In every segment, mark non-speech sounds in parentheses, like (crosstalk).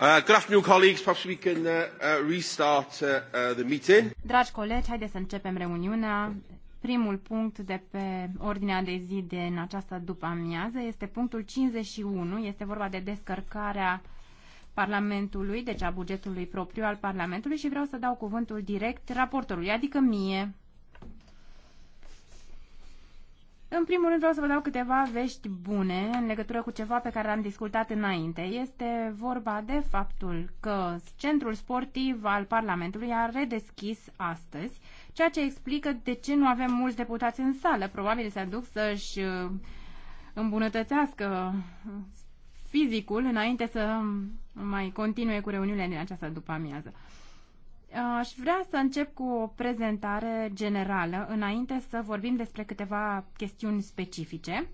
Uh, good afternoon, colleagues. Perhaps we can uh, uh, restart the meeting. Dragi colegi, haideți să începem reuniunea. Primul punct de pe ordinea de zi de în această după-amiază este punctul 51. Este vorba de descărcarea Parlamentului, deci a bugetului propriu al Parlamentului și vreau să dau cuvântul direct raportorului, adică mie. În primul rând vreau să vă dau câteva vești bune în legătură cu ceva pe care l-am discutat înainte. Este vorba de faptul că Centrul Sportiv al Parlamentului a redeschis astăzi, ceea ce explică de ce nu avem mulți deputați în sală. Probabil se aduc să-și uh, îmbunătățească fizicul înainte să mai continue cu reuniunile din această după amiază. Aș vrea să încep cu o prezentare generală, înainte să vorbim despre câteva chestiuni specifice.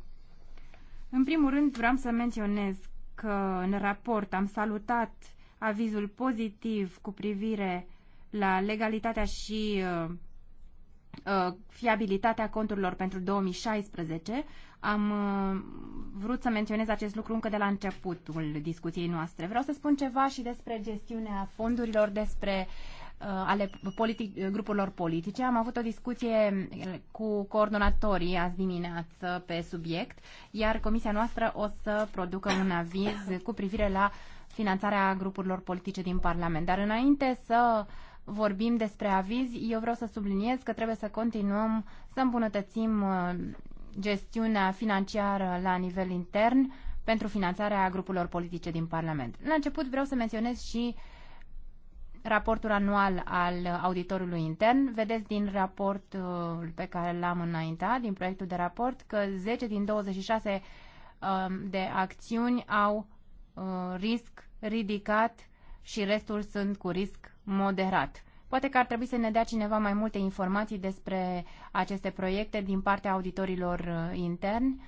În primul rând, vreau să menționez că în raport am salutat avizul pozitiv cu privire la legalitatea și uh, uh, fiabilitatea conturilor pentru 2016. Am uh, vrut să menționez acest lucru încă de la începutul discuției noastre. Vreau să spun ceva și despre gestiunea fondurilor, despre Uh, ale politic, grupurilor politice. Am avut o discuție uh, cu coordonatorii azi dimineață pe subiect, iar comisia noastră o să producă un aviz cu privire la finanțarea grupurilor politice din Parlament. Dar înainte să vorbim despre aviz, eu vreau să subliniez că trebuie să continuăm să îmbunătățim uh, gestiunea financiară la nivel intern pentru finanțarea grupurilor politice din Parlament. În început vreau să menționez și uh, raportul anual al auditorului intern. Vedeți din raportul pe care l-am înaintat, din proiectul de raport, că 10 din 26 um, de acțiuni au uh, risc ridicat și restul sunt cu risc moderat. Poate că ar trebui să ne dea cineva mai multe informații despre aceste proiecte din partea auditorilor uh, interni,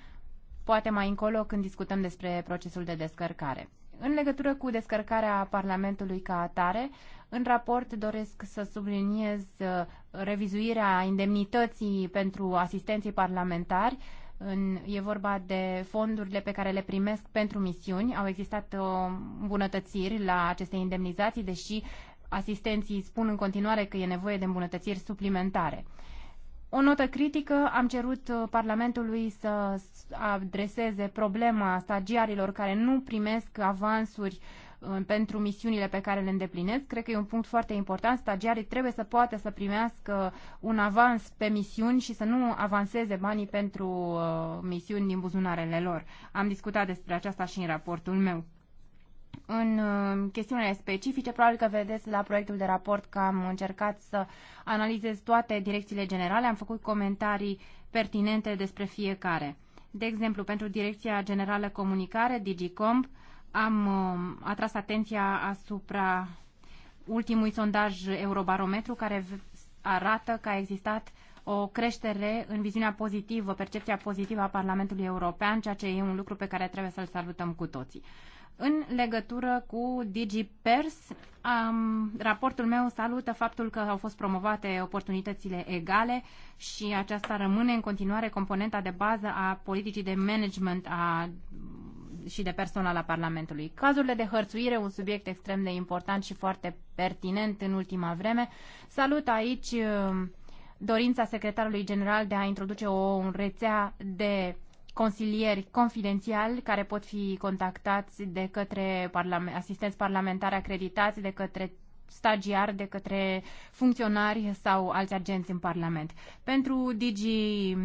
poate mai încolo când discutăm despre procesul de descărcare. În legătură cu descărcarea Parlamentului ca atare, în raport doresc să subliniez uh, revizuirea indemnității pentru asistenții parlamentari. În, e vorba de fondurile pe care le primesc pentru misiuni. Au existat o uh, îmbunătățiri la aceste indemnizații, deși asistenții spun în continuare că e nevoie de îmbunătățiri suplimentare. O notă critică, am cerut uh, Parlamentului să adreseze problema stagiarilor care nu primesc avansuri uh, pentru misiunile pe care le îndeplinesc. Cred că e un punct foarte important. Stagiarii trebuie să poată să primească un avans pe misiuni și să nu avanseze banii pentru uh, misiuni din buzunarele lor. Am discutat despre aceasta și în raportul meu. În uh, chestiunile specifice, probabil că vedeți la proiectul de raport că am încercat să analizez toate direcțiile generale, am făcut comentarii pertinente despre fiecare. De exemplu, pentru Direcția Generală Comunicare, Digicomp, am um, atras atenția asupra ultimului sondaj Eurobarometru care arată că a existat o creștere în viziunea pozitivă, percepția pozitivă a Parlamentului European, ceea ce e un lucru pe care trebuie să-l salutăm cu toții. În legătură cu DigiPers, um, raportul meu salută faptul că au fost promovate oportunitățile egale și aceasta rămâne în continuare componenta de bază a politicii de management a și de personal a Parlamentului. Cazurile de hărțuire, un subiect extrem de important și foarte pertinent în ultima vreme. Salut aici uh, dorința secretarului general de a introduce o rețea de consilieri confidențiali care pot fi contactați de către parlament, asistenți parlamentari acreditați, de către stagiar de către funcționari sau alți agenți în Parlament. Pentru Digi uh,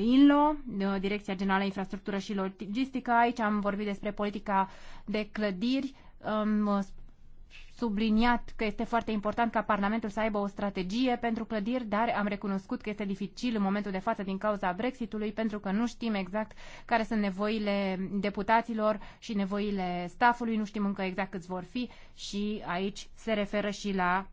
Inlo, uh, Direcția Generală Infrastructură și Logistică, aici am vorbit despre politica de clădiri, uh, subliniat că este foarte important ca Parlamentul să aibă o strategie pentru clădiri, dar am recunoscut că este dificil în momentul de față din cauza Brexitului, pentru că nu știm exact care sunt nevoile deputaților și nevoile staffului, nu știm încă exact câți vor fi și aici se referă și la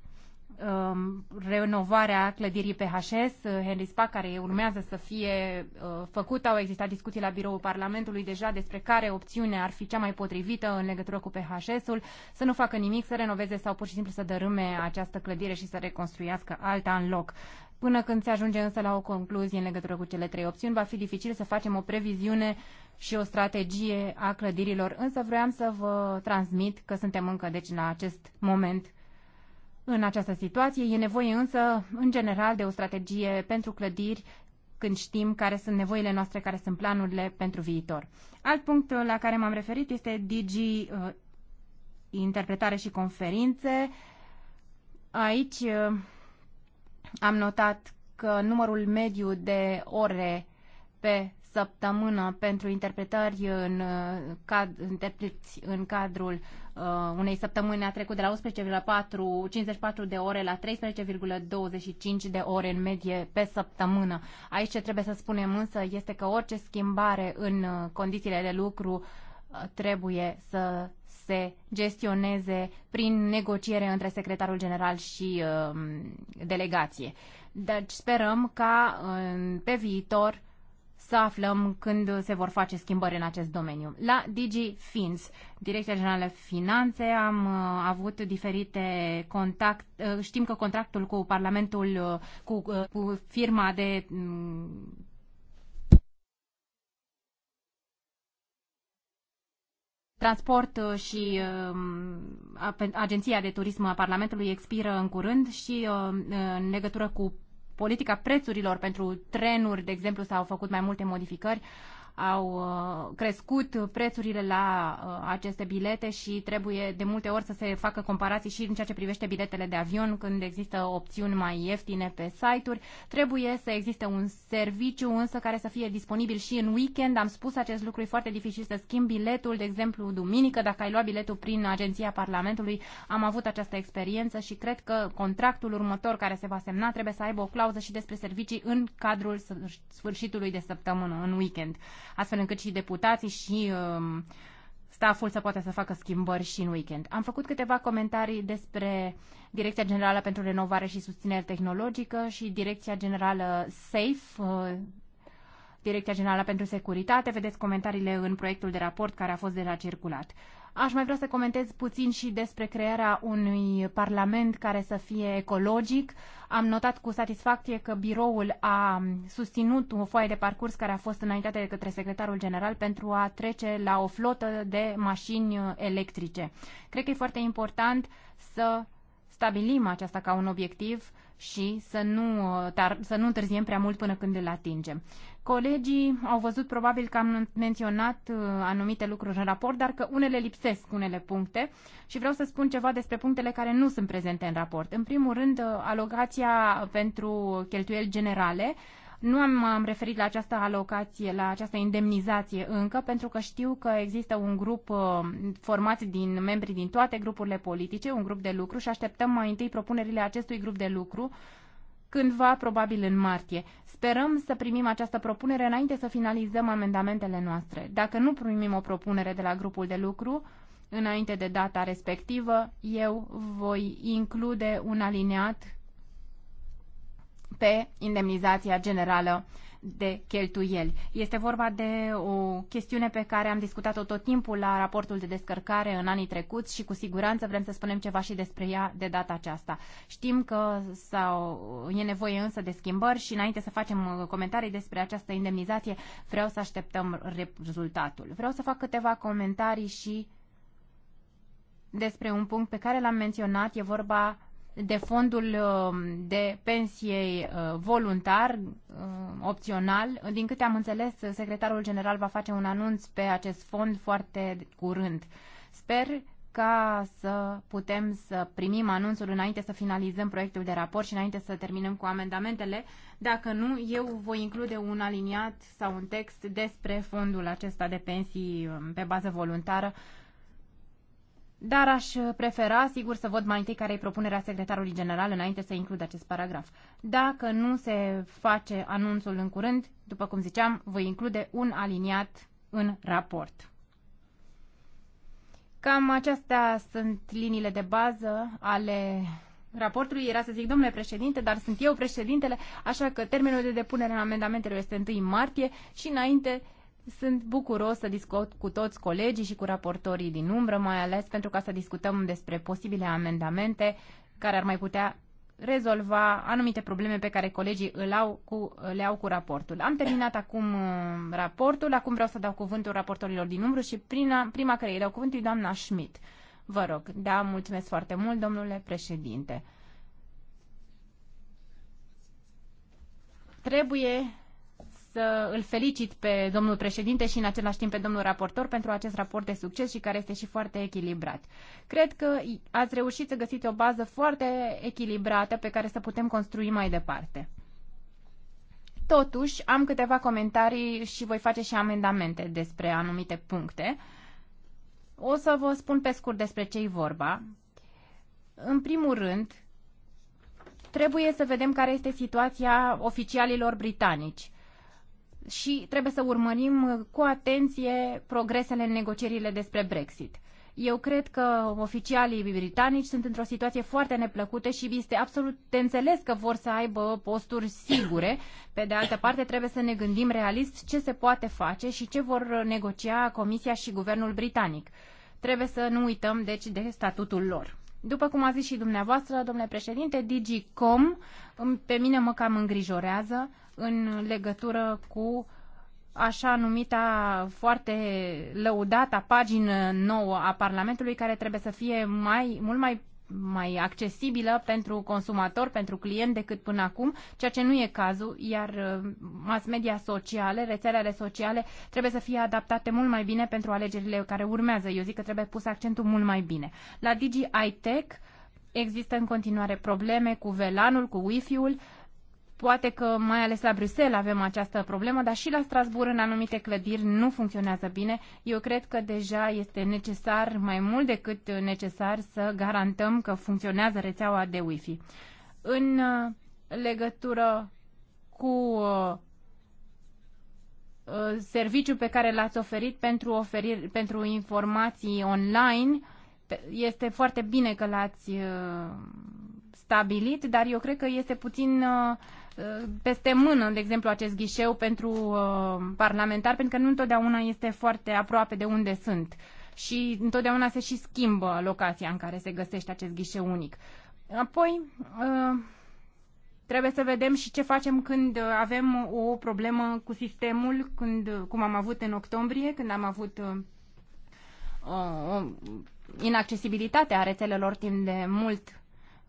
Um, renovarea clădirii PHS, uh, Henry Spa, care urmează să fie uh, făcută. Au existat discuții la biroul Parlamentului deja despre care opțiune ar fi cea mai potrivită în legătură cu PHS-ul, să nu facă nimic, să renoveze sau pur și simplu să dărâme această clădire și să reconstruiască alta în loc. Până când se ajunge însă la o concluzie în legătură cu cele trei opțiuni, va fi dificil să facem o previziune și o strategie a clădirilor, însă vreau să vă transmit că suntem încă deci la acest moment în această situație. E nevoie însă, în general, de o strategie pentru clădiri când știm care sunt nevoile noastre, care sunt planurile pentru viitor. Alt punct uh, la care m-am referit este DG uh, interpretare și conferințe. Aici uh, am notat că numărul mediu de ore pe săptămână pentru interpretări în, cad, interpreți în cadrul uh, unei săptămâni a trecut de la 11,54 de ore la 13,25 de ore în medie pe săptămână. Aici ce trebuie să spunem însă este că orice schimbare în uh, condițiile de lucru uh, trebuie să se gestioneze prin negociere între secretarul general și uh, delegație. Deci sperăm ca uh, pe viitor să aflăm când se vor face schimbări în acest domeniu. La Digi Fins, Direcția Generală Finanțe, am uh, avut diferite contact. Uh, știm că contractul cu Parlamentul, uh, cu, cu firma de mm, Transport și um, Agenția de Turism a Parlamentului expiră în curând și în legătură cu politica prețurilor pentru trenuri, de exemplu, s-au făcut mai multe modificări au uh, crescut prețurile la uh, aceste bilete și trebuie de multe ori să se facă comparații și în ceea ce privește biletele de avion când există opțiuni mai ieftine pe site-uri. Trebuie să existe un serviciu însă care să fie disponibil și în weekend. Am spus acest lucru, e foarte dificil să schimbi biletul, de exemplu duminică, dacă ai luat biletul prin agenția Parlamentului, am avut această experiență și cred că contractul următor care se va semna trebuie să aibă o clauză și despre servicii în cadrul sfârșitului de săptămână, în weekend astfel încât și deputații și uh, um, staful să poată să facă schimbări și în weekend. Am făcut câteva comentarii despre Direcția Generală pentru Renovare și Susținere Tehnologică și Direcția Generală SAFE, uh, Direcția Generală pentru Securitate. Vedeți comentariile în proiectul de raport care a fost deja circulat. Aș mai vrea să comentez puțin și despre crearea unui parlament care să fie ecologic. Am notat cu satisfacție că biroul a susținut o foaie de parcurs care a fost înaintată de către secretarul general pentru a trece la o flotă de mașini electrice. Cred că e foarte important să stabilim aceasta ca un obiectiv și să nu, să nu întârziem prea mult până când îl atingem. Colegii au văzut probabil că am menționat uh, anumite lucruri în raport, dar că unele lipsesc, unele puncte și vreau să spun ceva despre punctele care nu sunt prezente în raport. În primul rând, uh, alocația pentru cheltuieli generale. Nu am, am referit la această alocație, la această indemnizație încă, pentru că știu că există un grup uh, format din membri din toate grupurile politice, un grup de lucru și așteptăm mai întâi propunerile acestui grup de lucru cândva, probabil în martie. Sperăm să primim această propunere înainte să finalizăm amendamentele noastre. Dacă nu primim o propunere de la grupul de lucru, înainte de data respectivă, eu voi include un alineat pe indemnizația generală de cheltuieli. Este vorba de o chestiune pe care am discutat-o tot timpul la raportul de descărcare în anii trecuți și cu siguranță vrem să spunem ceva și despre ea de data aceasta. Știm că sau, e nevoie însă de schimbări și înainte să facem uh, comentarii despre această indemnizație vreau să așteptăm rezultatul. Vreau să fac câteva comentarii și despre un punct pe care l-am menționat, e vorba de fondul um, de pensie uh, voluntar, uh, opțional. Din câte am înțeles, secretarul general va face un anunț pe acest fond foarte curând. Sper ca să putem să primim anunțul înainte să finalizăm proiectul de raport și înainte să terminăm cu amendamentele. Dacă nu, eu voi include un aliniat sau un text despre fondul acesta de pensii um, pe bază voluntară dar aș prefera, sigur, să văd mai întâi care e propunerea secretarului general înainte să includ acest paragraf. Dacă nu se face anunțul în curând, după cum ziceam, voi include un aliniat în raport. Cam acestea sunt liniile de bază ale raportului. Era să zic, domnule președinte, dar sunt eu președintele, așa că termenul de depunere a amendamentelor este 1 martie și înainte sunt bucuros să discut cu toți colegii și cu raportorii din umbră, mai ales pentru ca să discutăm despre posibile amendamente care ar mai putea rezolva anumite probleme pe care colegii îl au cu, le au cu raportul. Am terminat acum uh, raportul, acum vreau să dau cuvântul raportorilor din umbră și prima, prima care îi dau cuvântul e doamna Schmidt. Vă rog, da, mulțumesc foarte mult, domnule președinte. Trebuie să îl felicit pe domnul președinte și în același timp pe domnul raportor pentru acest raport de succes și care este și foarte echilibrat. Cred că ați reușit să găsiți o bază foarte echilibrată pe care să putem construi mai departe. Totuși, am câteva comentarii și voi face și amendamente despre anumite puncte. O să vă spun pe scurt despre ce-i vorba. În primul rând, trebuie să vedem care este situația oficialilor britanici și trebuie să urmărim uh, cu atenție progresele în negocierile despre Brexit. Eu cred că oficialii britanici sunt într-o situație foarte neplăcută și este absolut de înțeles că vor să aibă posturi sigure. Pe de altă parte, trebuie să ne gândim realist ce se poate face și ce vor negocia Comisia și Guvernul Britanic. Trebuie să nu uităm, deci, de statutul lor. După cum a zis și dumneavoastră, domnule președinte, DigiCom pe mine mă cam îngrijorează în legătură cu așa numita foarte lăudată pagină nouă a Parlamentului care trebuie să fie mai, mult mai mai accesibilă pentru consumator, pentru client decât până acum, ceea ce nu e cazul, iar uh, mass media sociale, rețelele sociale trebuie să fie adaptate mult mai bine pentru alegerile care urmează. Eu zic că trebuie pus accentul mult mai bine. La Digi Tech există în continuare probleme cu VLAN-ul, cu Wi-Fi-ul, Poate că mai ales la Bruxelles avem această problemă, dar și la Strasbourg în anumite clădiri nu funcționează bine. Eu cred că deja este necesar, mai mult decât necesar, să garantăm că funcționează rețeaua de Wi-Fi. În uh, legătură cu uh, uh, serviciul pe care l-ați oferit pentru, oferiri, pentru informații online, este foarte bine că l-ați stabilit, dar eu cred că este puțin uh, Uh, peste mână, de exemplu, acest ghișeu pentru uh, parlamentar, pentru că nu întotdeauna este foarte aproape de unde sunt. Și întotdeauna se și schimbă locația în care se găsește acest ghișeu unic. Apoi, uh, trebuie să vedem și ce facem când avem o problemă cu sistemul, când, cum am avut în octombrie, când am avut uh, inaccesibilitatea rețelelor timp de mult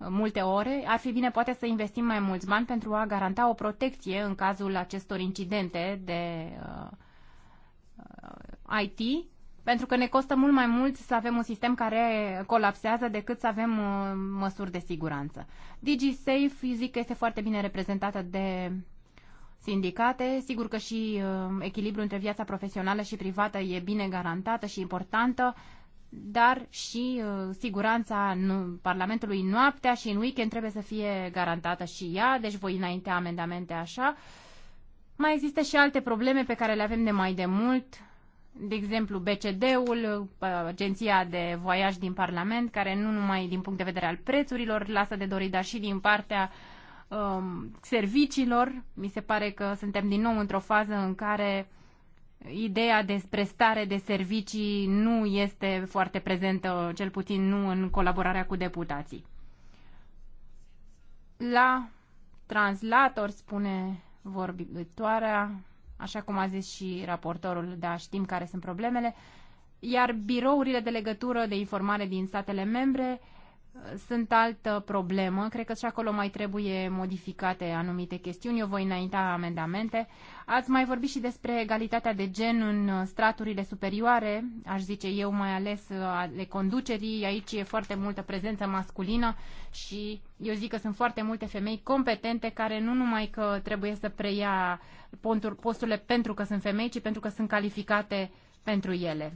multe ore, ar fi bine poate să investim mai mulți bani pentru a garanta o protecție în cazul acestor incidente de uh, uh IT, pentru că ne costă mult mai mult să avem un sistem care colapsează decât să avem uh, măsuri de siguranță. DigiSafe, zic că este foarte bine reprezentată de sindicate. Sigur că și uh, echilibrul între viața profesională și privată e bine garantată și importantă. Uh, dar și uh, siguranța în Parlamentului noaptea și în weekend trebuie să fie garantată și ea, deci voi înaintea amendamente așa. Mai există și alte probleme pe care le avem de mai de mult, de exemplu BCD-ul, uh, Agenția de Voiaj din Parlament, care nu numai din punct de vedere al prețurilor lasă de dorit, dar și din partea um, serviciilor. Mi se pare că suntem din nou într-o fază în care ideea despre stare de servicii nu este foarte prezentă, cel puțin nu în colaborarea cu deputații. La translator, spune vorbitoarea, așa cum a zis și raportorul, dar știm care sunt problemele, iar birourile de legătură de informare din statele membre sunt altă problemă. Cred că și acolo mai trebuie modificate anumite chestiuni. Eu voi înainta amendamente. Ați mai vorbit și despre egalitatea de gen în straturile superioare, aș zice eu mai ales ale conducerii. Aici e foarte multă prezență masculină și eu zic că sunt foarte multe femei competente care nu numai că trebuie să preia posturile pentru că sunt femei, ci pentru că sunt calificate pentru ele.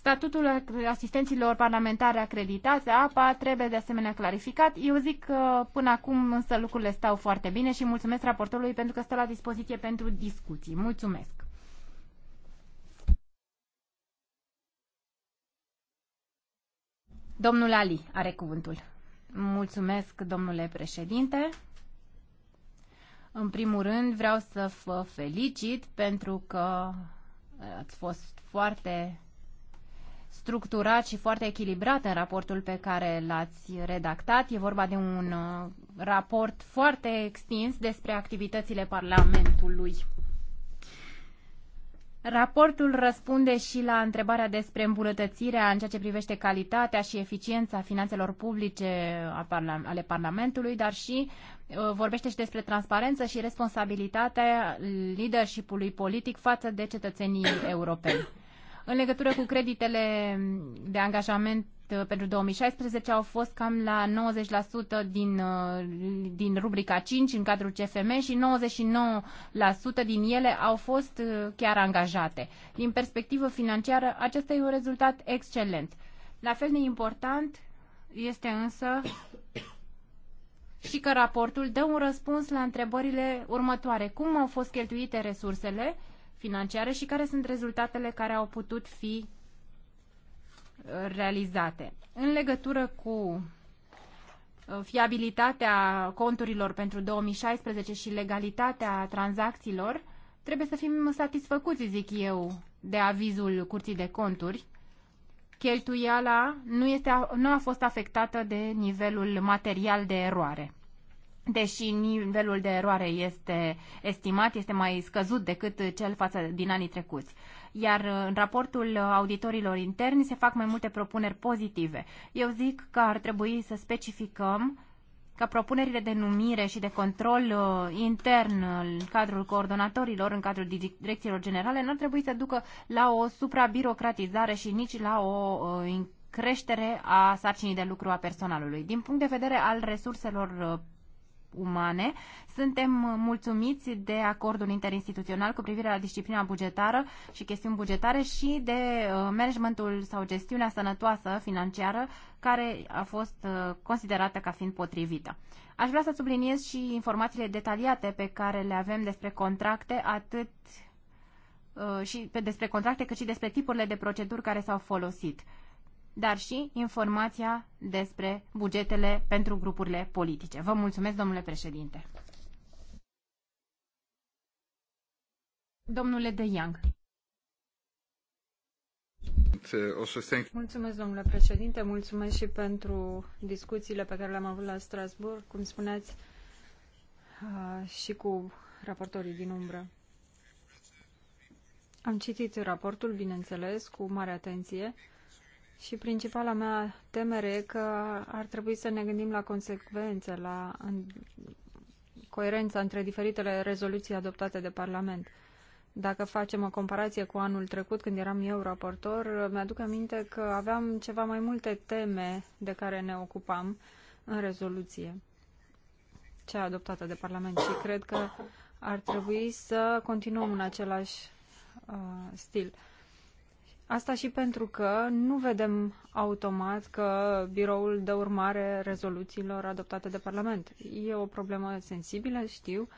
Statutul asistenților parlamentare acreditați, APA, trebuie de asemenea clarificat. Eu zic că până acum însă lucrurile stau foarte bine și mulțumesc raportorului pentru că stă la dispoziție pentru discuții. Mulțumesc! Domnul Ali are cuvântul. Mulțumesc, domnule președinte. În primul rând, vreau să vă felicit pentru că ați fost foarte structurat și foarte echilibrat în raportul pe care l-ați redactat. E vorba de un uh, raport foarte extins despre activitățile Parlamentului. Raportul răspunde și la întrebarea despre îmbunătățirea în ceea ce privește calitatea și eficiența finanțelor publice ale Parlamentului, dar și uh, vorbește și despre transparență și responsabilitatea leadership-ului politic față de cetățenii europeni. În legătură cu creditele de angajament uh, pentru 2016 au fost cam la 90% din, uh, din rubrica 5 în cadrul CFM și 99% din ele au fost uh, chiar angajate. Din perspectivă financiară, acesta e un rezultat excelent. La fel de important este însă și că raportul dă un răspuns la întrebările următoare. Cum au fost cheltuite resursele? financiare și care sunt rezultatele care au putut fi uh, realizate. În legătură cu uh, fiabilitatea conturilor pentru 2016 și legalitatea tranzacțiilor, trebuie să fim satisfăcuți, zic eu, de avizul Curții de Conturi. Cheltuiala nu, este, nu a fost afectată de nivelul material de eroare deși nivelul de eroare este estimat, este mai scăzut decât cel față din anii trecuți. Iar uh, în raportul auditorilor interni se fac mai multe propuneri pozitive. Eu zic că ar trebui să specificăm că propunerile de numire și de control uh, intern în cadrul coordonatorilor, în cadrul direcțiilor generale, nu ar trebui să ducă la o suprabirocratizare și nici la o uh, creștere a sarcinii de lucru a personalului. Din punct de vedere al resurselor umane. Suntem uh, mulțumiți de acordul interinstituțional cu privire la disciplina bugetară și chestiuni bugetare și de uh, managementul sau gestiunea sănătoasă financiară care a fost uh, considerată ca fiind potrivită. Aș vrea să subliniez și informațiile detaliate pe care le avem despre contracte, atât și despre contracte, cât și despre tipurile de proceduri care s-au folosit dar și informația despre bugetele pentru grupurile politice. Vă mulțumesc, domnule președinte. Domnule De Young. Mulțumesc, domnule președinte, mulțumesc și pentru discuțiile pe care le-am avut la Strasbourg, cum spuneați, uh, și cu raportorii din umbră. Am citit raportul, bineînțeles, cu mare atenție. Și principala mea temere e că ar trebui să ne gândim la consecvențe, la coerența între diferitele rezoluții adoptate de Parlament. Dacă facem o comparație cu anul trecut, când eram eu raportor, mi-aduc aminte că aveam ceva mai multe teme de care ne ocupam în rezoluție, cea adoptată de Parlament. Și cred că ar trebui să continuăm în același uh, stil. Asta și pentru că nu vedem automat că biroul dă urmare rezoluțiilor adoptate de Parlament. E o problemă sensibilă, știu,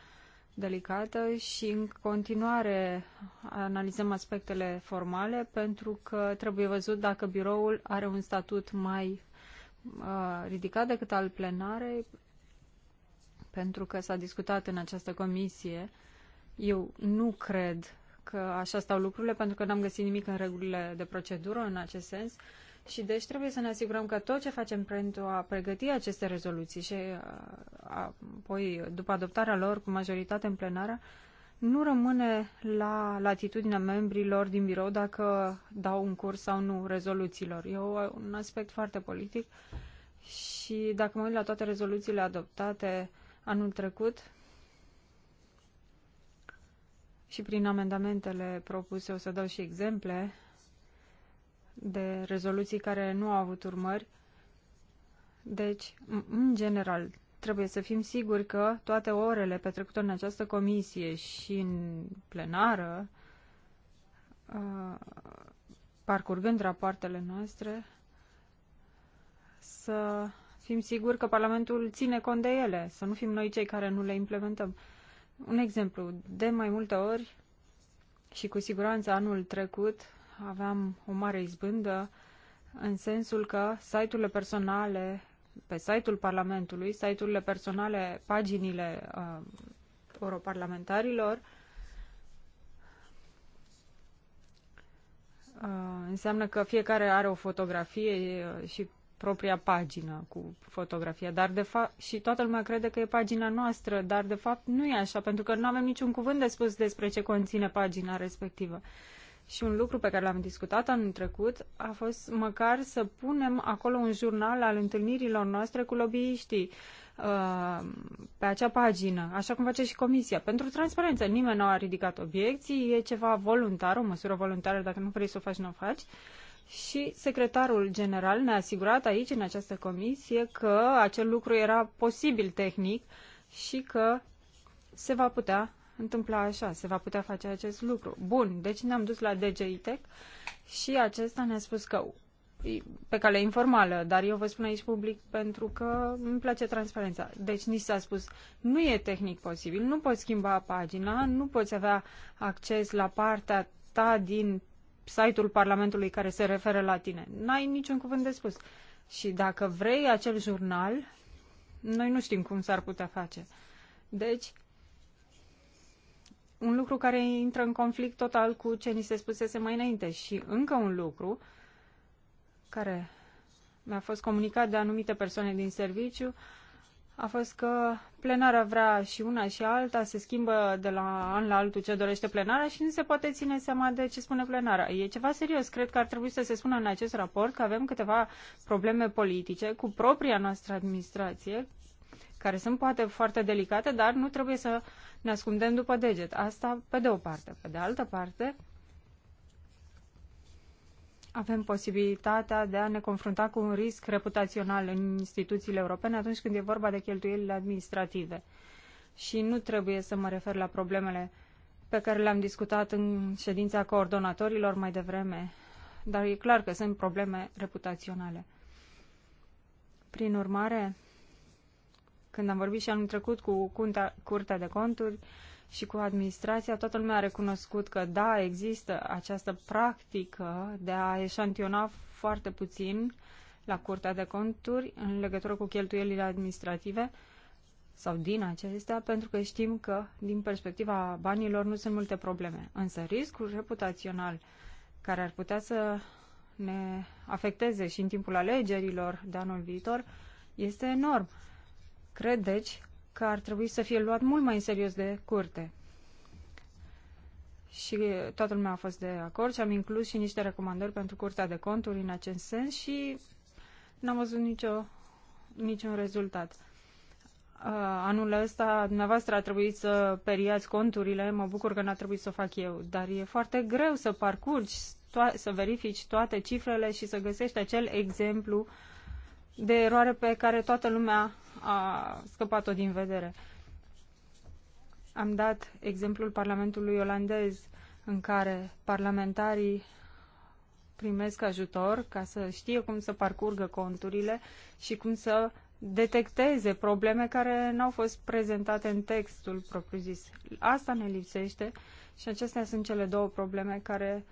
delicată și în continuare analizăm aspectele formale pentru că trebuie văzut dacă biroul are un statut mai uh, ridicat decât al plenarei pentru că s-a discutat în această comisie. Eu nu cred că așa stau lucrurile, pentru că n-am găsit nimic în regulile de procedură în acest sens. Și deci trebuie să ne asigurăm că tot ce facem pentru a pregăti aceste rezoluții și uh, apoi după adoptarea lor cu majoritate în plenară, nu rămâne la latitudinea membrilor din birou dacă dau un curs sau nu rezoluțiilor. E un aspect foarte politic și dacă mă uit la toate rezoluțiile adoptate anul trecut, și prin amendamentele propuse o să dau și exemple de rezoluții care nu au avut urmări. Deci, în general, trebuie să fim siguri că toate orele petrecute în această comisie și în plenară, uh, parcurgând rapoartele noastre, să fim siguri că Parlamentul ține cont de ele, să nu fim noi cei care nu le implementăm. Un exemplu, de mai multe ori și cu siguranță anul trecut aveam o mare izbândă în sensul că site-urile personale, pe site-ul Parlamentului, site-urile personale, paginile uh, europarlamentarilor, uh, înseamnă că fiecare are o fotografie uh, și propria pagină cu fotografia, dar de fapt și toată lumea crede că e pagina noastră, dar de fapt nu e așa, pentru că nu avem niciun cuvânt de spus despre ce conține pagina respectivă. Și un lucru pe care l-am discutat anul trecut a fost măcar să punem acolo un jurnal al întâlnirilor noastre cu lobbyiștii uh, pe acea pagină, așa cum face și Comisia. Pentru transparență, nimeni nu a ridicat obiecții, e ceva voluntar, o măsură voluntară, dacă nu vrei să o faci, nu o faci. Uh, și secretarul general ne-a asigurat aici, în această comisie, că acel lucru era posibil tehnic și că se va putea întâmpla așa, se va putea face acest lucru. Bun, deci ne-am dus la DGITEC și acesta ne-a spus că pe cale informală, dar eu vă spun aici public pentru că îmi place transparența. Deci ni s-a spus, nu e tehnic posibil, nu poți schimba pagina, nu poți avea acces la partea ta din site-ul Parlamentului care se referă la tine. N-ai niciun cuvânt de spus. Și dacă vrei acel jurnal, noi nu știm cum s-ar putea face. Deci, un lucru care intră în conflict total cu ce ni se spusese mai înainte. Și încă un lucru care mi-a fost comunicat de anumite persoane din serviciu, uh, a fost că plenara vrea și una și alta, se schimbă de la an la altul ce dorește plenara și nu se poate ține seama de ce spune plenara. E ceva serios. Cred că ar trebui să se spună în acest raport că avem câteva probleme politice cu propria noastră administrație, care sunt poate foarte delicate, dar nu trebuie să ne ascundem după deget. Asta pe de o parte. Pe de altă parte, avem posibilitatea de a ne confrunta cu un risc reputațional în instituțiile europene atunci când e vorba de cheltuielile administrative. Și nu trebuie să mă refer la problemele pe care le-am discutat în ședința coordonatorilor mai devreme, dar e clar că sunt probleme reputaționale. Prin urmare, când am vorbit și anul trecut cu Curtea de Conturi, și cu administrația, toată lumea a recunoscut că da, există această practică de a eșantiona foarte puțin la Curtea de Conturi în legătură cu cheltuielile administrative sau din acestea, pentru că știm că, din perspectiva banilor, nu sunt multe probleme. Însă riscul reputațional care ar putea să ne afecteze și în timpul alegerilor de anul viitor este enorm. Cred, deci, că ar trebui să fie luat mult mai în serios de curte. Și toată lumea a fost de acord și am inclus și niște recomandări pentru Curtea de Conturi în acest sens și n-am văzut nicio, niciun rezultat. Uh, anul ăsta, dumneavoastră, a trebuit să periați conturile, mă bucur că n-a trebuit să o fac eu, dar e foarte greu să parcurgi, să verifici toate cifrele și să găsești acel exemplu de eroare pe care toată lumea a scăpat-o din vedere. Am dat exemplul Parlamentului olandez în care parlamentarii primesc ajutor ca să știe cum să parcurgă conturile și cum să detecteze probleme care n-au fost prezentate în textul propriu-zis. Asta ne lipsește și acestea sunt cele două probleme care,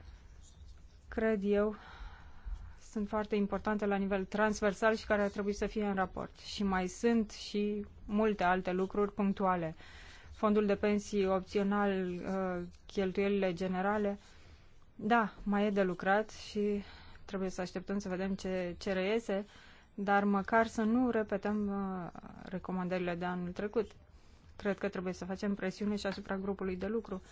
cred eu, sunt foarte importante la nivel transversal și care ar trebui să fie în raport. Și mai sunt și multe alte lucruri punctuale. Fondul de pensii opțional, uh, cheltuielile generale, da, mai e de lucrat și trebuie să așteptăm să vedem ce, ce reiese, dar măcar să nu repetăm uh, recomandările de anul trecut. Cred că trebuie să facem presiune și asupra grupului de lucru.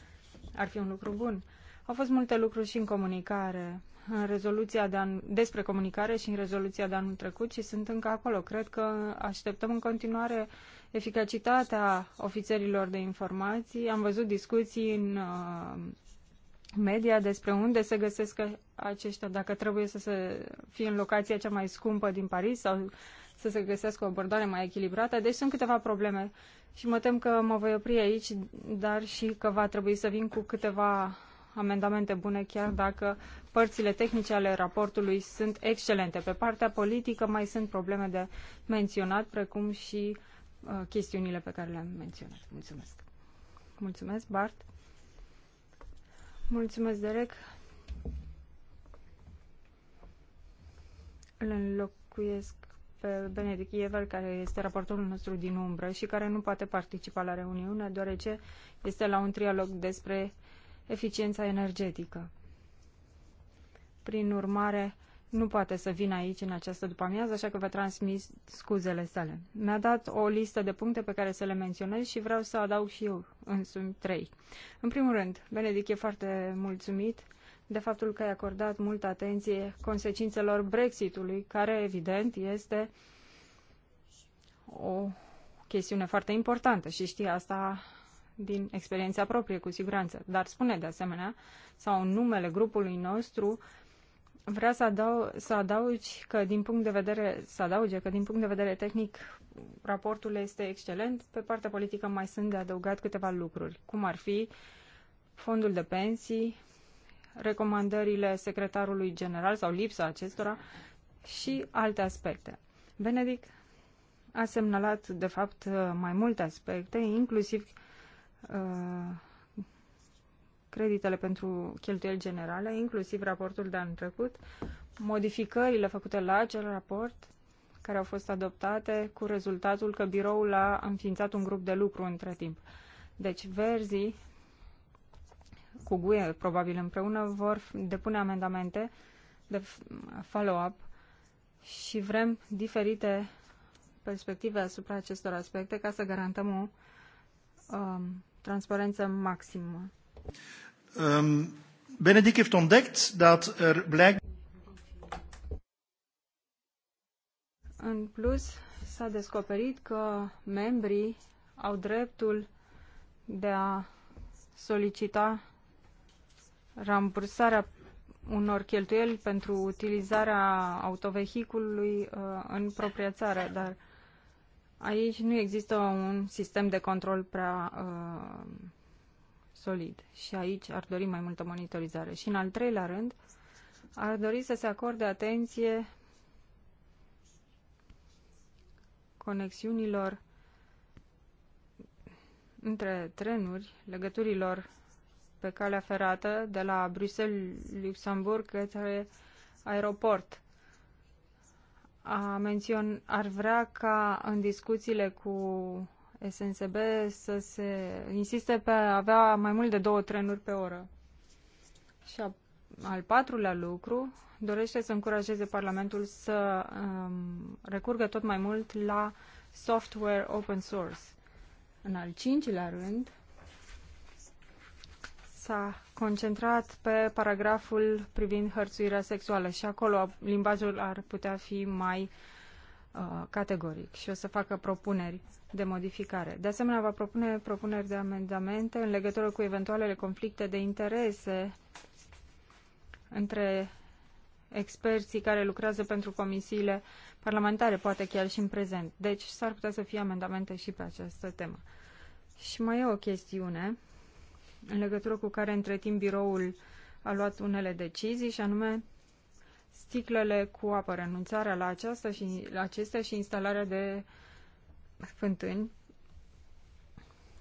Ar fi un lucru bun au fost multe lucruri și în comunicare, în rezoluția de an, despre comunicare și în rezoluția de anul trecut și sunt încă acolo. Cred că așteptăm în continuare eficacitatea ofițerilor de informații. Am văzut discuții în uh, media despre unde se găsesc aceștia, dacă trebuie să se fie în locația cea mai scumpă din Paris sau să se găsească o abordare mai echilibrată. Deci sunt câteva probleme și mă tem că mă voi opri aici, dar și că va trebui să vin cu câteva amendamente bune, chiar dacă părțile tehnice ale raportului sunt excelente. Pe partea politică mai sunt probleme de menționat, precum și uh, chestiunile pe care le-am menționat. Mulțumesc. Mulțumesc, Bart. Mulțumesc, Derek. Îl înlocuiesc pe Benedict Iever, care este raportorul nostru din umbră și care nu poate participa la reuniune, deoarece este la un trialog despre eficiența energetică. Prin urmare, nu poate să vină aici în această după-amiază, așa că vă transmis scuzele sale. Mi-a dat o listă de puncte pe care să le menționez și vreau să adaug și eu însumi trei. În primul rând, Benedic e foarte mulțumit de faptul că ai acordat multă atenție consecințelor Brexitului, care evident este o chestiune foarte importantă și știi asta din experiența proprie, cu siguranță. Dar spune de asemenea, sau în numele grupului nostru, vrea să, adau, să adaugi că din punct de vedere, să adauge că din punct de vedere tehnic raportul este excelent, pe partea politică mai sunt de adăugat câteva lucruri, cum ar fi fondul de pensii, recomandările secretarului general sau lipsa acestora și alte aspecte. Benedict a semnalat, de fapt, mai multe aspecte, inclusiv Uh, creditele pentru cheltuieli generale, inclusiv raportul de anul trecut, modificările făcute la acel raport, care au fost adoptate, cu rezultatul că biroul a înființat un grup de lucru între timp. Deci, verzii, cu GUE probabil împreună, vor depune amendamente de follow-up și vrem diferite perspective asupra acestor aspecte ca să garantăm o um, transparență maximă. Um, Benedict heeft ontdekt dat er blijkt... În plus, s-a descoperit că membrii au dreptul de a solicita rambursarea unor cheltuieli pentru utilizarea autovehiculului uh, în propria țară, dar Aici nu există un sistem de control prea uh, solid și aici ar dori mai multă monitorizare. Și în al treilea rând, ar dori să se acorde atenție conexiunilor între trenuri, legăturilor pe calea ferată de la Bruxelles-Luxemburg către aeroport a mențion, ar vrea ca în discuțiile cu SNSB să se insiste pe a avea mai mult de două trenuri pe oră. Și a, al patrulea lucru, dorește să încurajeze Parlamentul să um, recurgă tot mai mult la software open source. În al cincilea rând, s-a concentrat pe paragraful privind hărțuirea sexuală și acolo limbajul ar putea fi mai uh, categoric și o să facă propuneri de modificare. De asemenea, va propune propuneri de amendamente în legătură cu eventualele conflicte de interese între experții care lucrează pentru comisiile parlamentare, poate chiar și în prezent. Deci s-ar putea să fie amendamente și pe această temă. Și mai e o chestiune în legătură cu care între timp biroul a luat unele decizii și anume sticlele cu apă, renunțarea la, aceasta și, la acestea și instalarea de fântâni,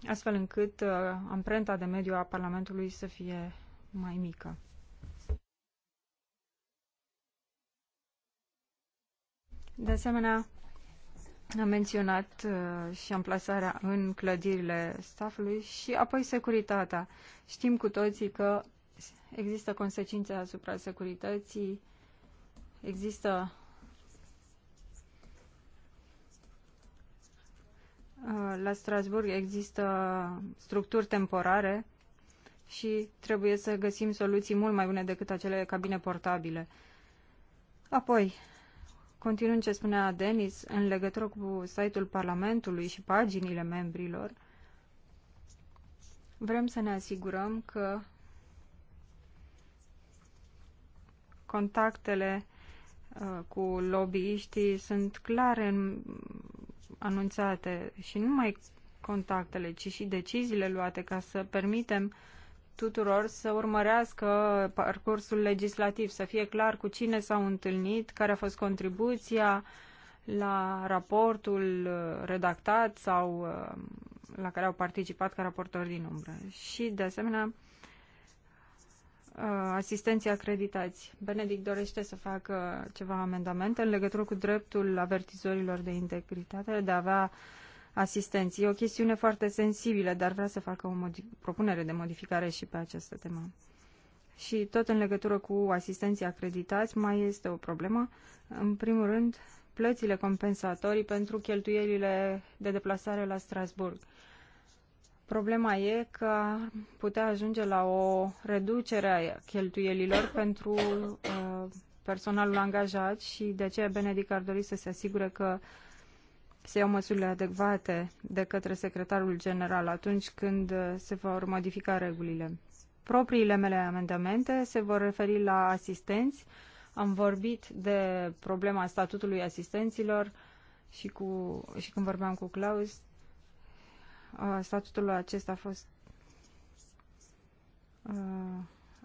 astfel încât uh, amprenta de mediu a Parlamentului să fie mai mică. De asemenea, am menționat uh, și amplasarea în clădirile stafului și apoi securitatea. Știm cu toții că există consecințe asupra securității, există uh, la Strasburg există structuri temporare și trebuie să găsim soluții mult mai bune decât acele cabine portabile. Apoi, Continuând ce spunea Denis în legătură cu site-ul Parlamentului și paginile membrilor, vrem să ne asigurăm că contactele uh, cu lobbyiștii sunt clare în, anunțate și nu numai contactele, ci și deciziile luate ca să permitem uh, tuturor să urmărească parcursul legislativ, să fie clar cu cine s-au întâlnit, care a fost contribuția la raportul uh, redactat sau uh, la care au participat ca raportori din umbră. Și, de asemenea, uh, asistenții acreditați. Benedict dorește să facă ceva amendamente în legătură cu dreptul avertizorilor de integritate de a avea asistenții E o chestiune foarte sensibilă, dar vrea să facă o propunere de modificare și pe această temă. Și tot în legătură cu asistenții acreditați mai este o problemă. În primul rând, plățile compensatorii pentru cheltuielile de deplasare la Strasburg. Problema e că putea ajunge la o reducere a cheltuielilor pentru uh, personalul angajat și de aceea Benedic ar dori să se asigure că uh, se iau măsurile adecvate de către secretarul general atunci când uh, se vor modifica regulile. Propriile mele amendamente se vor referi la asistenți. Am vorbit de problema statutului asistenților și, cu, și când vorbeam cu Claus, uh, statutul acesta a fost uh,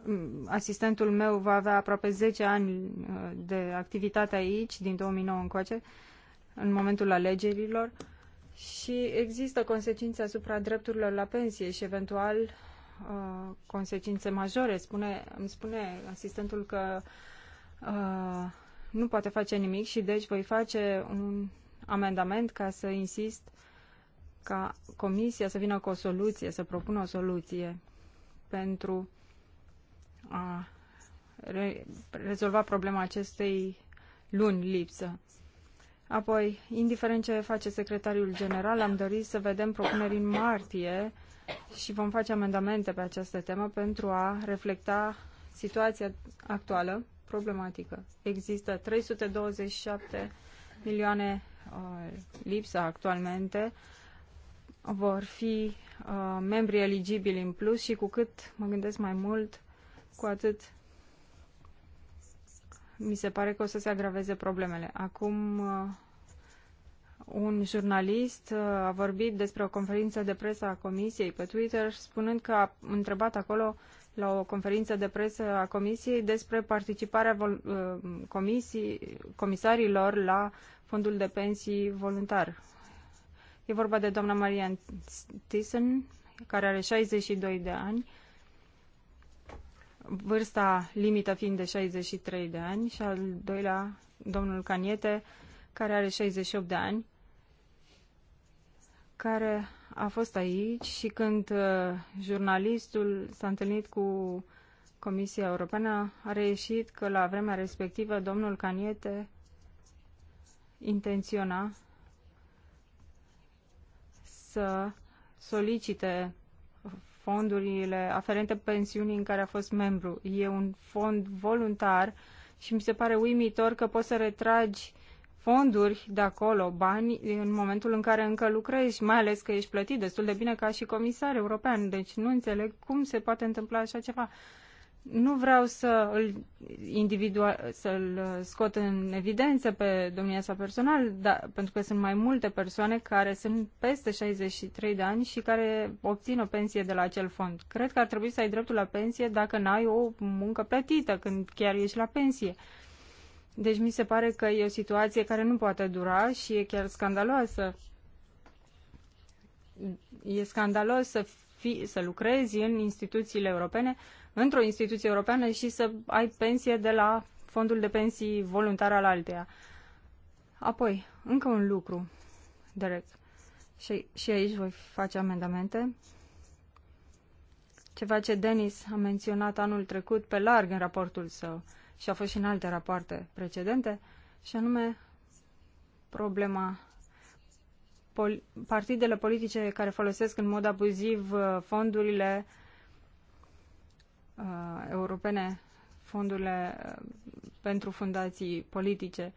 mm, asistentul meu va avea aproape 10 ani de activitate aici, din 2009 încoace, în momentul alegerilor și există consecințe asupra drepturilor la pensie și eventual uh, consecințe majore. Spune, îmi spune asistentul că uh, nu poate face nimic și deci voi face un amendament ca să insist ca comisia să vină cu o soluție, să propună o soluție pentru a re- rezolva problema acestei luni lipsă. Apoi, indiferent ce face secretariul general, am dorit să vedem propuneri în martie și vom face amendamente pe această temă pentru a reflecta situația actuală problematică. Există 327 milioane uh, lipsă actualmente, vor fi uh, membri eligibili în plus și cu cât mă gândesc mai mult, cu atât mi se pare că o să se agraveze problemele. Acum uh, un jurnalist uh, a vorbit despre o conferință de presă a Comisiei pe Twitter, spunând că a întrebat acolo la o conferință de presă a Comisiei despre participarea uh, comisii, comisarilor la fondul de pensii voluntar. E vorba de doamna Marian Thyssen, care are 62 de ani, vârsta limită fiind de 63 de ani și al doilea, domnul Caniete, care are 68 de ani, care a fost aici și când uh, jurnalistul s-a întâlnit cu Comisia Europeană, a reieșit că la vremea respectivă domnul Caniete intenționa să solicite fondurile aferente pensiunii în care a fost membru. E un fond voluntar și mi se pare uimitor că poți să retragi fonduri de acolo, bani, în momentul în care încă lucrezi, mai ales că ești plătit destul de bine ca și comisar european. Deci nu înțeleg cum se poate întâmpla așa ceva. Nu vreau să îl, individual, să îl scot în evidență pe domnia sa personal, dar, pentru că sunt mai multe persoane care sunt peste 63 de ani și care obțin o pensie de la acel fond. Cred că ar trebui să ai dreptul la pensie dacă n-ai o muncă plătită când chiar ești la pensie. Deci mi se pare că e o situație care nu poate dura și e chiar scandaloasă. E scandalos să, fi, să lucrezi în instituțiile europene uh, într-o instituție europeană și să ai pensie de la fondul de pensii voluntar al alteia. Apoi, încă un lucru, Derek, și, și aici voi face amendamente. Ceva ce Denis a menționat anul trecut pe larg în raportul său și a fost și în alte rapoarte precedente, și anume problema pol- partidele politice care folosesc în mod abuziv uh, fondurile uh, uh, europene, fondurile uh, pentru fundații politice.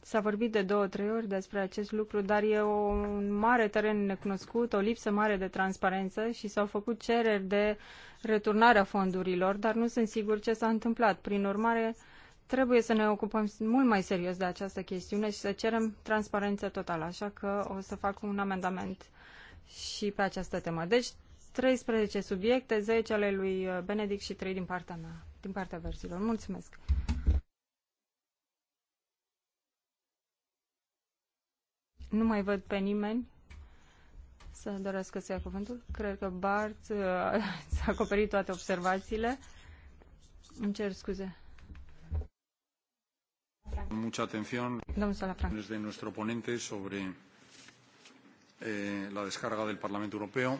S-a vorbit de două, trei ori despre acest lucru, dar e o, un mare teren necunoscut, o lipsă mare de transparență și s-au făcut cereri de returnare a fondurilor, dar nu sunt sigur ce s-a întâmplat. Prin urmare, trebuie să ne ocupăm mult mai serios de această chestiune și să cerem transparență totală, așa că o să fac un amendament și pe această temă. Deci, 13 subiecte, 10 ale lui uh, Benedict și 3 din partea mea, din partea verzilor. Mulțumesc! Nu mai văd pe nimeni să dorească să ia cuvântul. Cred că Bart uh, (laughs) s-a acoperit toate observațiile. Îmi cer scuze. Mucha atención. Domnul Salafranca. Desde nuestro ponente sobre eh, la descarga del Parlamento Europeo.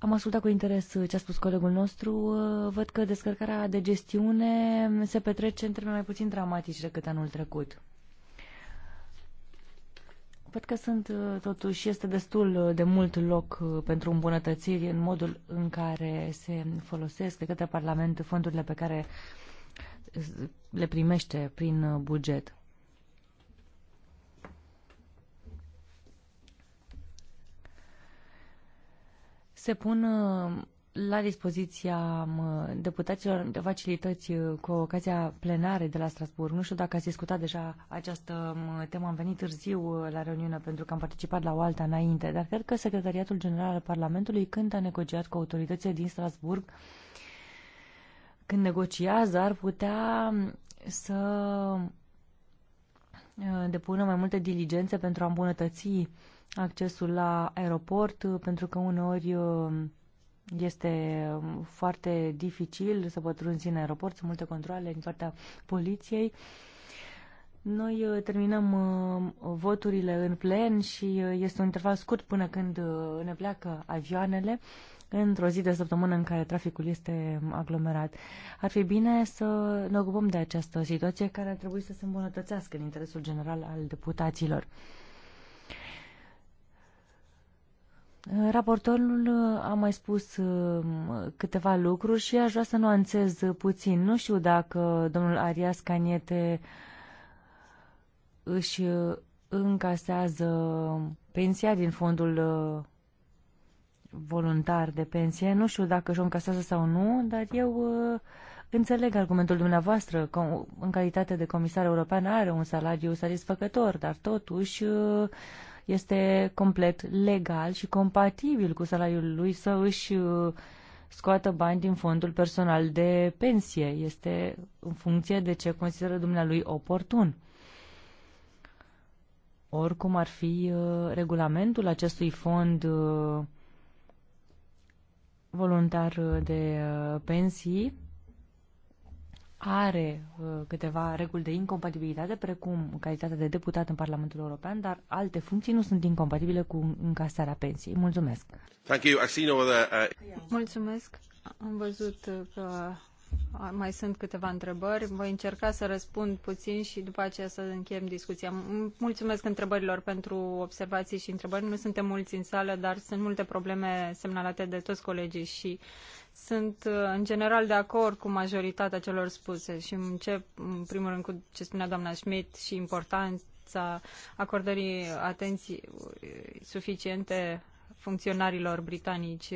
Am ascultat cu interes uh, ce a spus colegul nostru. Uh, văd că descărcarea de gestiune se petrece în termeni mai puțin dramatici decât anul trecut. Văd că sunt, uh, totuși, este destul de mult loc pentru îmbunătățiri în modul în care se folosesc de către Parlament fondurile pe care le primește prin buget. se pun uh, la dispoziția um, deputaților de facilități uh, cu ocazia plenare de la Strasburg. Nu știu dacă ați discutat deja această um, temă. Am venit târziu uh, la reuniune pentru că am participat la o alta înainte, dar cred că Secretariatul General al Parlamentului, când a negociat cu autoritățile din Strasburg, când negociază, ar putea um, să depună mai multe diligențe pentru a îmbunătăți accesul la aeroport, pentru că uneori uh, este foarte dificil să pătrunzi în aeroport, sunt multe controle din partea poliției. Noi uh, terminăm uh, voturile în plen și este un interval scurt până când ne pleacă avioanele într-o zi de săptămână în care traficul este aglomerat. Ar fi bine să ne ocupăm de această situație care ar trebui să se îmbunătățească în interesul general al deputaților. Raportorul uh, a mai spus uh, câteva lucruri și aș vrea să nuanțez uh, puțin. Nu știu dacă domnul Arias Caniete își încasează pensia din fondul voluntar de pensie. Nu știu dacă își o încasează sau nu, dar eu înțeleg argumentul dumneavoastră. Că în calitate de comisar european are un salariu satisfăcător, dar totuși este complet legal și compatibil cu salariul lui să își uh, scoată bani din fondul personal de pensie. Este în funcție de ce consideră dumnealui oportun. Oricum ar fi uh, regulamentul acestui fond uh, voluntar de pensii, are uh, câteva reguli de incompatibilitate, precum calitatea de deputat în Parlamentul European, dar alte funcții nu sunt incompatibile cu încasarea pensiei. Mulțumesc! Thank you. I've seen over uh... Mulțumesc! Am văzut că mai sunt câteva întrebări. Voi încerca să răspund puțin și după aceea să încheiem discuția. Mulțumesc întrebărilor pentru observații și întrebări. Nu suntem mulți în sală, dar sunt multe probleme semnalate de toți colegii și uh, sunt uh, în general de acord cu majoritatea celor spuse și încep în primul rând cu ce spunea doamna Schmidt și importanța acordării atenții uh, suficiente funcționarilor britanici.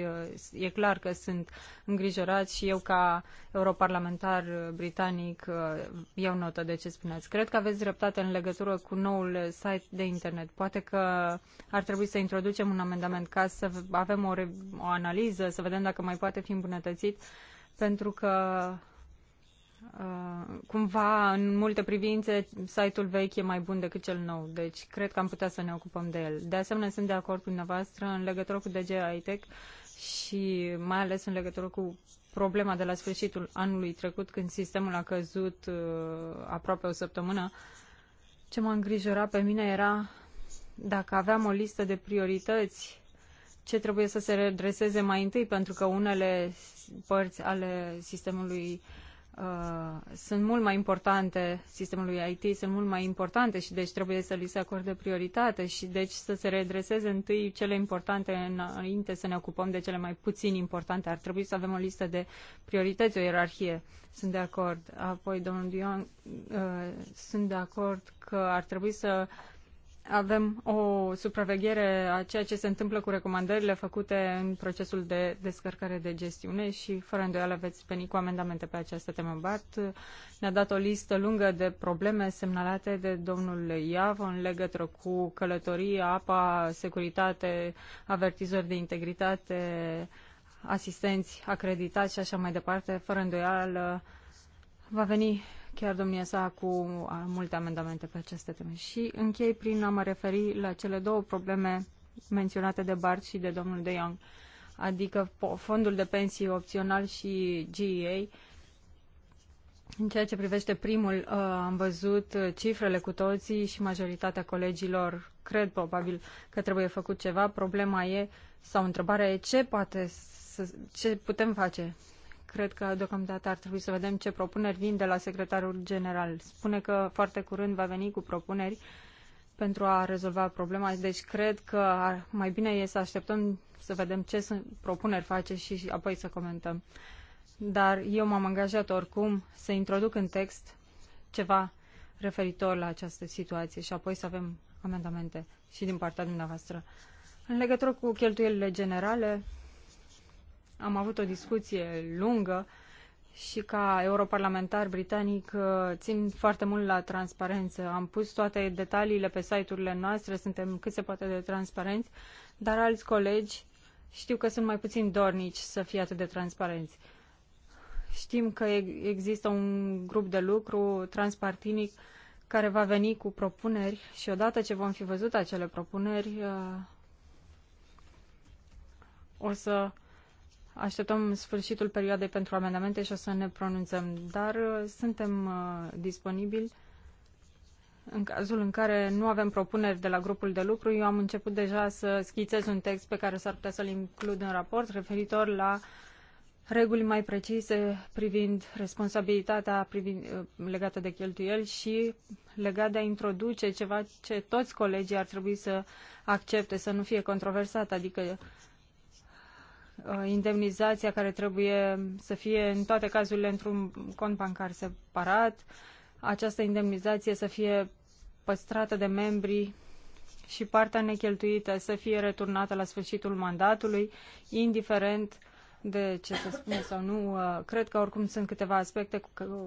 E clar că sunt îngrijorați și eu ca europarlamentar britanic eh, iau notă de ce spuneți. Cred că aveți dreptate în legătură cu noul site de internet. Poate că ar trebui să introducem un amendament ca să avem o, o analiză, să vedem dacă mai poate fi îmbunătățit, pentru că Uh, cumva, în multe privințe, site-ul vechi e mai bun decât cel nou, deci cred că am putea să ne ocupăm de el. De asemenea, sunt de acord cu dumneavoastră în legătură cu DG ITEC și mai ales în legătură cu problema de la sfârșitul anului trecut, când sistemul a căzut uh, aproape o săptămână. Ce mă îngrijora pe mine era dacă aveam o listă de priorități ce trebuie să se redreseze mai întâi, pentru că unele părți ale sistemului uh, Uh, sunt mult mai importante sistemului IT, sunt mult mai importante și deci trebuie să li se acorde prioritate și deci să se redreseze întâi cele importante înainte să ne ocupăm de cele mai puțin importante. Ar trebui să avem o listă de priorități, o ierarhie. Sunt de acord. Apoi, domnul Dion, uh, sunt de acord că ar trebui să avem o supraveghere a ceea ce se întâmplă cu recomandările făcute în procesul de descărcare de gestiune și fără îndoială veți veni cu amendamente pe această temă. BAT ne-a dat o listă lungă de probleme semnalate de domnul Iav în legătură cu călătorii, apa, securitate, avertizori de integritate, asistenți acreditați și așa mai departe. Fără îndoială va veni Chiar domnia sa cu multe amendamente pe aceste teme. Și închei prin a mă referi la cele două probleme menționate de Bart și de domnul De Jong, adică fondul de pensii opțional și GEA. În ceea ce privește primul, ă, am văzut cifrele cu toții și majoritatea colegilor cred probabil că trebuie făcut ceva. Problema e, sau întrebarea e, ce, poate să, ce putem face? cred că deocamdată ar trebui să vedem ce propuneri vin de la secretarul general. Spune că foarte curând va veni cu propuneri pentru a rezolva problema, deci cred că ar, mai bine e să așteptăm să vedem ce sunt, propuneri face și apoi să comentăm. Dar eu m-am angajat oricum să introduc în text ceva referitor la această situație și apoi să avem amendamente și din partea dumneavoastră. În legătură cu cheltuielile generale, am avut o discuție lungă și ca europarlamentar britanic uh, țin foarte mult la transparență. Am pus toate detaliile pe site-urile noastre, suntem cât se poate de transparenți, dar alți colegi știu că sunt mai puțin dornici să fie atât de transparenți. Știm că există un grup de lucru transpartinic care va veni cu propuneri și odată ce vom fi văzut acele propuneri, uh, o să Așteptăm sfârșitul perioadei pentru amendamente și o să ne pronunțăm, dar uh, suntem uh, disponibili în cazul în care nu avem propuneri de la grupul de lucru. Eu am început deja să schițez un text pe care s-ar putea să-l includ în raport referitor la reguli mai precise privind responsabilitatea privind, uh, legată de cheltuieli și legat de a introduce ceva ce toți colegii ar trebui să accepte, să nu fie controversat, adică uh, Uh, indemnizația care trebuie să fie în toate cazurile într-un cont bancar separat, această indemnizație să fie păstrată de membrii și partea necheltuită să fie returnată la sfârșitul mandatului, indiferent uh, de ce să spune sau nu. Uh, cred că oricum sunt câteva aspecte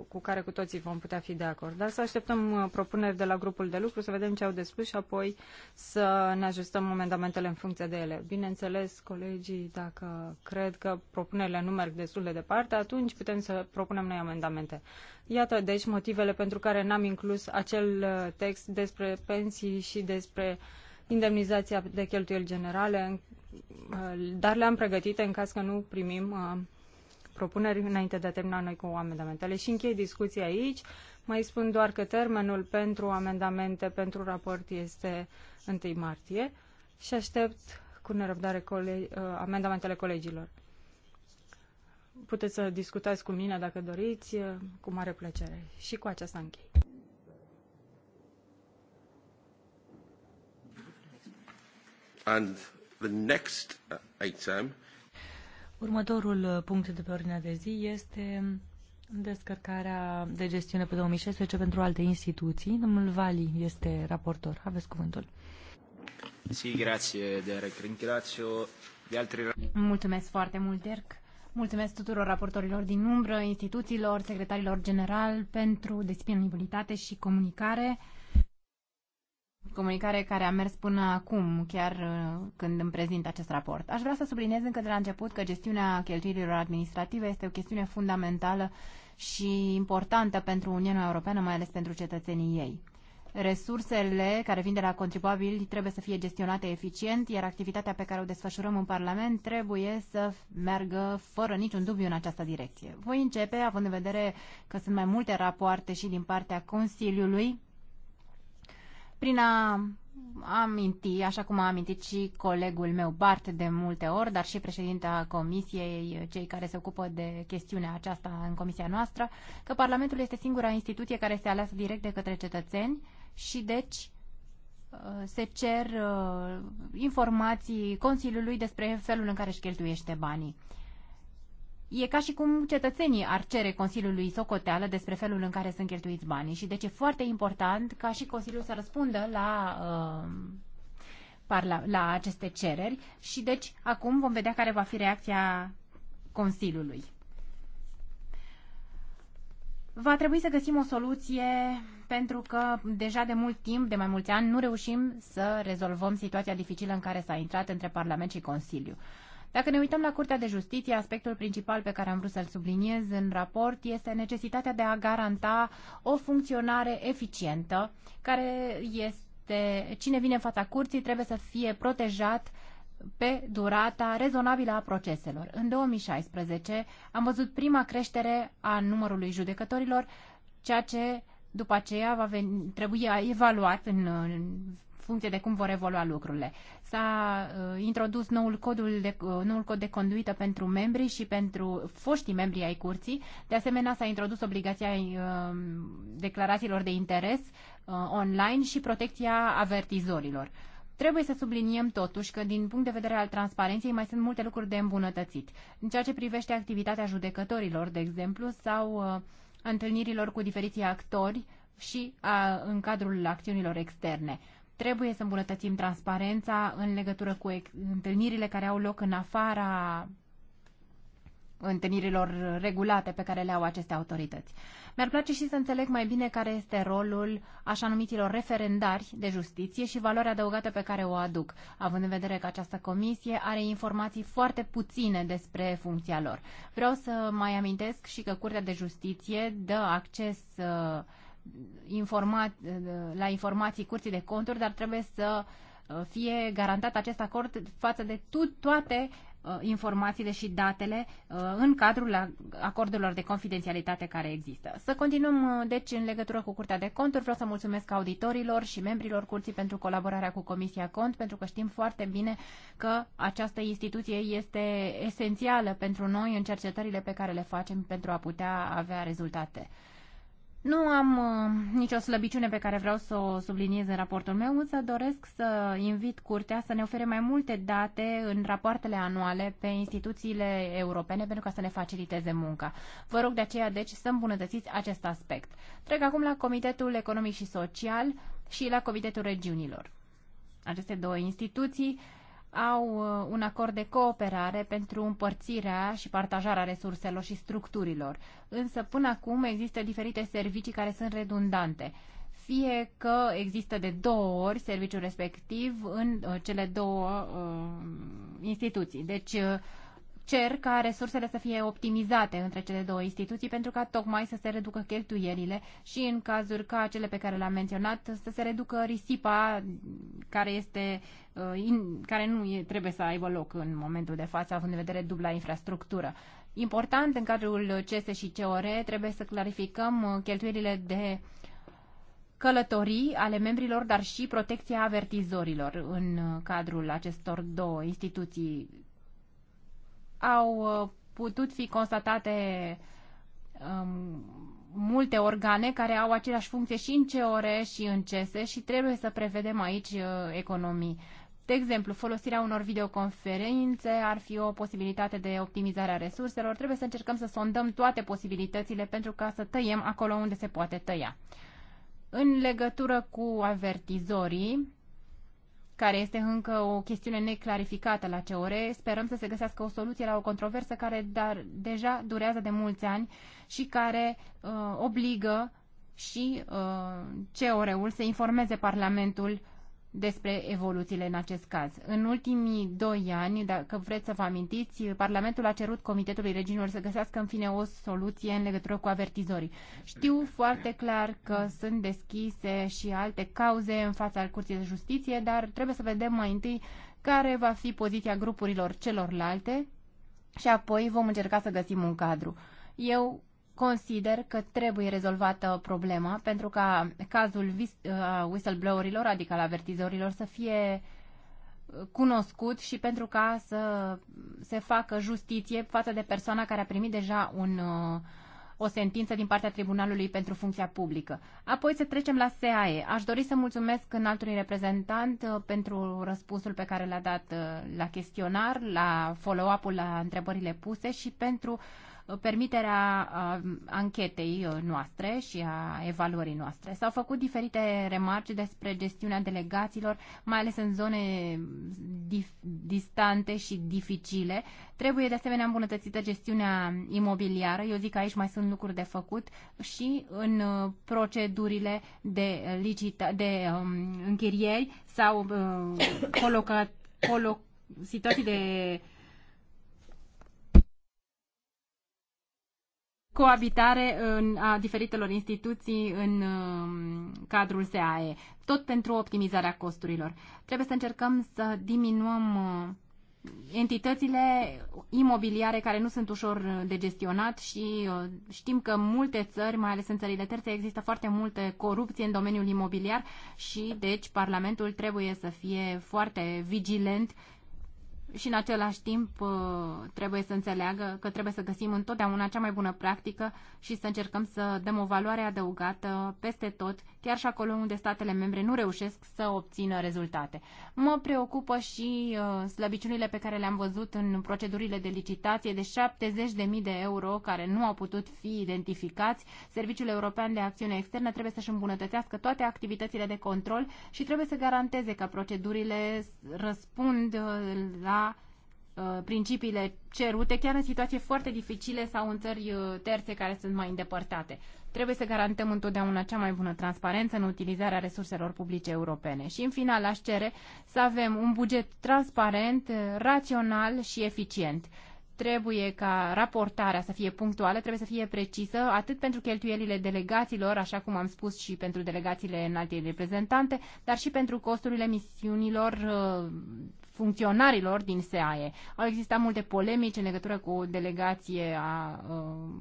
cu care cu toții vom putea fi de acord. Dar să așteptăm uh, propuneri de la grupul de lucru, să vedem ce au de spus și apoi să ne ajustăm amendamentele în funcție de ele. Bineînțeles, colegii, dacă cred că propunerile nu merg destul de departe, atunci putem să propunem noi amendamente. Iată, deci, motivele pentru care n-am inclus acel uh, text despre pensii și despre indemnizația de cheltuieli generale în Uh, dar le-am pregătite în caz că nu primim uh, propuneri înainte de a termina noi cu amendamentele. Și închei discuția aici. Mai spun doar că termenul pentru amendamente pentru raport este 1 martie și aștept cu nerăbdare colegi, uh, amendamentele colegilor. Puteți să discutați cu mine dacă doriți, cu mare plăcere. Și cu aceasta închei. And Uh, Următorul uh, punct de pe ordinea de zi este descărcarea de gestiune pe 2016 pentru alte instituții. Domnul Vali este raportor. Aveți cuvântul. Si, Derek. de altri... Mulțumesc foarte mult, Derek. Mulțumesc tuturor raportorilor din umbră, instituțiilor, secretarilor general pentru disponibilitate și comunicare comunicare care a mers până acum, chiar uh, când îmi prezint acest raport. Aș vrea să subliniez încă de la început că gestiunea cheltuielilor administrative este o chestiune fundamentală și importantă pentru Uniunea Europeană, mai ales pentru cetățenii ei. Resursele care vin de la contribuabili trebuie să fie gestionate eficient, iar activitatea pe care o desfășurăm în Parlament trebuie să meargă fără niciun dubiu în această direcție. Voi începe, având în vedere că sunt mai multe rapoarte și din partea Consiliului, prin a aminti, așa cum a amintit și colegul meu Bart de multe ori, dar și președinta comisiei, cei care se ocupă de chestiunea aceasta în comisia noastră, că Parlamentul este singura instituție care se aleasă direct de către cetățeni și deci se cer uh, informații Consiliului despre felul în care își cheltuiește banii. E ca și cum cetățenii ar cere Consiliului socoteală despre felul în care sunt cheltuiți banii și deci e foarte important ca și Consiliul să răspundă la, uh, la aceste cereri și deci acum vom vedea care va fi reacția Consiliului. Va trebui să găsim o soluție pentru că deja de mult timp, de mai mulți ani, nu reușim să rezolvăm situația dificilă în care s-a intrat între Parlament și Consiliu. Dacă ne uităm la Curtea de Justiție, aspectul principal pe care am vrut să-l subliniez în raport este necesitatea de a garanta o funcționare eficientă, care este cine vine în fața curții trebuie să fie protejat pe durata rezonabilă a proceselor. În 2016 am văzut prima creștere a numărului judecătorilor, ceea ce după aceea va veni, trebuie evaluat în, în funcție de cum vor evolua lucrurile. S-a uh, introdus noul, codul de, uh, noul cod de conduită pentru membrii și pentru foștii membri ai curții. De asemenea, s-a introdus obligația uh, declarațiilor de interes online și protecția avertizorilor. Trebuie să subliniem totuși că din punct de vedere al transparenței mai sunt multe lucruri de îmbunătățit. În ceea ce privește activitatea judecătorilor, de exemplu, sau uh, întâlnirilor cu diferiții actori și a, în cadrul acțiunilor externe. Trebuie să îmbunătățim transparența în legătură cu întâlnirile care au loc în afara întâlnirilor regulate pe care le au aceste autorități. Mi-ar place și să înțeleg mai bine care este rolul așa numitilor referendari de justiție și valoarea adăugată pe care o aduc, având în vedere că această comisie are informații foarte puține despre funcția lor. Vreau să mai amintesc și că Curtea de Justiție dă acces uh, informat, la informații curții de conturi, dar trebuie să uh, fie garantat acest acord față de toate uh, informațiile și datele uh, în cadrul acordurilor de confidențialitate care există. Să continuăm, deci, în legătură cu Curtea de Conturi. Vreau să mulțumesc auditorilor și membrilor Curții pentru colaborarea cu Comisia Cont, pentru că știm foarte bine că această instituție este esențială pentru noi în cercetările pe care le facem pentru a putea avea rezultate. Nu am uh, nicio slăbiciune pe care vreau să o subliniez în raportul meu, însă doresc să invit Curtea să ne ofere mai multe date în rapoartele anuale pe instituțiile europene pentru ca să ne faciliteze munca. Vă rog de aceea, deci, să îmbunătățiți acest aspect. Trec acum la Comitetul Economic și Social și la Comitetul Regiunilor. Aceste două instituții au uh, un acord de cooperare pentru împărțirea și partajarea resurselor și structurilor. Însă până acum există diferite servicii care sunt redundante. Fie că există de două ori serviciul respectiv în uh, cele două uh, instituții. Deci uh, cer ca resursele să fie optimizate între cele două instituții pentru ca tocmai să se reducă cheltuielile și în cazuri ca cele pe care le-am menționat să se reducă risipa care, este, uh, care nu trebuie să aibă loc în momentul de față având în vedere dubla infrastructură. Important în cadrul CS și COR trebuie să clarificăm uh, cheltuielile de călătorii ale membrilor, dar și protecția avertizorilor în uh, cadrul acestor două instituții au uh, putut fi constatate um, multe organe care au aceleași funcție și în ore și în se. și trebuie să prevedem aici uh, economii. De exemplu, folosirea unor videoconferințe ar fi o posibilitate de optimizare a resurselor. Trebuie să încercăm să sondăm toate posibilitățile pentru ca să tăiem acolo unde se poate tăia. În legătură cu avertizorii, care este încă o chestiune neclarificată la CEOR. Sperăm să se găsească o soluție la o controversă care dar deja durează de mulți ani și care uh, obligă și uh, CEOR-ul să informeze Parlamentul despre evoluțiile în acest caz. În ultimii doi ani, dacă vreți să vă amintiți, Parlamentul a cerut Comitetului Regiunilor să găsească în fine o soluție în legătură cu avertizorii. Știu foarte clar că sunt deschise și alte cauze în fața Curții de Justiție, dar trebuie să vedem mai întâi care va fi poziția grupurilor celorlalte și apoi vom încerca să găsim un cadru. Eu consider că trebuie rezolvată problema pentru ca cazul uh, whistleblowerilor, adică al avertizorilor, să fie uh, cunoscut și pentru ca să se facă justiție față de persoana care a primit deja un, uh, o sentință din partea Tribunalului pentru funcția publică. Apoi să trecem la SAE. Aș dori să mulțumesc înaltului reprezentant pentru răspunsul pe care l-a dat la chestionar, la follow-up-ul la întrebările puse și pentru uh, permiterea uh, anchetei uh, noastre și a evaluării noastre. S-au făcut diferite remarci despre gestiunea delegațiilor, mai ales în zone distante și dificile. Trebuie de asemenea îmbunătățită gestiunea imobiliară. Eu zic că aici mai sunt lucruri de făcut și în uh, procedurile de, licita- de um, închirieri sau uh, colocat, colo- situații de coabitare în, a diferitelor instituții în um, cadrul SAE, tot pentru optimizarea costurilor. Trebuie să încercăm să diminuăm uh, entitățile imobiliare care nu sunt ușor uh, de gestionat și uh, știm că multe țări, mai ales în țările terțe, există foarte multe corupție în domeniul imobiliar și deci Parlamentul trebuie să fie foarte vigilent și în același timp uh, trebuie să înțeleagă că trebuie să găsim întotdeauna cea mai bună practică și să încercăm să dăm o valoare adăugată peste tot, chiar și acolo unde statele membre nu reușesc să obțină rezultate. Mă preocupă și uh, slăbiciunile pe care le-am văzut în procedurile de licitație de 70.000 de euro care nu au putut fi identificați. Serviciul European de Acțiune Externă trebuie să-și îmbunătățească toate activitățile de control și trebuie să garanteze că procedurile răspund uh, la Uh, principiile cerute, chiar în situații foarte dificile sau în țări uh, terțe care sunt mai îndepărtate. Trebuie să garantăm întotdeauna cea mai bună transparență în utilizarea resurselor publice europene. Și în final aș cere să avem un buget transparent, uh, rațional și eficient trebuie ca raportarea să fie punctuală, trebuie să fie precisă, atât pentru cheltuielile delegaților, așa cum am spus și pentru delegațiile înaltei reprezentante, dar și pentru costurile misiunilor uh, funcționarilor din SAE. Au existat multe polemici în legătură cu o delegație a uh,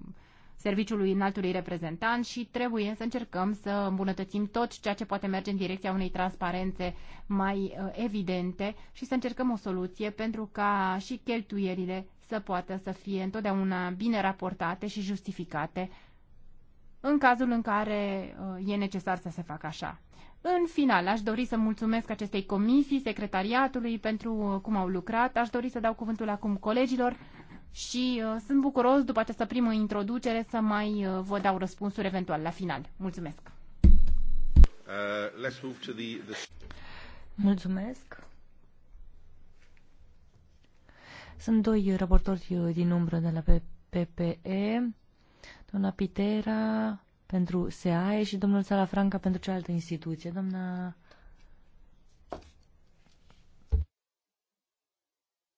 serviciului înaltului reprezentant și trebuie să încercăm să îmbunătățim tot ceea ce poate merge în direcția unei transparențe mai uh, evidente și să încercăm o soluție pentru ca și cheltuielile să poată să fie întotdeauna bine raportate și justificate în cazul în care uh, e necesar să se facă așa. În final, aș dori să mulțumesc acestei comisii, secretariatului pentru uh, cum au lucrat. Aș dori să dau cuvântul acum colegilor și uh, sunt bucuros după această primă introducere să mai uh, vă dau răspunsuri eventual la final. Mulțumesc! Uh, let's move to the, the... Mulțumesc! Sunt doi raportori uh, din umbră de la PPE, doamna Pitera pentru SEAE și domnul Salafranca pentru cealaltă instituție. Doamna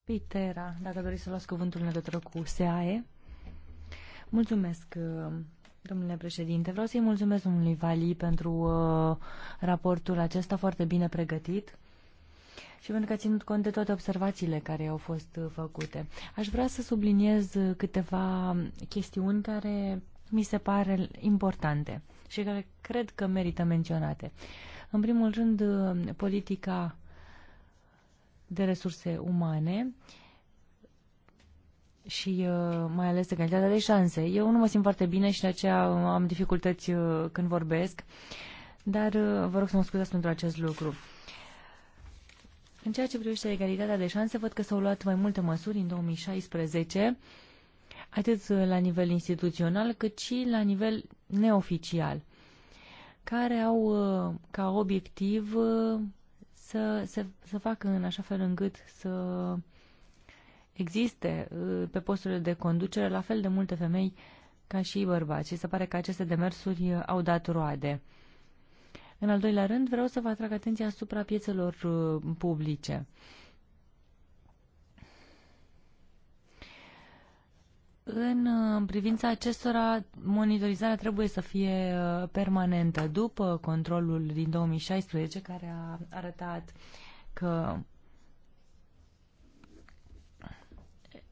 Pitera, dacă doriți să luați cuvântul în legătură cu SEAE. Mulțumesc, uh, domnule președinte. Vreau să-i mulțumesc domnului Vali pentru uh, raportul acesta foarte bine pregătit și pentru că a ținut cont de toate observațiile care au fost uh, făcute. Aș vrea să subliniez uh, câteva chestiuni care mi se pare importante și care cred că merită menționate. În primul rând, uh, politica de resurse umane și mai ales egalitatea de șanse. Eu nu mă simt foarte bine și de aceea am dificultăți când vorbesc, dar vă rog să mă scuzați pentru acest lucru. În ceea ce privește egalitatea de șanse, văd că s-au luat mai multe măsuri în 2016, atât la nivel instituțional, cât și la nivel neoficial, care au uh, ca obiectiv uh, să, să, să facă în așa fel încât să existe uh, pe posturile de conducere la fel de multe femei ca și bărbați. Și se pare că aceste demersuri au dat roade. În al doilea rând, vreau să vă atrag atenția asupra piețelor uh, publice. În uh, privința acestora, monitorizarea trebuie să fie uh, permanentă. După controlul din 2016, care a arătat că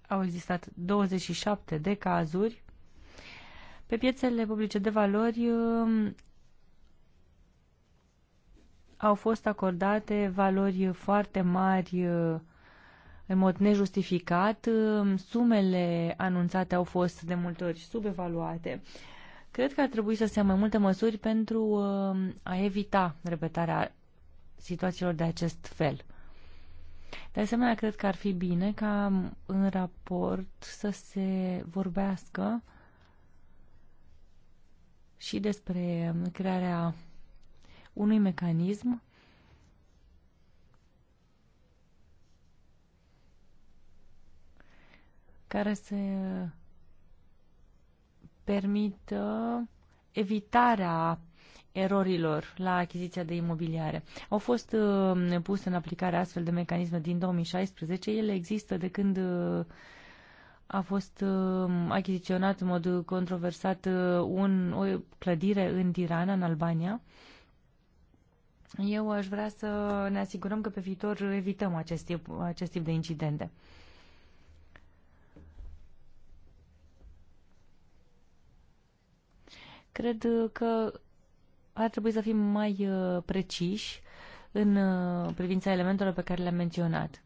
au existat 27 de cazuri, pe piețele publice de valori au fost acordate valori foarte mari uh, în mod nejustificat. Uh, sumele anunțate au fost de multe ori subevaluate. Cred că ar trebui să se ia mai multe măsuri pentru uh, a evita repetarea situațiilor de acest fel. De asemenea, cred că ar fi bine ca în raport să se vorbească și despre crearea unui mecanism care să permită evitarea erorilor la achiziția de imobiliare. Au fost uh, puse în aplicare astfel de mecanisme din 2016. Ele există de când uh, a fost uh, achiziționat în mod controversat uh, un, o clădire în Tirana, în Albania. Uh, eu aș vrea să ne asigurăm că pe viitor evităm acest tip, acest tip de incidente. Cred că ar trebui să fim mai uh, preciși în uh, privința elementelor pe care le-am menționat.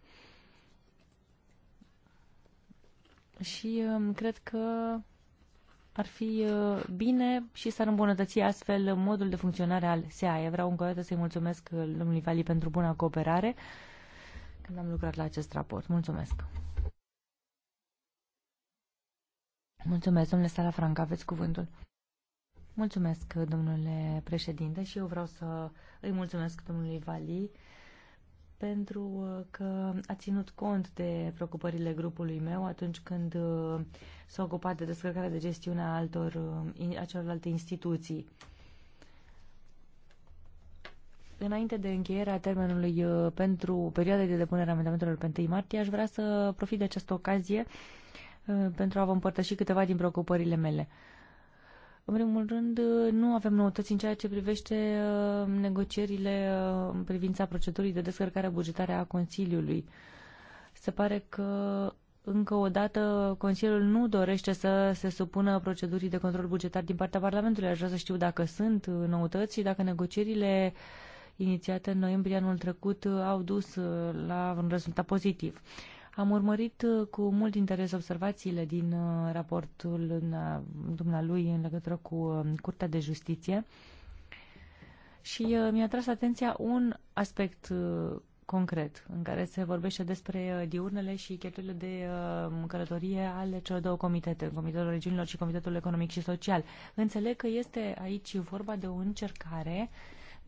Și um, cred că ar fi uh, bine și s-ar îmbunătăți astfel modul de funcționare al SEAE. Vreau încă o dată să-i mulțumesc uh, domnului Vali pentru buna cooperare când am lucrat la acest raport. Mulțumesc! Mulțumesc, domnule Sala Franca, aveți cuvântul. Mulțumesc, domnule președinte, și eu vreau să îi mulțumesc domnului Vali pentru uh, că a ținut cont de preocupările grupului meu atunci când uh, s-a ocupat de descărcarea de gestiune a, altor, uh, a celorlalte instituții. Înainte de încheierea termenului pentru perioada de depunere a amendamentelor pe 1 martie, aș vrea să profit de această ocazie pentru a vă împărtăși câteva din preocupările mele. Uh, în primul rând, nu avem noutăți în ceea ce privește uh, negocierile uh, în privința procedurii de descărcare bugetare a Consiliului. Se pare că încă o dată Consiliul nu dorește să se supună procedurii de control bugetar din partea Parlamentului. Aș vrea să știu dacă sunt uh, noutăți și dacă negocierile inițiate în noiembrie anul trecut au dus la un rezultat pozitiv. Am urmărit uh, cu mult interes observațiile din uh, raportul dumnealui în legătură cu um, Curtea de Justiție și uh, mi-a tras atenția un aspect concret în care se vorbește despre diurnele și cheltuielile de um, călătorie ale celor două comitete, Comitetul Regiunilor și Comitetul Economic și Social. Înțeleg că este aici vorba de o încercare uh,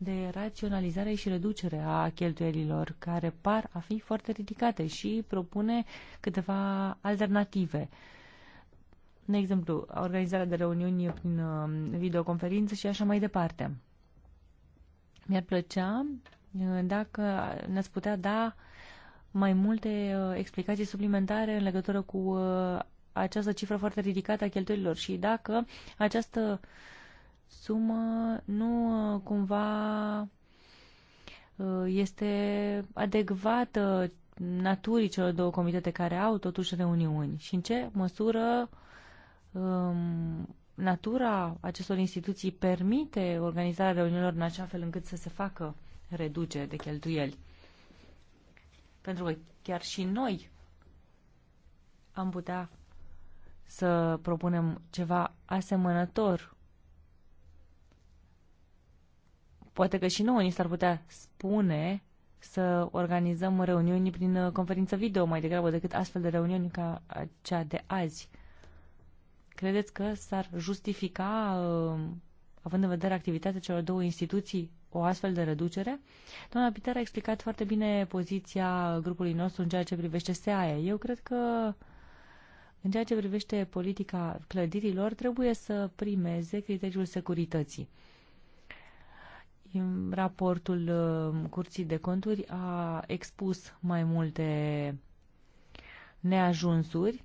de raționalizare și reducere a cheltuielilor, care par a fi foarte ridicate și propune câteva alternative. De exemplu, organizarea de reuniuni prin um, videoconferință și așa mai departe. Mi-ar plăcea uh, dacă ne-ați putea da mai multe uh, explicații suplimentare în legătură cu uh, această cifră foarte ridicată a cheltuielilor și dacă această uh, sumă nu uh, cumva uh, este adecvată naturii celor două comitete care au totuși reuniuni și în ce măsură um, natura acestor instituții permite organizarea reuniunilor în așa fel încât să se facă reduce de cheltuieli. Pentru că chiar și noi am putea să propunem ceva asemănător Poate că și nouă ni s-ar putea spune să organizăm reuniuni prin uh, conferință video mai degrabă decât astfel de reuniuni ca cea de azi. Credeți că s-ar justifica, uh, având în vedere activitatea celor două instituții, o astfel de reducere? Doamna Piter a explicat foarte bine poziția grupului nostru în ceea ce privește SEAE. Eu cred că în ceea ce privește politica clădirilor, trebuie să primeze criteriul securității. Raportul uh, Curții de Conturi a expus mai multe neajunsuri.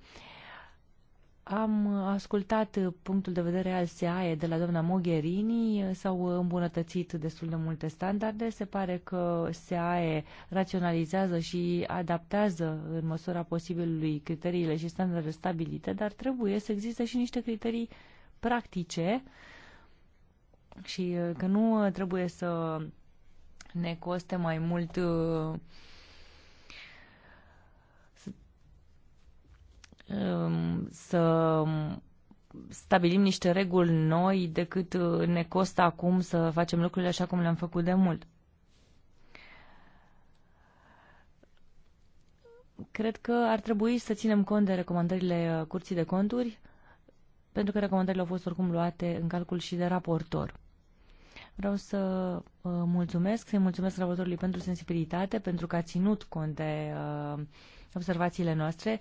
Am ascultat punctul de vedere al SEAE de la doamna Mogherini, s-au îmbunătățit destul de multe standarde, se pare că SEAE raționalizează și adaptează în măsura posibilului criteriile și standardele stabilite, dar trebuie să existe și niște criterii practice uh, și uh, că nu uh, trebuie să ne coste mai mult uh, să, um, să stabilim niște reguli noi decât ne costă acum să facem lucrurile așa cum le-am făcut de mult. Cred că ar trebui să ținem cont de recomandările Curții de Conturi, pentru că recomandările au fost oricum luate în calcul și de raportor. Vreau să uh, mulțumesc, să-i mulțumesc raportorului pentru sensibilitate, pentru că a ținut cont de uh, observațiile noastre.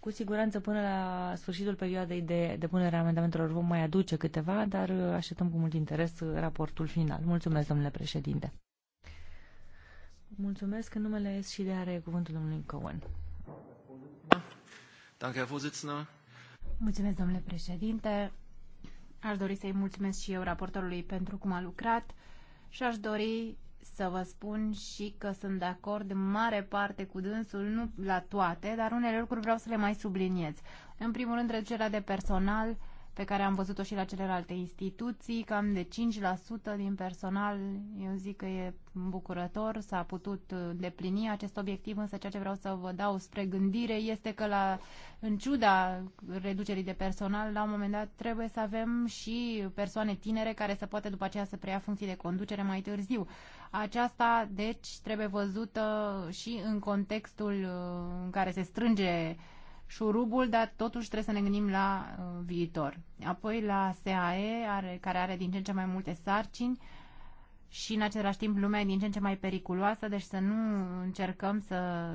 Cu siguranță până la sfârșitul perioadei de depunere a amendamentelor vom mai aduce câteva, dar uh, așteptăm cu mult interes raportul final. Mulțumesc, domnule președinte. Mulțumesc. În numele S și de are cuvântul domnului Cohen. Mulțumesc, domnule președinte. Aș dori să-i mulțumesc și eu raportorului pentru cum a lucrat și aș dori să vă spun și că sunt de acord în mare parte cu dânsul, nu la toate, dar unele lucruri vreau să le mai subliniez. În primul rând, reducerea de personal, pe care am văzut-o și la celelalte instituții, cam de 5% din personal, eu zic că e bucurător, s-a putut deplini acest obiectiv, însă ceea ce vreau să vă dau spre gândire este că la, în ciuda reducerii de personal, la un moment dat trebuie să avem și persoane tinere care să poată după aceea să preia funcții de conducere mai târziu. Aceasta, deci, trebuie văzută și în contextul uh, în care se strânge șurubul, dar totuși trebuie să ne gândim la uh, viitor. Apoi la SAE, are, care are din ce în ce mai multe sarcini și în același timp lumea e din ce în ce mai periculoasă, deci să nu încercăm să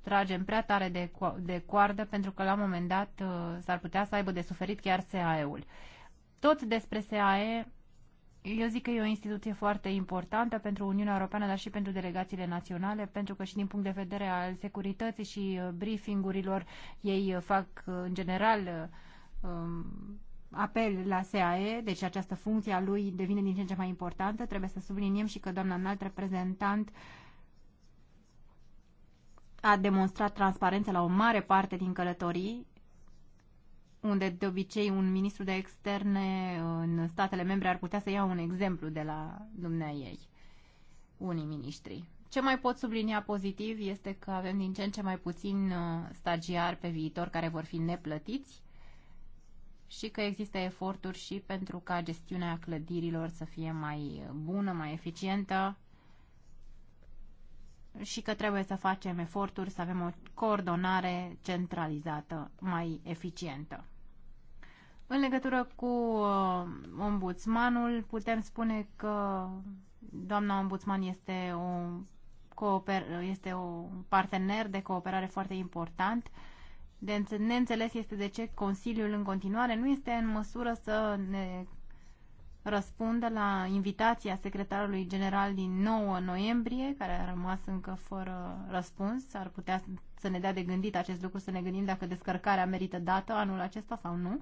tragem prea tare de, co- de coardă, pentru că la un moment dat uh, s-ar putea să aibă de suferit chiar SAE-ul. Tot despre SAE eu zic că e o instituție foarte importantă pentru Uniunea Europeană, dar și pentru delegațiile naționale, pentru că și din punct de vedere al securității și uh, briefingurilor ei uh, fac uh, în general um, apel la SAE, deci această funcție a lui devine din ce în ce mai importantă. Trebuie să subliniem și că doamna înalt reprezentant a demonstrat transparență la o mare parte din călătorii unde de obicei un ministru de externe în statele membre ar putea să ia un exemplu de la dumnea ei, unii miniștri. Ce mai pot sublinia pozitiv este că avem din ce în ce mai puțin uh, stagiari pe viitor care vor fi neplătiți și că există eforturi și pentru ca gestiunea clădirilor să fie mai bună, mai eficientă și că trebuie să facem eforturi să avem o coordonare centralizată mai eficientă. În legătură cu uh, ombudsmanul, putem spune că doamna ombudsman este, o cooper- este un partener de cooperare foarte important. De neînțeles este de ce Consiliul în continuare nu este în măsură să ne răspundă la invitația secretarului general din 9 noiembrie, care a rămas încă fără răspuns. Ar putea să ne dea de gândit acest lucru, să ne gândim dacă descărcarea merită dată anul acesta sau nu.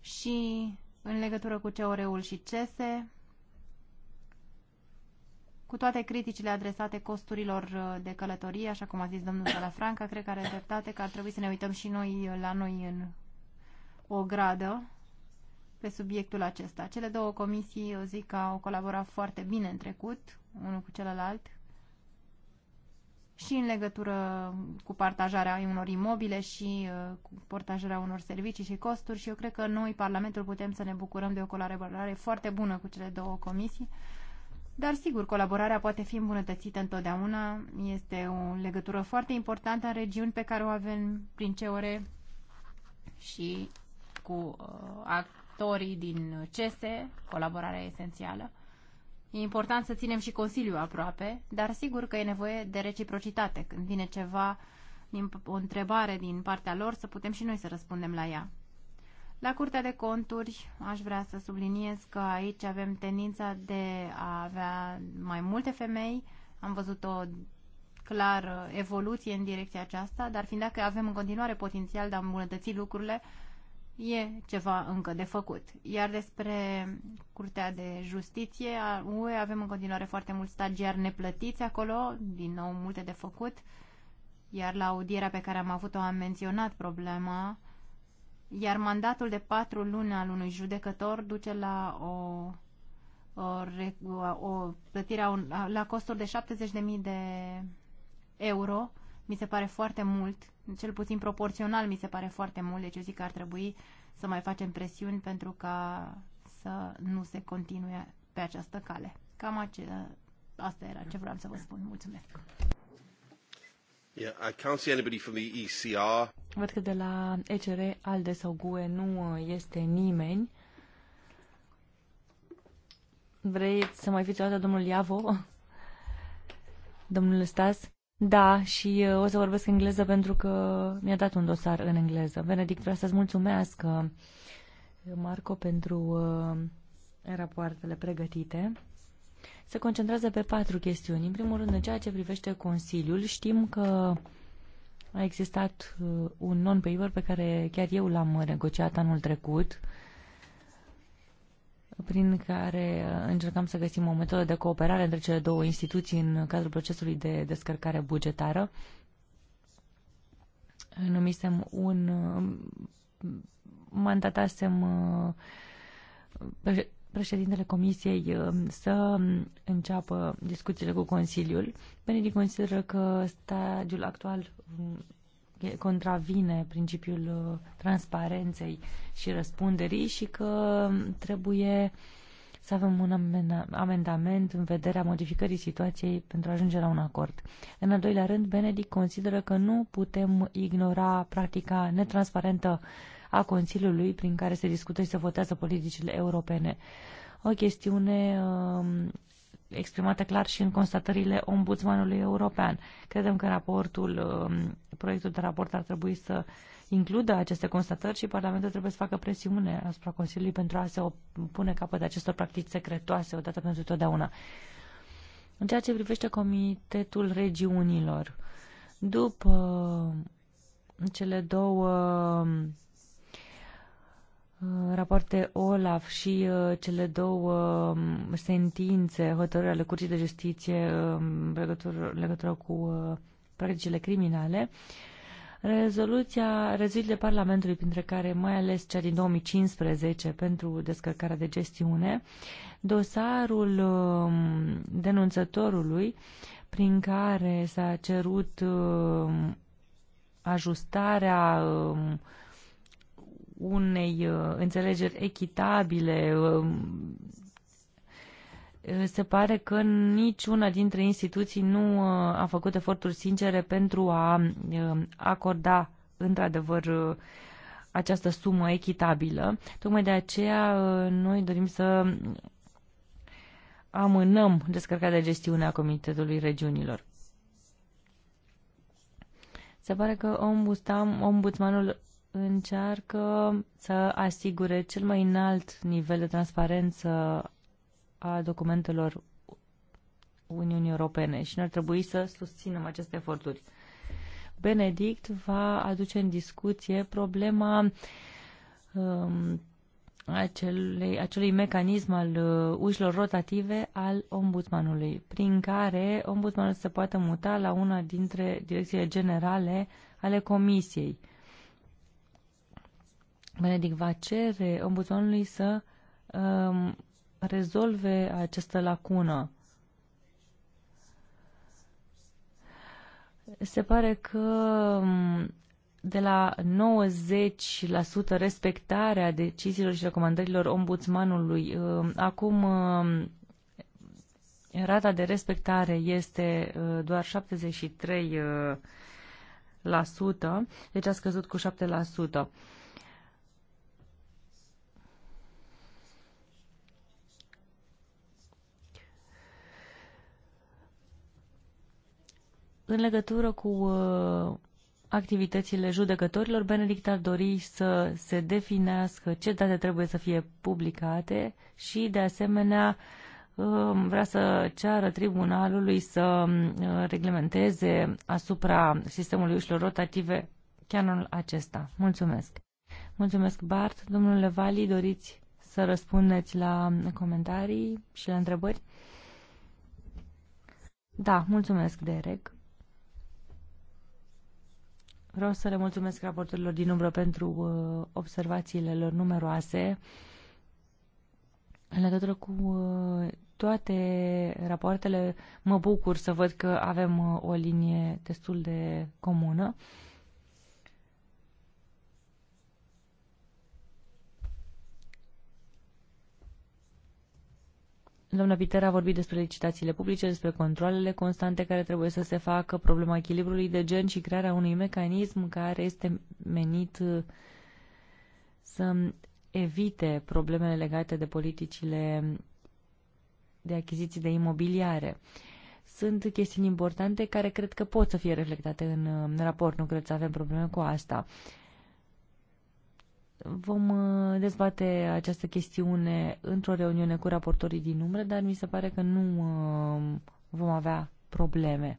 și în legătură cu COR-ul și CESE, cu toate criticile adresate costurilor uh, de călătorie, așa cum a zis domnul Salafranca, cred că are dreptate că ar trebui să ne uităm și noi uh, la noi în o gradă pe subiectul acesta. Cele două comisii, eu zic că au colaborat foarte bine în trecut, unul cu celălalt, și în legătură cu partajarea unor imobile și uh, cu partajarea unor servicii și costuri și eu cred că noi, Parlamentul, putem să ne bucurăm de o colaborare foarte bună cu cele două comisii. Dar, sigur, colaborarea poate fi îmbunătățită întotdeauna. Este o legătură foarte importantă în regiuni pe care o avem prin CEORE și cu uh, actorii din CESE, colaborarea esențială. E important să ținem și Consiliul aproape, dar sigur că e nevoie de reciprocitate. Când vine ceva, o întrebare din partea lor, să putem și noi să răspundem la ea. La Curtea de Conturi aș vrea să subliniez că aici avem tendința de a avea mai multe femei. Am văzut o clar evoluție în direcția aceasta, dar fiind dacă avem în continuare potențial de a îmbunătăți lucrurile, e ceva încă de făcut. Iar despre Curtea de Justiție a UE avem în continuare foarte mulți stagiari neplătiți acolo, din nou multe de făcut, iar la audierea pe care am avut-o am menționat problema, iar mandatul de patru luni al unui judecător duce la o, o, o plătire a un, la costuri de 70.000 de euro mi se pare foarte mult, cel puțin proporțional mi se pare foarte mult, deci eu zic că ar trebui să mai facem presiuni pentru ca să nu se continue pe această cale. Cam ace- asta era ce vreau să vă spun. Mulțumesc. Yeah, I can't see anybody from the ECR. Văd că de la ECR, ALDE sau GUE nu este nimeni. Vrei să mai fiți o dată domnul Iavo? Domnul Stas? Da, și uh, o să vorbesc engleză pentru că mi-a dat un dosar în engleză. Benedict, vreau să-ți mulțumesc, uh, Marco, pentru uh, rapoartele pregătite. Se concentrează pe patru chestiuni. În primul rând, în ceea ce privește Consiliul, știm că a existat un non-paper pe care chiar eu l-am negociat anul trecut, prin care uh, încercăm să găsim o metodă de cooperare între cele două instituții în cadrul procesului de descărcare bugetară. Numisem un... Uh, mandatasem uh, președintele Comisiei să înceapă discuțiile cu Consiliul. Benedict consideră că stadiul actual contravine principiul uh, transparenței și răspunderii și că trebuie să avem un amendament în vederea modificării situației pentru a ajunge la un acord. În al doilea rând, Benedict consideră că nu putem ignora practica netransparentă a Consiliului prin care se discută și se votează politicile europene. O chestiune um, exprimată clar și în constatările Ombudsmanului European. Credem că raportul, um, proiectul de raport ar trebui să includă aceste constatări și Parlamentul trebuie să facă presiune asupra Consiliului pentru a se pune capăt acestor practici secretoase odată pentru totdeauna. În ceea ce privește Comitetul Regiunilor, după cele două Uh, rapoarte Olaf și uh, cele două um, sentințe, hotărâri ale Curții de Justiție um, în legătură, legătură cu uh, practicile criminale, rezoluția, rezoluțiile Parlamentului, printre care mai ales cea din 2015 pentru descărcarea de gestiune, dosarul um, denunțătorului prin care s-a cerut ajustarea unei uh, înțelegeri echitabile. Um, uh, se pare că niciuna dintre instituții nu uh, a făcut eforturi sincere pentru a um, acorda într-adevăr această sumă echitabilă. Tocmai de aceea noi dorim să amânăm descărcarea de gestiune a Comitetului Regiunilor. Se pare că ombudsmanul încearcă să asigure cel mai înalt nivel de transparență a documentelor Uniunii Europene și noi ar trebui să susținem aceste eforturi. Benedict va aduce în discuție problema um, acelui, acelui mecanism al uh, ușilor rotative al ombudsmanului, prin care ombudsmanul se poate muta la una dintre direcțiile generale ale comisiei. Benedict va cere ombudsmanului să um, rezolve această lacună. Se pare că um, de la 90% respectarea deciziilor și recomandărilor ombudsmanului, um, acum um, rata de respectare este uh, doar 73%, uh, deci a scăzut cu În legătură cu uh, activitățile judecătorilor, Benedict ar dori să se definească ce date trebuie să fie publicate și, de asemenea, um, vrea să ceară tribunalului să um, reglementeze asupra sistemului ușilor rotative chiar anul acesta. Mulțumesc! Mulțumesc, Bart. Domnule Vali, doriți să răspundeți la comentarii și la întrebări? Da, mulțumesc, Derek. Vreau să le mulțumesc raporturilor din umbră pentru uh, observațiile lor numeroase în legătură cu uh, toate rapoartele. Mă bucur să văd că avem uh, o linie destul de comună. Uh, Doamna Pitera a vorbit despre licitațiile publice, despre controlele constante care trebuie să se facă, problema echilibrului de gen și crearea unui mecanism care este menit uh, să evite problemele legate de politicile de achiziții de imobiliare. Sunt chestiuni importante care cred că pot să fie reflectate în uh, raport, nu cred să avem probleme cu asta. Vom uh, dezbate această chestiune într-o reuniune cu raportorii din umbră, dar mi se pare că nu uh, vom avea probleme.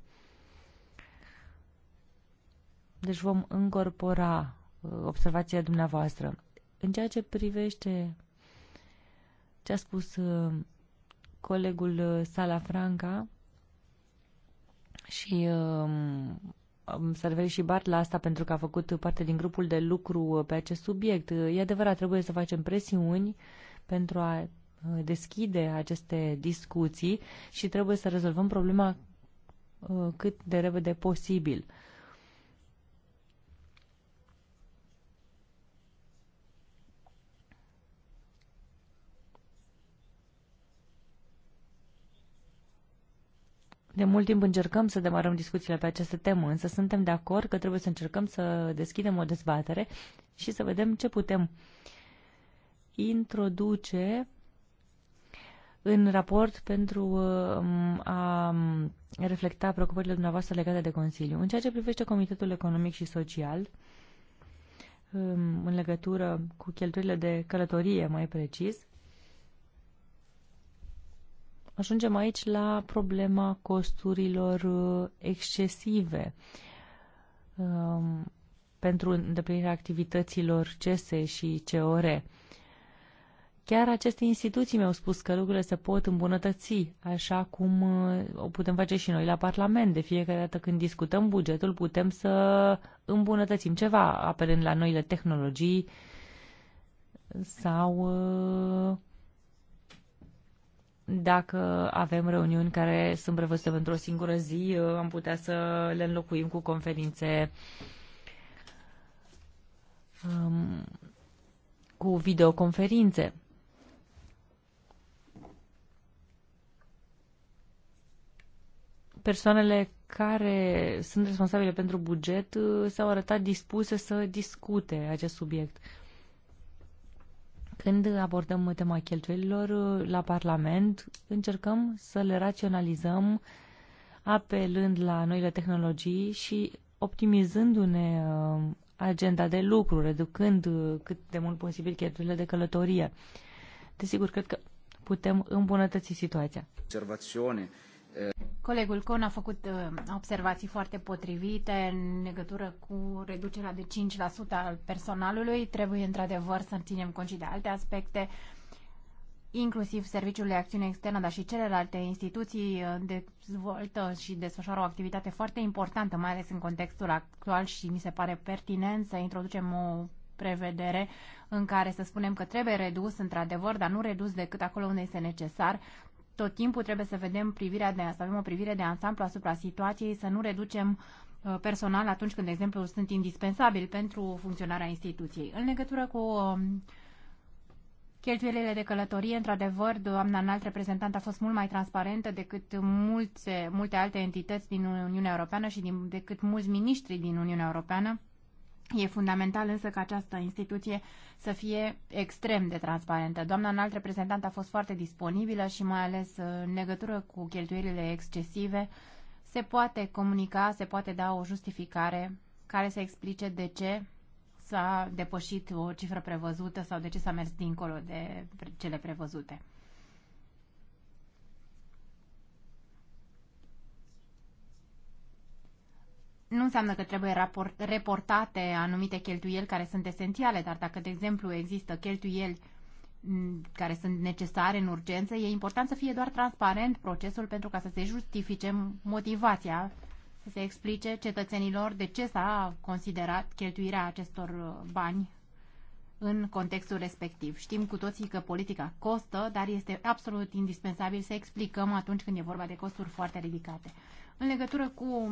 Deci vom încorpora uh, observația dumneavoastră. În ceea ce privește ce a spus colegul Sala Franca și um, referi și Bart la asta pentru că a făcut parte din grupul de lucru pe acest subiect. E adevărat, trebuie să facem presiuni pentru a uh, deschide aceste discuții și trebuie să rezolvăm problema uh, cât de repede posibil. De mult timp încercăm să demarăm discuțiile pe această temă, însă suntem de acord că trebuie să încercăm să deschidem o dezbatere și să vedem ce putem introduce în raport pentru um, a um, reflecta preocupările dumneavoastră legate de Consiliu. În ceea ce privește Comitetul Economic și Social, um, în legătură cu cheltuielile de călătorie mai precis, ajungem aici la problema costurilor uh, excesive um, pentru îndeplinirea activităților CESE și COR. Chiar aceste instituții mi-au spus că lucrurile se pot îmbunătăți, așa cum uh, o putem face și noi la Parlament. De fiecare dată când discutăm bugetul, putem să îmbunătățim ceva, apelând la noile tehnologii sau uh, dacă avem reuniuni care sunt prevăzute pentru o singură zi, uh, am putea să le înlocuim cu conferințe um, cu videoconferințe. Persoanele care sunt responsabile pentru buget uh, s-au arătat dispuse să discute acest subiect. Când abordăm tema cheltuielilor uh, la Parlament, încercăm să le raționalizăm apelând la noile tehnologii și optimizându-ne uh, agenda de lucru, reducând uh, cât de mult posibil cheltuielile de călătorie. Desigur, cred că putem îmbunătăți situația. Observațiune Colegul Con a făcut uh, observații foarte potrivite în legătură cu reducerea de 5% al personalului. Trebuie într-adevăr să ținem cont de alte aspecte, inclusiv Serviciul de Acțiune Externă, dar și celelalte instituții uh, dezvoltă și desfășoară o activitate foarte importantă, mai ales în contextul actual și mi se pare pertinent să introducem o prevedere în care să spunem că trebuie redus într-adevăr, dar nu redus decât acolo unde este necesar, tot timpul trebuie să vedem privirea de să avem o privire de ansamblu asupra situației, să nu reducem uh, personal atunci când, de exemplu, sunt indispensabili pentru funcționarea instituției. În legătură cu um, Cheltuielile de călătorie, într-adevăr, doamna înalt reprezentant a fost mult mai transparentă decât multe, multe alte entități din Uniunea Europeană și din, decât mulți miniștri din Uniunea Europeană. E fundamental însă ca această instituție să fie extrem de transparentă. Doamna înalt reprezentant a fost foarte disponibilă și mai ales uh, în legătură cu cheltuielile excesive se poate comunica, se poate da o justificare care să explice de ce s-a depășit o cifră prevăzută sau de ce s-a mers dincolo de cele prevăzute. nu înseamnă că trebuie raport, reportate anumite cheltuieli care sunt esențiale, dar dacă, de exemplu, există cheltuieli care sunt necesare în urgență, e important să fie doar transparent procesul pentru ca să se justifice motivația, să se explice cetățenilor de ce s-a considerat cheltuirea acestor uh, bani în contextul respectiv. Știm cu toții că politica costă, dar este absolut indispensabil să explicăm atunci când e vorba de costuri foarte ridicate. În legătură cu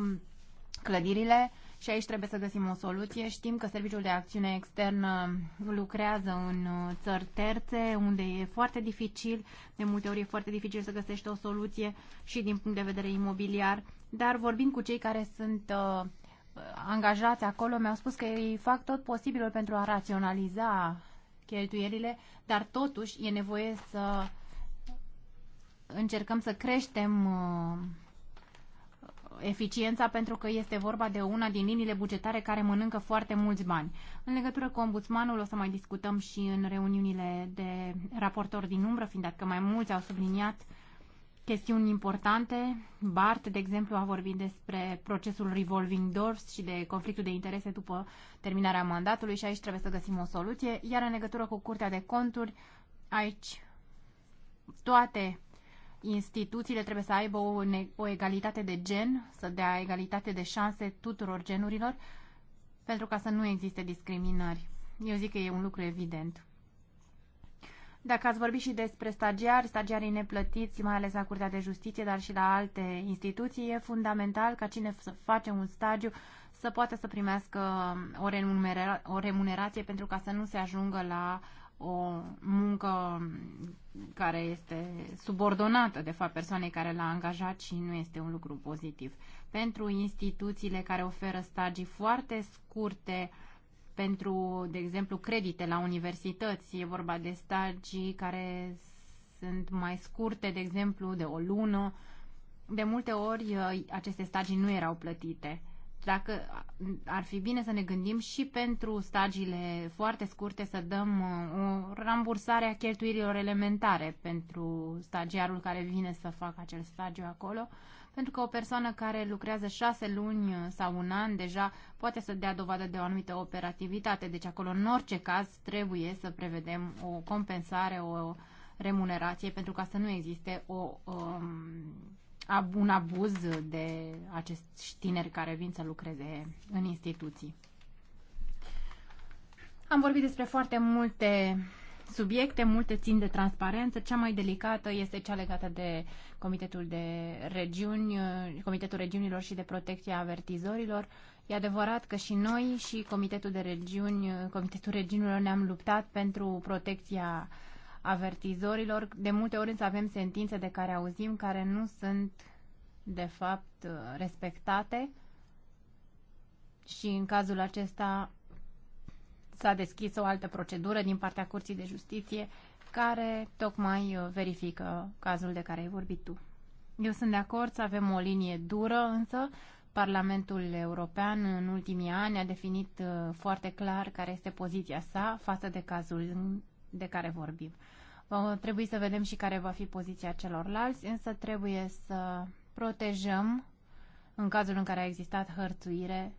clădirile și aici trebuie să găsim o soluție. Știm că Serviciul de Acțiune Externă lucrează în uh, țări terțe, unde e foarte dificil, de multe ori e foarte dificil să găsești o soluție și din punct de vedere imobiliar, dar vorbind cu cei care sunt uh, angajați acolo, mi-au spus că ei fac tot posibilul pentru a raționaliza cheltuielile, dar totuși e nevoie să încercăm să creștem uh, eficiența pentru că este vorba de una din liniile bugetare care mănâncă foarte mulți bani. În legătură cu ombudsmanul o să mai discutăm și în reuniunile de raportori din umbră, fiind dat că mai mulți au subliniat chestiuni importante. Bart, de exemplu, a vorbit despre procesul revolving doors și de conflictul de interese după terminarea mandatului și aici trebuie să găsim o soluție. Iar în legătură cu Curtea de Conturi, aici toate instituțiile trebuie să aibă o, o egalitate de gen, să dea egalitate de șanse tuturor genurilor, pentru ca să nu existe discriminări. Eu zic că e un lucru evident. Dacă ați vorbit și despre stagiari, stagiarii neplătiți, mai ales la Curtea de Justiție, dar și la alte instituții, e fundamental ca cine să face un stagiu să poată să primească o, o remunerație pentru ca să nu se ajungă la uh, o muncă care este subordonată, de fapt, persoanei care l-a angajat și nu este un lucru pozitiv. Pentru instituțiile care oferă stagii foarte scurte, pentru, de exemplu, credite la universități, e vorba de stagii care sunt mai scurte, de exemplu, de o lună, de multe ori uh, aceste stagii nu erau plătite dacă ar fi bine să ne gândim și pentru stagiile foarte scurte să dăm uh, o rambursare a cheltuirilor elementare pentru stagiarul care vine să facă acel stagiu acolo, pentru că o persoană care lucrează șase luni sau un an deja poate să dea dovadă de o anumită operativitate, deci acolo în orice caz trebuie să prevedem o compensare, o remunerație pentru ca să nu existe o um, un abuz de acești tineri care vin să lucreze în instituții. Am vorbit despre foarte multe subiecte, multe țin de transparență. Cea mai delicată este cea legată de Comitetul de Regiuni, Comitetul Regiunilor și de Protecția Avertizorilor. E adevărat că și noi și Comitetul de Regiuni, Comitetul Regiunilor ne-am luptat pentru protecția uh, avertizorilor. De multe ori însă avem sentințe de care auzim care nu sunt de fapt respectate și în cazul acesta s-a deschis o altă procedură din partea Curții de Justiție care tocmai uh, verifică cazul de care ai vorbit tu. Eu sunt de acord să avem o linie dură, însă Parlamentul European în ultimii ani a definit uh, foarte clar care este poziția sa față de cazul de care vorbim. Va trebui să vedem și care va fi poziția celorlalți, însă trebuie să protejăm, în cazul în care a existat hărțuire,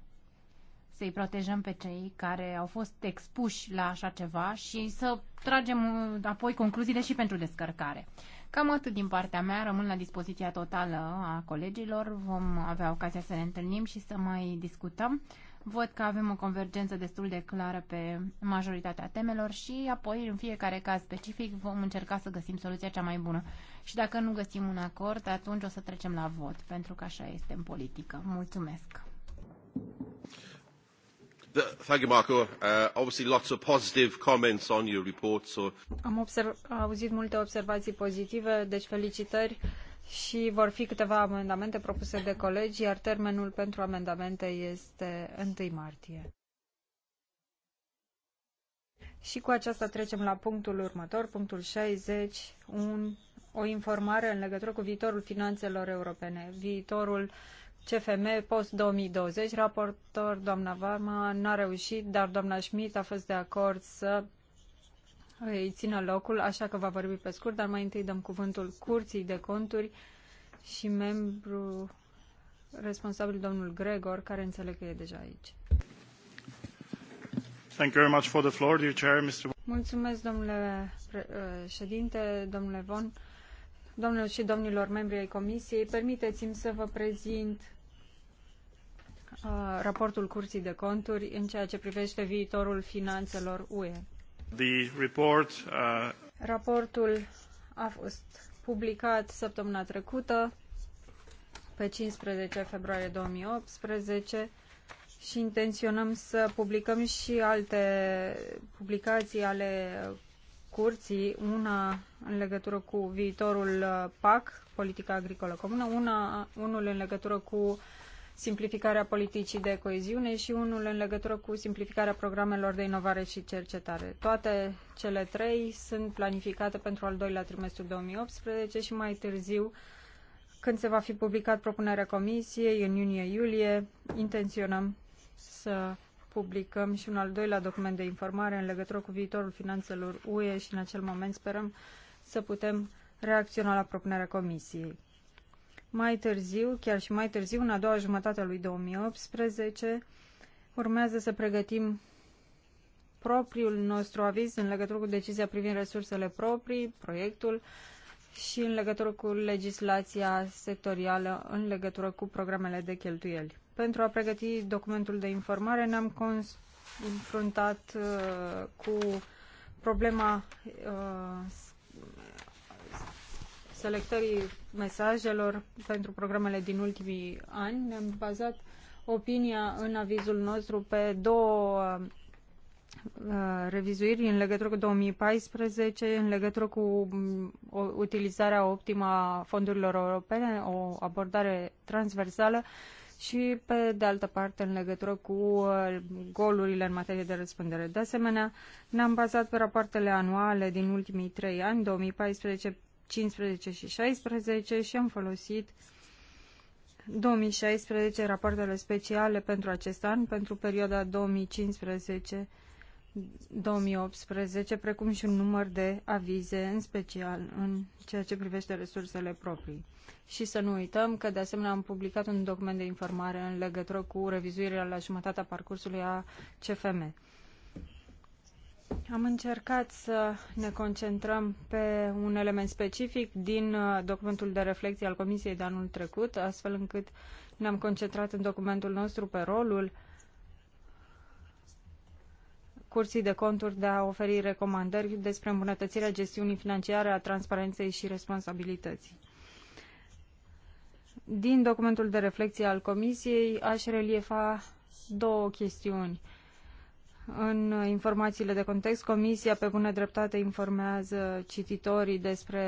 să-i protejăm pe cei care au fost expuși la așa ceva și să tragem apoi concluziile și pentru descărcare. Cam atât din partea mea, rămân la dispoziția totală a colegilor, vom avea ocazia să ne întâlnim și să mai discutăm. Văd că avem o convergență destul de clară pe majoritatea temelor și apoi, în fiecare caz specific, vom încerca să găsim soluția cea mai bună. Și dacă nu găsim un acord, atunci o să trecem la vot, pentru că așa este în politică. Mulțumesc! Thank you, Marco. Uh, obviously, lots of positive comments on your report. So... Am observ- auzit multe observații pozitive, deci felicitări. Uh, și vor fi câteva amendamente propuse de colegi, iar termenul pentru amendamente este 1 martie. Și cu aceasta trecem la punctul următor, punctul 60, un, o informare în legătură cu viitorul finanțelor europene, viitorul CFM post-2020. Raportor, doamna Varma, n-a reușit, dar doamna Schmidt a fost de acord să îi țină locul, așa că va vorbi pe scurt, dar mai întâi dăm cuvântul Curții de Conturi și membru responsabil domnul Gregor, care înțeleg că e deja aici. Thank you very much for the floor, dear chair, Mr. Mulțumesc, domnule uh, ședinte, domnule Von, domnule și domnilor membri ai Comisiei. Permiteți-mi să vă prezint uh, raportul Curții de Conturi în ceea ce privește viitorul finanțelor UE. The report, uh... Raportul a fost publicat săptămâna trecută, pe 15 februarie 2018 și intenționăm să publicăm și alte publicații ale curții, una în legătură cu viitorul uh, PAC, Politica Agricolă Comună, una, unul în legătură cu simplificarea politicii de coeziune și unul în legătură cu simplificarea programelor de inovare și cercetare. Toate cele trei sunt planificate pentru al doilea trimestru 2018 și mai târziu, când se va fi publicat propunerea Comisiei, în iunie-iulie, intenționăm să publicăm și un al doilea document de informare în legătură cu viitorul finanțelor UE și în acel moment sperăm să putem reacționa la propunerea Comisiei. Mai târziu, chiar și mai târziu, în a doua jumătate a lui 2018, urmează să pregătim propriul nostru aviz în legătură cu decizia privind resursele proprii, proiectul și în legătură cu legislația sectorială în legătură cu programele de cheltuieli. Pentru a pregăti documentul de informare ne-am confruntat uh, cu problema uh, selectării mesajelor pentru programele din ultimii ani, ne-am bazat opinia în avizul nostru pe două uh, revizuiri în legătură cu 2014, în legătură cu mm, utilizarea optimă a fondurilor europene, o abordare transversală și, pe de altă parte, în legătură cu uh, golurile în materie de răspândere. De asemenea, ne-am bazat pe rapoartele anuale din ultimii trei ani, 2014 15 și 16 și am folosit 2016 rapoartele speciale pentru acest an, pentru perioada 2015 2018, precum și un număr de avize, în special în ceea ce privește resursele proprii. Și să nu uităm că, de asemenea, am publicat un document de informare în legătură cu revizuirea la jumătatea parcursului a CFM. Am încercat să ne concentrăm pe un element specific din uh, documentul de reflecție al Comisiei de anul trecut, astfel încât ne-am concentrat în documentul nostru pe rolul Curții de Conturi de a oferi recomandări despre îmbunătățirea gestiunii financiare, a transparenței și responsabilității. Din documentul de reflecție al Comisiei aș reliefa două chestiuni în informațiile de context, Comisia pe bună dreptate informează cititorii despre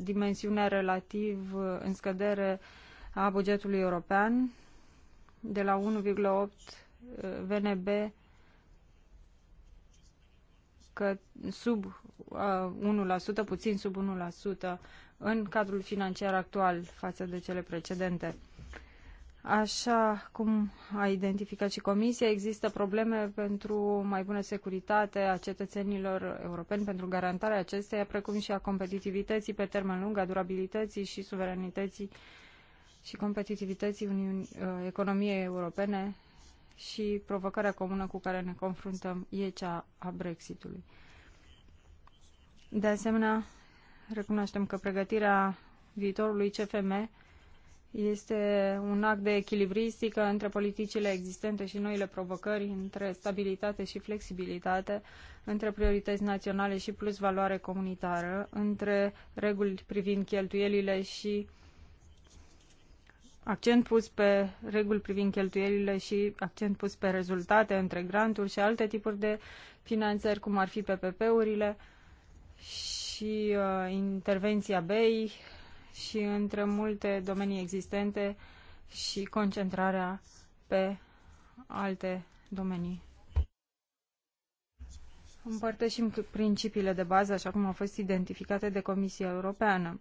dimensiunea relativ în scădere a bugetului european de la 1,8 VNB că sub 1%, uh, puțin sub 1% în cadrul financiar actual față de cele precedente. Așa cum a identificat și Comisia, există probleme pentru mai bună securitate a cetățenilor europeni, pentru garantarea acesteia, precum și a competitivității pe termen lung, a durabilității și suveranității și competitivității Uniunii, uh, economiei europene și provocarea comună cu care ne confruntăm e cea a Brexitului. De asemenea, recunoaștem că pregătirea viitorului CFM este un act de echilibristică între politicile existente și noile provocări, între stabilitate și flexibilitate, între priorități naționale și plus valoare comunitară, între reguli privind cheltuielile și accent pus pe reguli privind cheltuielile și accent pus pe rezultate între granturi și alte tipuri de finanțări, cum ar fi PPP-urile și uh, intervenția BEI, și între multe domenii existente și concentrarea pe alte domenii. Împărtășim principiile de bază așa cum au fost identificate de Comisia Europeană.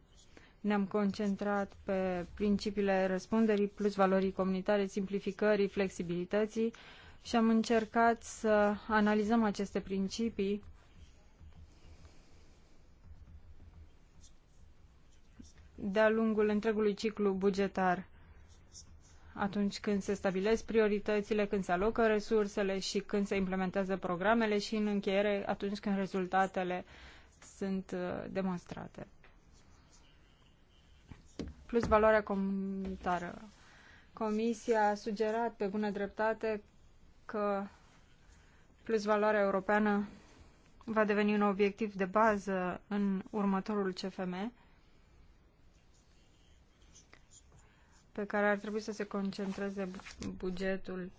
Ne-am concentrat pe principiile răspunderii plus valorii comunitare, simplificării, flexibilității și am încercat să analizăm aceste principii de-a lungul întregului ciclu bugetar atunci când se stabilesc prioritățile, când se alocă resursele și când se implementează programele și în încheiere atunci când rezultatele sunt uh, demonstrate. Plus valoarea comunitară. Comisia a sugerat pe bună dreptate că plus valoarea europeană va deveni un obiectiv de bază în următorul CFM pe care ar trebui să se concentreze bugetul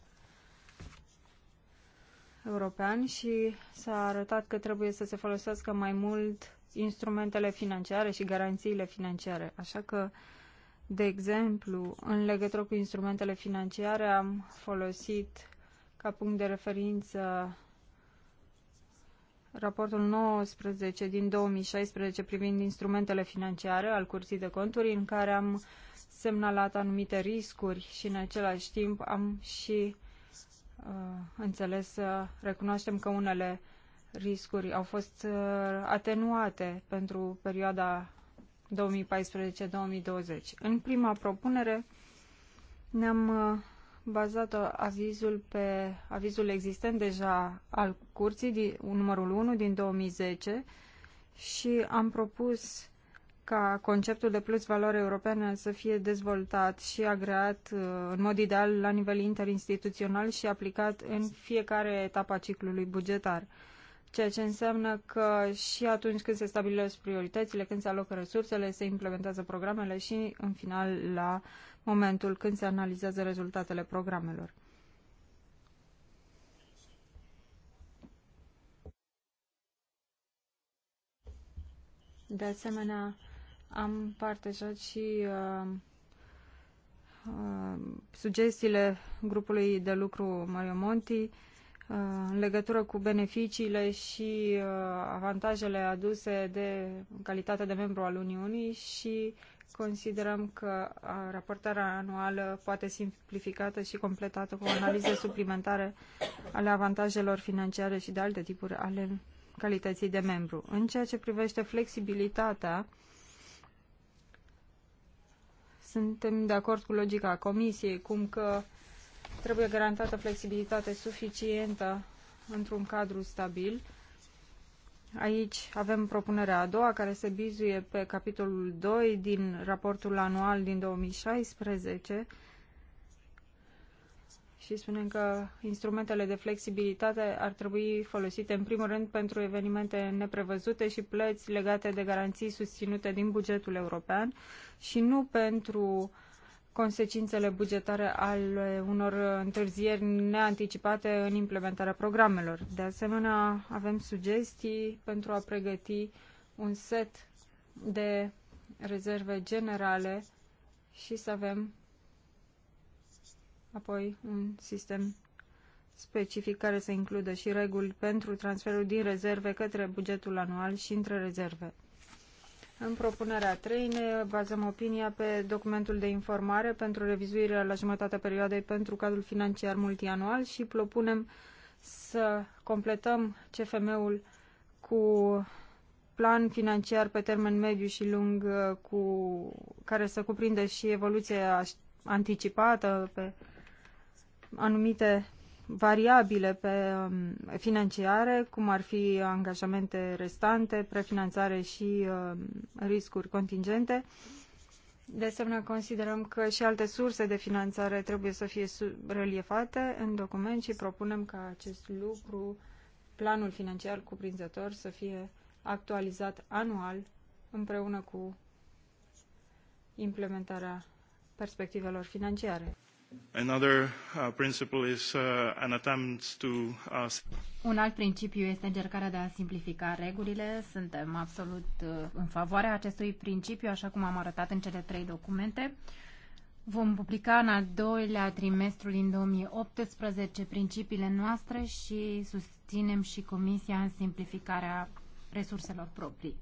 european și s-a arătat că trebuie să se folosească mai mult instrumentele financiare și garanțiile financiare. Așa că, de exemplu, în legătură cu instrumentele financiare am folosit ca punct de referință raportul 19 din 2016 privind instrumentele financiare al Curții de Conturi, în care am semnalat anumite riscuri și în același timp am și uh, înțeles să recunoaștem că unele riscuri au fost uh, atenuate pentru perioada 2014-2020. În prima propunere ne-am uh, bazat avizul pe avizul existent deja al curții, numărul 1 din 2010 și am propus ca conceptul de plus valoare europeană să fie dezvoltat și agreat uh, în mod ideal la nivel interinstituțional și aplicat în fiecare etapă a ciclului bugetar. Ceea ce înseamnă că și atunci când se stabilesc prioritățile, când se alocă resursele, se implementează programele și, în final, la momentul când se analizează rezultatele programelor. De asemenea, am partajat și uh, uh, sugestiile grupului de lucru Mario Monti uh, în legătură cu beneficiile și uh, avantajele aduse de calitatea de membru al Uniunii și considerăm că uh, raportarea anuală poate simplificată și completată cu analize suplimentare ale avantajelor financiare și de alte tipuri ale calității de membru. În ceea ce privește flexibilitatea suntem de acord cu logica Comisiei, cum că trebuie garantată flexibilitate suficientă într-un cadru stabil. Aici avem propunerea a doua, care se bizuie pe capitolul 2 din raportul anual din 2016 și spunem că instrumentele de flexibilitate ar trebui folosite în primul rând pentru evenimente neprevăzute și plăți legate de garanții susținute din bugetul european și nu pentru consecințele bugetare ale unor întârzieri neanticipate în implementarea programelor. De asemenea, avem sugestii pentru a pregăti un set de rezerve generale și să avem apoi un sistem specific care să includă și reguli pentru transferul din rezerve către bugetul anual și între rezerve. În propunerea 3 ne bazăm opinia pe documentul de informare pentru revizuirea la jumătatea perioadei pentru cadrul financiar multianual și propunem să completăm CFM-ul cu plan financiar pe termen mediu și lung uh, cu, care să cuprindă și evoluția anticipată pe anumite variabile pe um, financiare, cum ar fi angajamente restante, prefinanțare și um, riscuri contingente. De asemenea, considerăm că și alte surse de finanțare trebuie să fie reliefate în document și propunem ca acest lucru, planul financiar cuprinzător, să fie actualizat anual împreună cu implementarea perspectivelor financiare. Another uh, principle is uh, an attempt to uh... Un alt principiu este încercarea de a simplifica regulile. Suntem absolut uh, în favoarea acestui principiu, așa cum am arătat în cele trei documente. Vom publica în al doilea trimestru din 2018 principiile noastre și susținem și Comisia în simplificarea resurselor proprii.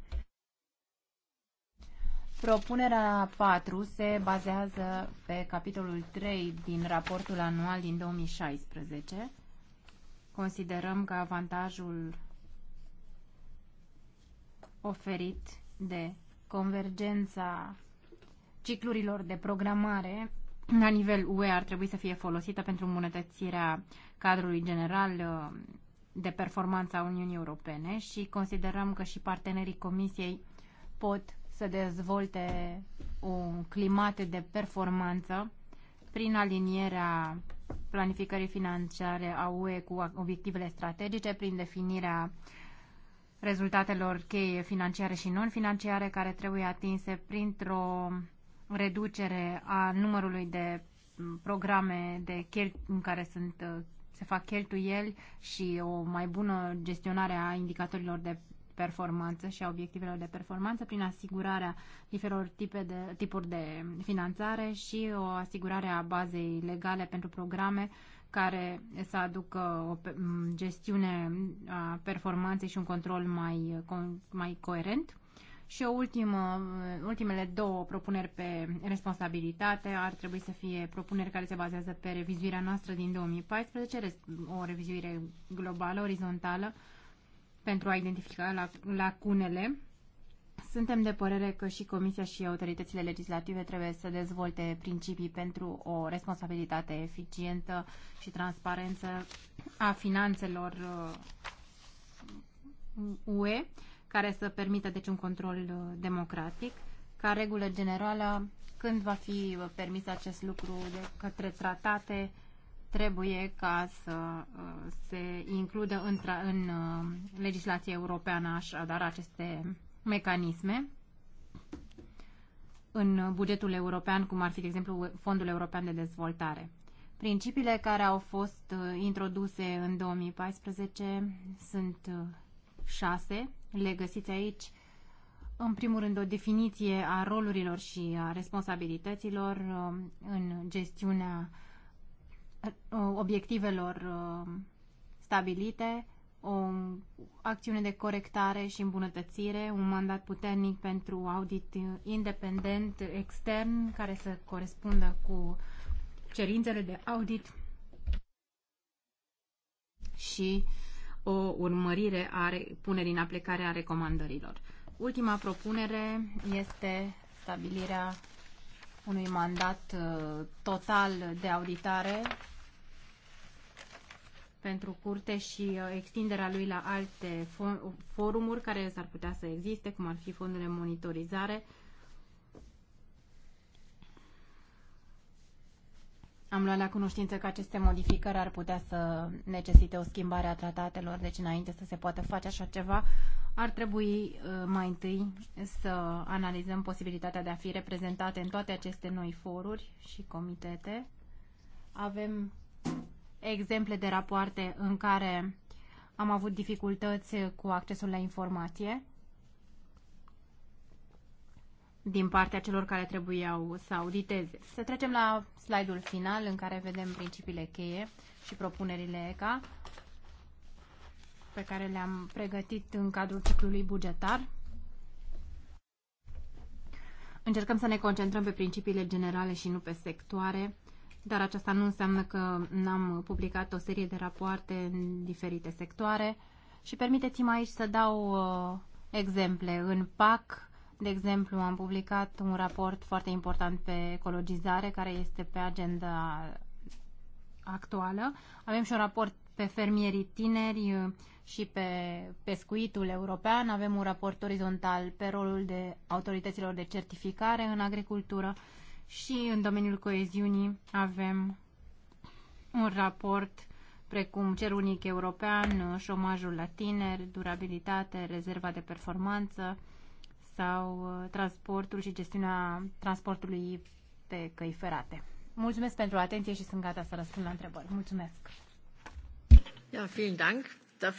Propunerea 4 se bazează pe capitolul 3 din raportul anual din 2016. Considerăm că avantajul oferit de convergența ciclurilor de programare la nivel UE ar trebui să fie folosită pentru îmbunătățirea cadrului general uh, de performanță a Uniunii Europene și considerăm că și partenerii Comisiei pot să dezvolte un climat de performanță prin alinierea planificării financiare a UE cu obiectivele strategice, prin definirea rezultatelor cheie financiare și non-financiare care trebuie atinse printr-o reducere a numărului de programe de în care sunt, se fac cheltuieli și o mai bună gestionare a indicatorilor de performanță și a obiectivelor de performanță prin asigurarea diferor tipe de, tipuri de finanțare și o asigurare a bazei legale pentru programe care să aducă o gestiune a performanței și un control mai, mai coerent. Și o ultimă, ultimele două propuneri pe responsabilitate ar trebui să fie propuneri care se bazează pe revizuirea noastră din 2014, o revizuire globală, orizontală, pentru a identifica lacunele. Suntem de părere că și Comisia și autoritățile legislative trebuie să dezvolte principii pentru o responsabilitate eficientă și transparență a finanțelor UE, uh, care să permită deci un control uh, democratic. Ca regulă generală, când va fi uh, permis acest lucru de către tratate, trebuie ca să uh, se includă în, în uh, legislația europeană așadar aceste mecanisme în bugetul european, cum ar fi, de exemplu, Fondul European de Dezvoltare. Principiile care au fost uh, introduse în 2014 sunt șase. Le găsiți aici, în primul rând, o definiție a rolurilor și a responsabilităților în gestiunea Uh, obiectivelor uh, stabilite, o acțiune de corectare și îmbunătățire, un mandat puternic pentru audit independent extern care să corespundă cu cerințele de audit și o urmărire a punerii în aplicare a recomandărilor. Ultima propunere este stabilirea unui mandat uh, total de auditare pentru curte și uh, extinderea lui la alte forumuri care s-ar putea să existe, cum ar fi fondurile monitorizare. Am luat la cunoștință că aceste modificări ar putea să necesite o schimbare a tratatelor, deci înainte să se poată face așa ceva, ar trebui uh, mai întâi să analizăm posibilitatea de a fi reprezentate în toate aceste noi foruri și comitete. Avem exemple de rapoarte în care am avut dificultăți cu accesul la informație din partea celor care trebuiau să auditeze. Să trecem la slide-ul final în care vedem principiile cheie și propunerile ECA pe care le-am pregătit în cadrul ciclului bugetar. Încercăm să ne concentrăm pe principiile generale și nu pe sectoare dar aceasta nu înseamnă că n-am publicat o serie de rapoarte în diferite sectoare și permiteți-mi aici să dau uh, exemple. În PAC, de exemplu, am publicat un raport foarte important pe ecologizare, care este pe agenda actuală. Avem și un raport pe fermierii tineri uh, și pe pescuitul european. Avem un raport orizontal pe rolul de autorităților de certificare în agricultură și în domeniul coeziunii avem un raport precum cer unic european, șomajul la tineri, durabilitate, rezerva de performanță sau uh, transportul și gestiunea transportului pe căi ferate. Mulțumesc pentru atenție și sunt gata să răspund la întrebări. Mulțumesc! Ja, vielen Dank. Da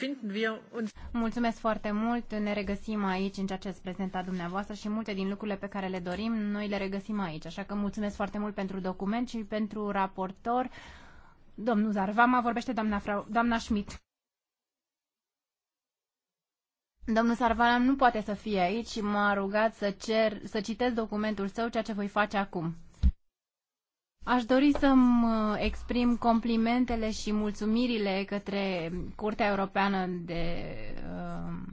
mulțumesc foarte mult, ne regăsim aici în ceea ce ați prezentat dumneavoastră și multe din lucrurile pe care le dorim, noi le regăsim aici. Așa că mulțumesc foarte mult pentru document și pentru raportor. Domnul Zarvama vorbește doamna, Frau, doamna Schmidt. Domnul Sarvanam nu poate să fie aici și m-a rugat să, cer, să citesc documentul său, ceea ce voi face acum. Aș dori să-mi uh, exprim complimentele și mulțumirile către Curtea Europeană de uh,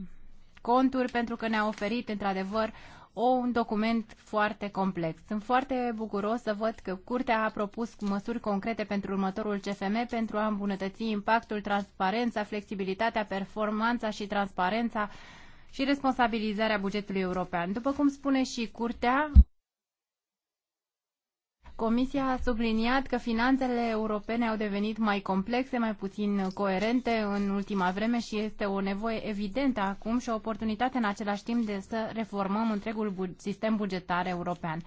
Conturi pentru că ne-a oferit, într-adevăr, un document foarte complex. Sunt foarte bucuros să văd că Curtea a propus măsuri concrete pentru următorul CFM pentru a îmbunătăți impactul, transparența, flexibilitatea, performanța și transparența și responsabilizarea bugetului european. După cum spune și Curtea, Comisia a subliniat că finanțele europene au devenit mai complexe, mai puțin coerente în ultima vreme și este o nevoie evidentă acum și o oportunitate în același timp de să reformăm întregul sistem bugetar european.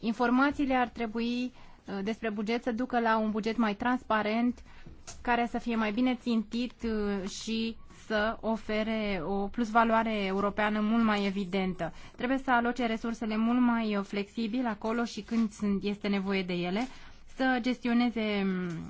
Informațiile ar trebui uh, despre buget să ducă la un buget mai transparent, care să fie mai bine țintit uh, și să ofere o plusvaloare europeană mult mai evidentă. Trebuie să aloce resursele mult mai uh, flexibil acolo și când sunt, este nevoie de ele, să gestioneze mm,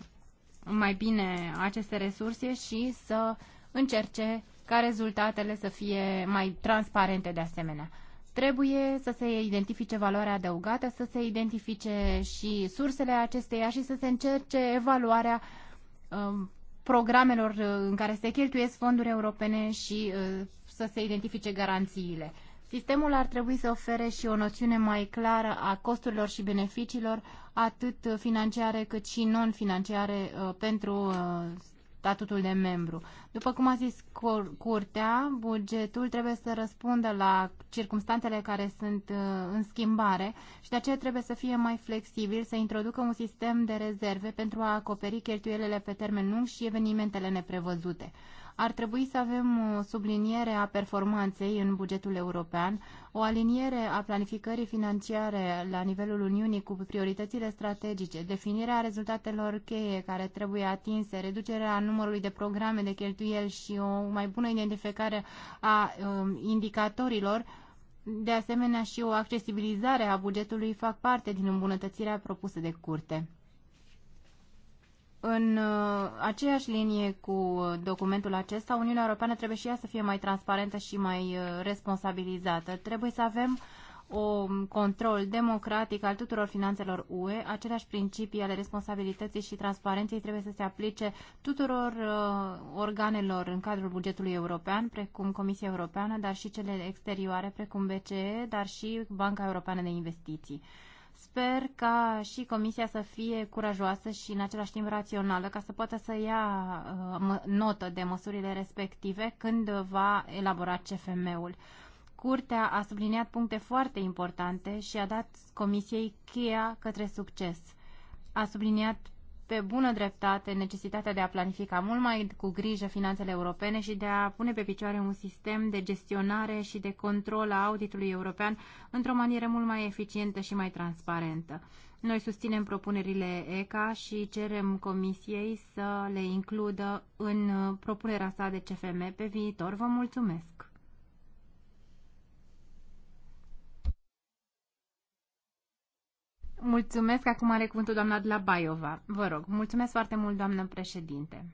mai bine aceste resurse și să încerce ca rezultatele să fie mai transparente de asemenea. Trebuie să se identifice valoarea adăugată, să se identifice și sursele acesteia și să se încerce evaluarea uh, programelor uh, în care se cheltuiesc fonduri europene și uh, să se identifice garanțiile. Sistemul ar trebui să ofere și o noțiune mai clară a costurilor și beneficiilor, atât financiare cât și non-financiare, uh, pentru statutul de membru. După cum a zis curtea, bugetul trebuie să răspundă la circumstanțele care sunt uh, în schimbare și de aceea trebuie să fie mai flexibil, să introducă un sistem de rezerve pentru a acoperi cheltuielile pe termen lung și evenimentele neprevăzute ar trebui să avem o subliniere a performanței în bugetul european, o aliniere a planificării financiare la nivelul Uniunii cu prioritățile strategice, definirea rezultatelor cheie care trebuie atinse, reducerea numărului de programe de cheltuieli și o mai bună identificare a um, indicatorilor, de asemenea și o accesibilizare a bugetului fac parte din îmbunătățirea propusă de curte. În uh, aceeași linie cu uh, documentul acesta, Uniunea Europeană trebuie și ea să fie mai transparentă și mai uh, responsabilizată. Trebuie să avem un um, control democratic al tuturor finanțelor UE, aceleași principii ale responsabilității și transparenței trebuie să se aplice tuturor uh, organelor în cadrul bugetului european, precum Comisia Europeană, dar și cele exterioare, precum BCE, dar și Banca Europeană de Investiții. Uh, Sper ca și Comisia să fie curajoasă și în același timp rațională ca să poată să ia uh, notă de măsurile respective când va elabora CFM-ul. Curtea a subliniat puncte foarte importante și a dat Comisiei cheia către succes. A subliniat pe bună dreptate necesitatea de a planifica mult mai cu grijă finanțele europene și de a pune pe picioare un sistem de gestionare și de control a auditului european într-o manieră mult mai eficientă și mai transparentă. Noi susținem propunerile ECA și cerem Comisiei să le includă în propunerea sa de CFM pe viitor. Vă mulțumesc! Mulțumesc. Acum are cuvântul doamna de la Baiova. Vă rog. Mulțumesc foarte mult, doamnă președinte.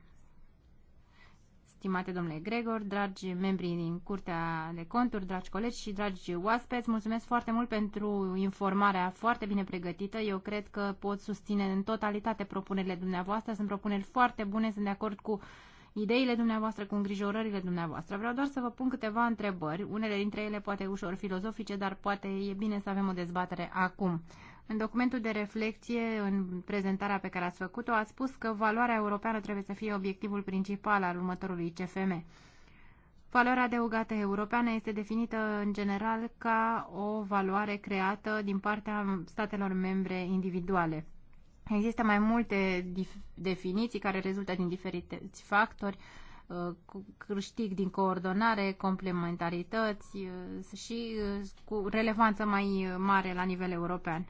Stimate domnule Gregor, dragi membri din Curtea de Conturi, dragi colegi și dragi oaspeți, mulțumesc foarte mult pentru informarea foarte bine pregătită. Eu cred că pot susține în totalitate propunerile dumneavoastră. Sunt propuneri foarte bune, sunt de acord cu ideile dumneavoastră, cu îngrijorările dumneavoastră. Vreau doar să vă pun câteva întrebări, unele dintre ele poate ușor filozofice, dar poate e bine să avem o dezbatere acum. În documentul de reflecție, în prezentarea pe care ați făcut-o, ați spus că valoarea europeană trebuie să fie obiectivul principal al următorului CFM. Valoarea adăugată europeană este definită în general ca o valoare creată din partea statelor membre individuale. Există mai multe definiții care rezultă din diferiți factori, uh, câștig din coordonare, complementarități uh, și uh, cu relevanță mai mare la nivel european.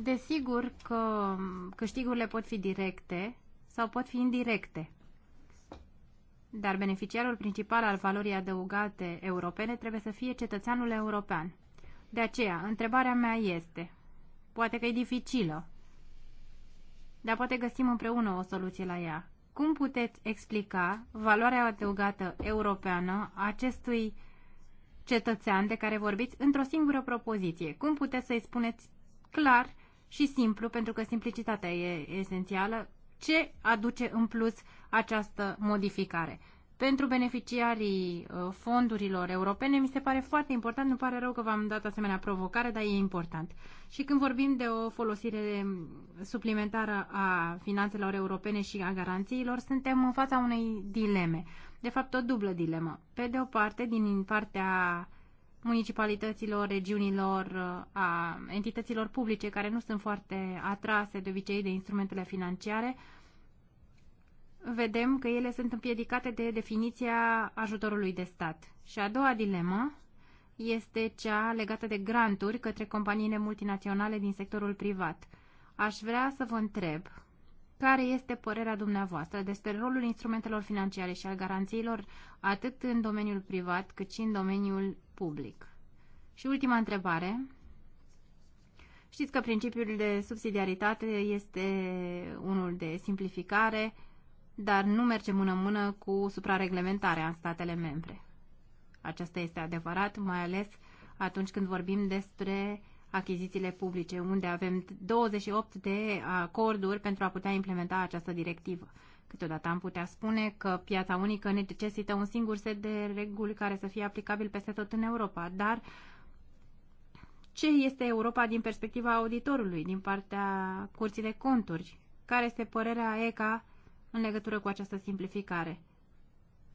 Desigur că câștigurile pot fi directe sau pot fi indirecte. Dar beneficiarul principal al valorii adăugate europene trebuie să fie cetățeanul european. De aceea, întrebarea mea este, poate că e dificilă, dar poate găsim împreună o soluție la ea. Cum puteți explica valoarea adăugată europeană acestui cetățean de care vorbiți într-o singură propoziție? Cum puteți să-i spuneți clar și simplu, pentru că simplicitatea e esențială, ce aduce în plus această modificare. Pentru beneficiarii uh, fondurilor europene, mi se pare foarte important, nu pare rău că v-am dat asemenea provocare, dar e important. Și când vorbim de o folosire suplimentară a finanțelor europene și a garanțiilor, suntem în fața unei dileme. De fapt, o dublă dilemă. Pe de o parte, din partea municipalităților, regiunilor, a entităților publice care nu sunt foarte atrase de obicei de instrumentele financiare, vedem că ele sunt împiedicate de definiția ajutorului de stat. Și a doua dilemă este cea legată de granturi către companiile multinaționale din sectorul privat. Aș vrea să vă întreb care este părerea dumneavoastră despre rolul instrumentelor financiare și al garanțiilor atât în domeniul privat cât și în domeniul public. Și ultima întrebare. Știți că principiul de subsidiaritate este unul de simplificare, dar nu merge mână-mână cu suprareglementarea în statele membre. Aceasta este adevărat, mai ales atunci când vorbim despre achizițiile publice, unde avem 28 de acorduri pentru a putea implementa această directivă. Câteodată am putea spune că piața unică necesită un singur set de reguli care să fie aplicabil peste tot în Europa, dar ce este Europa din perspectiva auditorului, din partea curții de conturi? Care este părerea ECA în legătură cu această simplificare?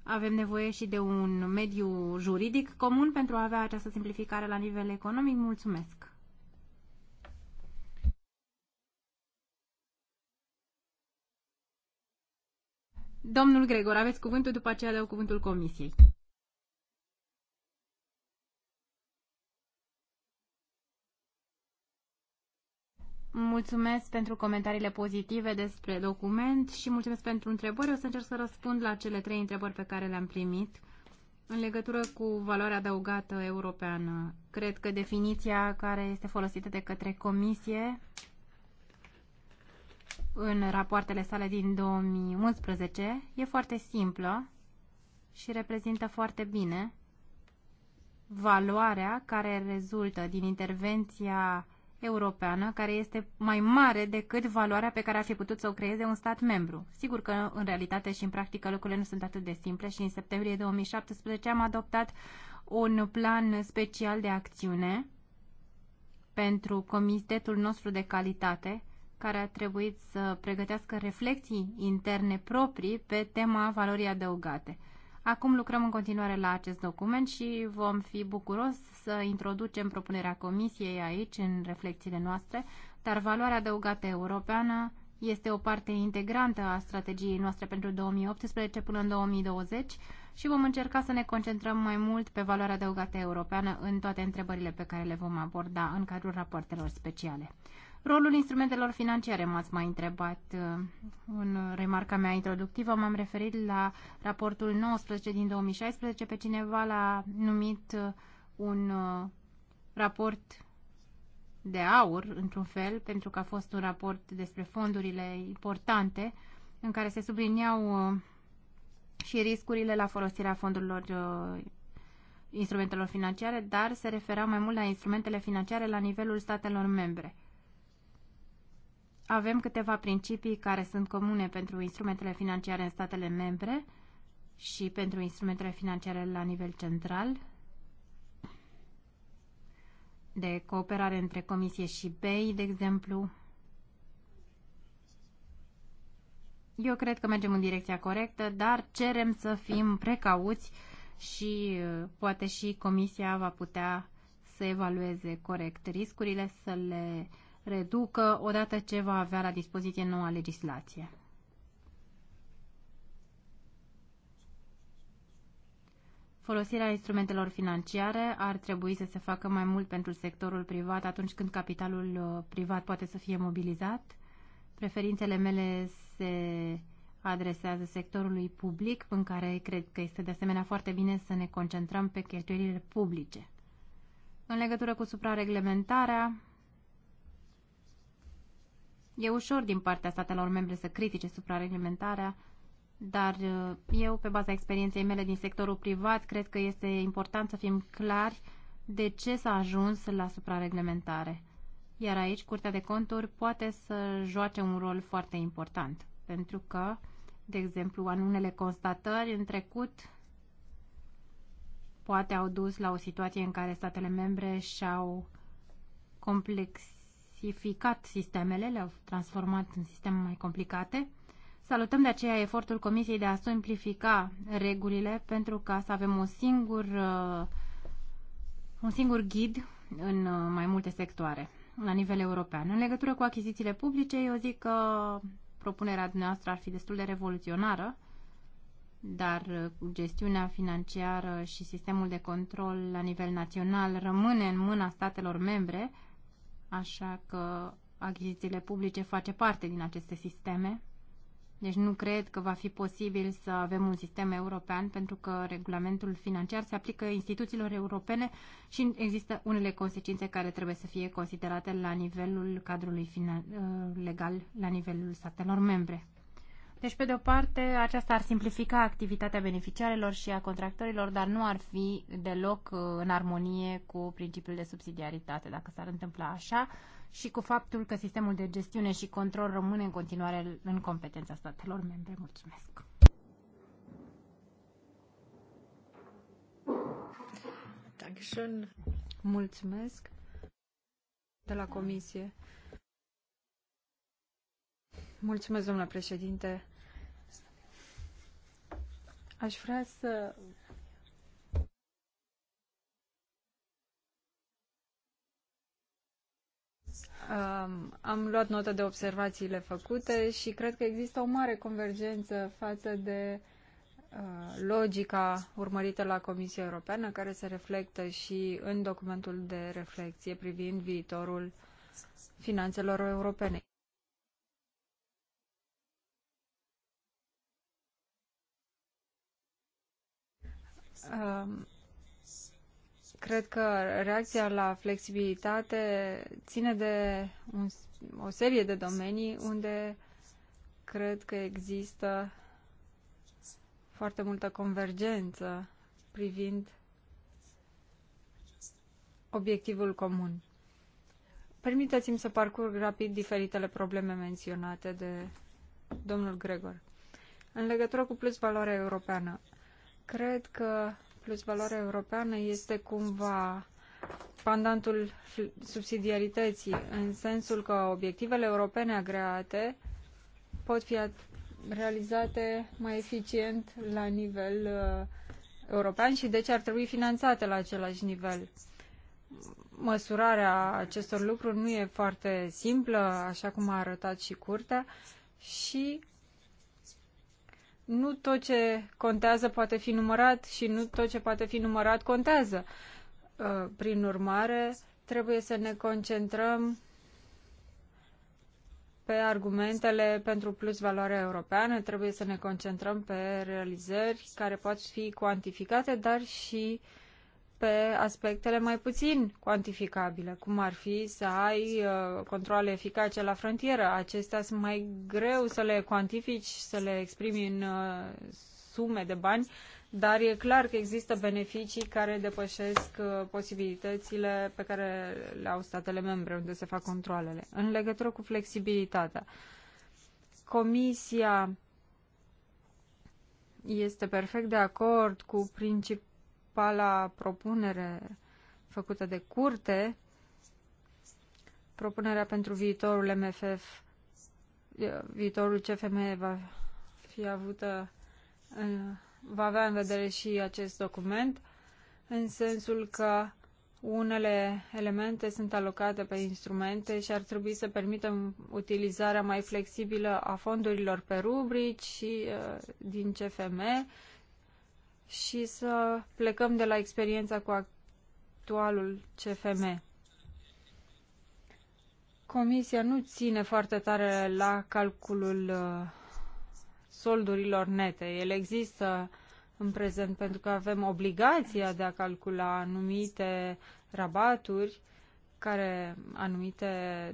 Avem nevoie și de un mediu juridic comun pentru a avea această simplificare la nivel economic? Mulțumesc! Domnul Gregor, aveți cuvântul, după aceea dau cuvântul comisiei. Mulțumesc pentru comentariile pozitive despre document și mulțumesc pentru întrebări. O să încerc să răspund la cele trei întrebări pe care le-am primit. În legătură cu valoarea adăugată europeană, cred că definiția care este folosită de către Comisie în rapoartele sale din 2011 e foarte simplă și reprezintă foarte bine valoarea care rezultă din intervenția europeană, care este mai mare decât valoarea pe care ar fi putut să o creeze un stat membru. Sigur că în realitate și în practică lucrurile nu sunt atât de simple și în septembrie 2017 am adoptat un plan special de acțiune pentru comitetul nostru de calitate, care a trebuit să pregătească reflexii interne proprii pe tema valorii adăugate. Acum lucrăm în continuare la acest document și vom fi bucuros să introducem propunerea Comisiei aici, în reflexiile noastre, dar valoarea adăugată europeană este o parte integrantă a strategiei noastre pentru 2018 până în 2020 și vom încerca să ne concentrăm mai mult pe valoarea adăugată europeană în toate întrebările pe care le vom aborda în cadrul rapoartelor speciale. Rolul instrumentelor financiare m-ați mai întrebat. Uh, în remarca mea introductivă m-am referit la raportul 19 din 2016. Pe cineva l-a numit uh, un uh, raport de aur, într-un fel, pentru că a fost un raport despre fondurile importante în care se subliniau și riscurile la folosirea fondurilor instrumentelor financiare, dar se refera mai mult la instrumentele financiare la nivelul statelor membre avem câteva principii care sunt comune pentru instrumentele financiare în statele membre și pentru instrumentele financiare la nivel central, de cooperare între Comisie și BEI, de exemplu. Eu cred că mergem în direcția corectă, dar cerem să fim precauți și uh, poate și Comisia va putea să evalueze corect riscurile, să le uh, reducă odată ce va avea la dispoziție noua legislație. Folosirea instrumentelor financiare ar trebui să se facă mai mult pentru sectorul privat atunci când capitalul uh, privat poate să fie mobilizat. Preferințele mele se adresează sectorului public, în care cred că este de asemenea foarte bine să ne concentrăm pe cheltuielile publice. În legătură cu suprareglementarea, E ușor din partea statelor membre să critique suprareglementarea, dar uh, eu, pe baza experienței mele din sectorul privat, cred că este important să fim clari de ce s-a ajuns la suprareglementare. Iar aici, Curtea de Conturi poate să joace un rol foarte important, pentru că, de exemplu, anunele constatări în trecut poate au dus la o situație în care statele membre și-au complex Simplificat sistemele, le-au transformat în sisteme mai complicate. Salutăm de aceea efortul Comisiei de a simplifica regulile pentru ca să avem un singur, uh, un singur ghid în uh, mai multe sectoare la nivel european. În legătură cu achizițiile publice, eu zic că propunerea dumneavoastră ar fi destul de revoluționară, dar uh, gestiunea financiară și sistemul de control la nivel național rămâne în mâna statelor membre, așa că achizițiile publice face parte din aceste sisteme. Deci nu cred că va fi posibil să avem un sistem european pentru că regulamentul financiar se aplică instituțiilor europene și există unele consecințe care trebuie să fie considerate la nivelul cadrului final, uh, legal, la nivelul statelor membre. Deci, pe de o parte, aceasta ar simplifica activitatea beneficiarilor și a contractorilor, dar nu ar fi deloc uh, în armonie cu principiul de subsidiaritate, dacă s-ar întâmpla așa, și cu faptul că sistemul de gestiune și control rămâne în continuare în competența statelor membre. Mulțumesc! Mulțumesc de la Comisie. Mulțumesc, domnule președinte. Aș vrea să Um, am luat notă de observațiile făcute și cred că există o mare convergență față de uh, logica urmărită la Comisia Europeană, care se reflectă și în documentul de reflexie privind viitorul finanțelor europene. Um, cred că reacția la flexibilitate ține de un, o serie de domenii unde cred că există foarte multă convergență privind obiectivul comun. Permiteți-mi să parcurg rapid diferitele probleme menționate de domnul Gregor. În legătură cu plus valoarea europeană, Cred că plus valoarea europeană este cumva pandantul subsidiarității, în sensul că obiectivele europene agreate pot fi realizate mai eficient la nivel uh, european și deci ar trebui finanțate la același nivel. Măsurarea acestor lucruri nu e foarte simplă, așa cum a arătat și curtea, și nu tot ce contează poate fi numărat și nu tot ce poate fi numărat contează. Uh, prin urmare, trebuie să ne concentrăm pe argumentele pentru plus valoare europeană, trebuie să ne concentrăm pe realizări care pot fi cuantificate, dar și uh, pe aspectele mai puțin cuantificabile, cum ar fi să ai uh, controle eficace la frontieră. Acestea sunt mai greu să le cuantifici, să le exprimi în uh, sume de bani, dar e clar că există beneficii care depășesc uh, posibilitățile pe care le au statele membre unde se fac controlele. În legătură cu flexibilitatea, Comisia este perfect de acord cu principiul principala propunere făcută de curte, propunerea pentru viitorul MFF, viitorul CFM va fi avută, va avea în vedere și acest document, în sensul că unele elemente sunt alocate pe instrumente și ar trebui să permitem utilizarea mai flexibilă a fondurilor pe rubrici și din CFM și să plecăm de la experiența cu actualul CFM. Comisia nu ține foarte tare la calculul uh, soldurilor nete. Ele există în prezent pentru că avem obligația de a calcula anumite rabaturi, care, anumite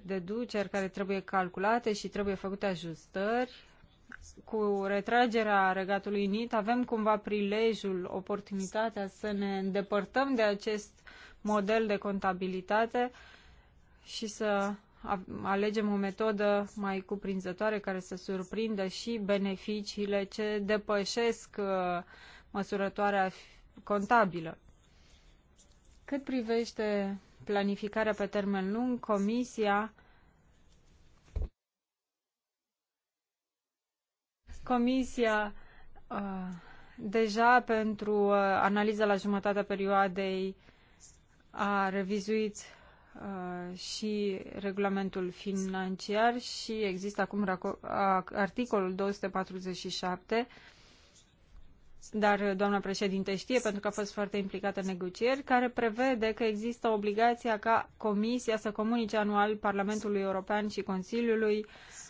deduceri care trebuie calculate și trebuie făcute ajustări cu retragerea Regatului Unit avem cumva prilejul, oportunitatea să ne îndepărtăm de acest model de contabilitate și să alegem o metodă mai cuprinzătoare care să surprindă și beneficiile ce depășesc uh, măsurătoarea contabilă. Cât privește planificarea pe termen lung, Comisia Comisia uh, deja pentru uh, analiza la jumătatea perioadei a revizuit uh, și regulamentul financiar și există acum articolul 247 dar doamna președinte știe, pentru că a fost foarte implicată în negocieri, care prevede că există obligația ca Comisia să comunice anual Parlamentului European și Consiliului uh,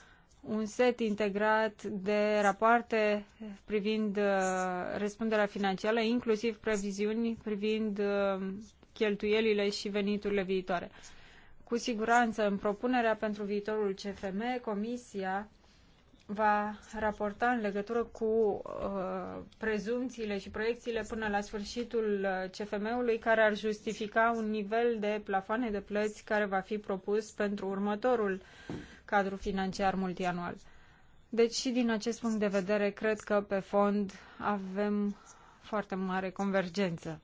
un set integrat de rapoarte privind uh, răspunderea financiară, inclusiv previziuni privind uh, cheltuielile și veniturile viitoare. Cu siguranță, în propunerea pentru viitorul CFM, Comisia va raporta în legătură cu uh, prezumțiile și proiecțiile până la sfârșitul uh, CFM-ului care ar justifica un nivel de plafoane de plăți care va fi propus pentru următorul uh, cadru financiar multianual. Deci și din acest punct de vedere, cred că pe fond avem foarte mare convergență.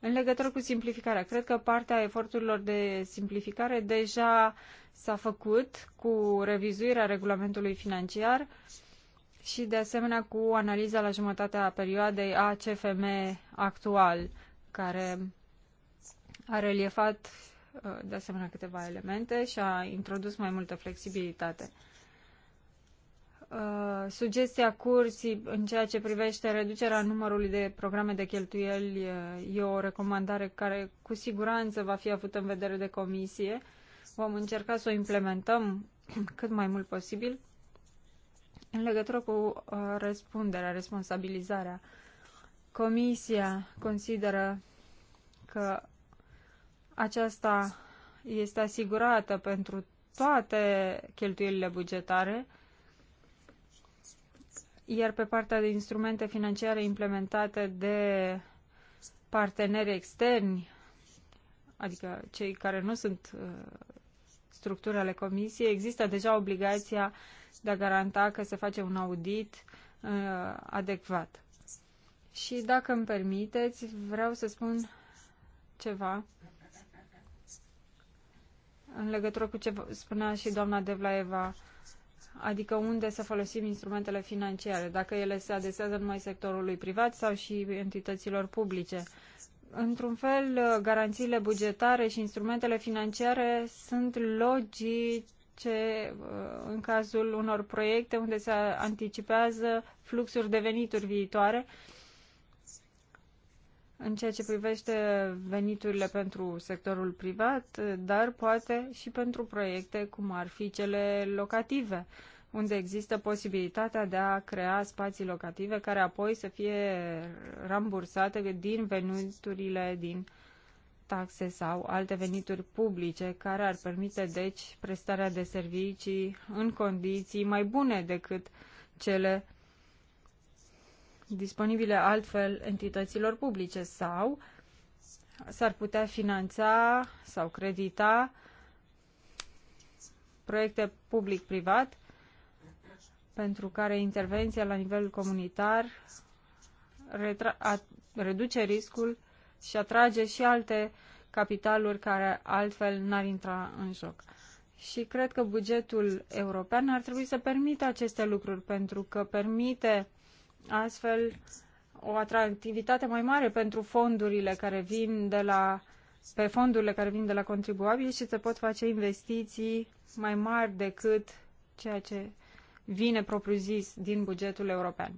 În legătură cu simplificarea, cred că partea eforturilor de simplificare deja s-a făcut cu revizuirea regulamentului financiar și de asemenea cu analiza la jumătatea perioadei a CFM actual, care a reliefat Uh, de asemenea câteva elemente și a introdus mai multă flexibilitate. Uh, sugestia curții în ceea ce privește reducerea numărului de programe de cheltuieli uh, e o recomandare care cu siguranță va fi avută în vedere de comisie. Vom încerca să o implementăm (clears throat) cât mai mult posibil în legătură cu răspunderea, responsabilizarea. Comisia consideră că aceasta este asigurată pentru toate cheltuielile bugetare, iar pe partea de instrumente financiare implementate de parteneri externi, adică cei care nu sunt uh, structuri ale comisiei, există deja obligația de a garanta că se face un audit uh, adecvat. Și dacă îmi permiteți, vreau să spun ceva în legătură cu ce spunea și doamna Devlaeva, adică unde să folosim instrumentele financiare, dacă ele se adesează numai sectorului privat sau și entităților publice. Într-un fel, garanțiile bugetare și instrumentele financiare sunt logice uh, în cazul unor proiecte unde se anticipează fluxuri de venituri viitoare, uh, în ceea ce privește veniturile pentru sectorul privat, dar poate și pentru proiecte cum ar fi cele locative, unde există posibilitatea de a crea spații locative care apoi să fie rambursate din veniturile din taxe sau alte venituri publice care ar permite deci prestarea de servicii în condiții mai bune decât cele disponibile altfel entităților publice sau s-ar putea finanța sau credita proiecte public-privat pentru care intervenția la nivel comunitar reduce riscul și atrage și alte capitaluri care altfel n-ar intra în joc. Și cred că bugetul european ar trebui să permită aceste lucruri, pentru că permite astfel o atractivitate mai mare pentru fondurile care vin de la pe fondurile care vin de la contribuabili și se pot face investiții mai mari decât ceea ce vine propriu-zis din bugetul european.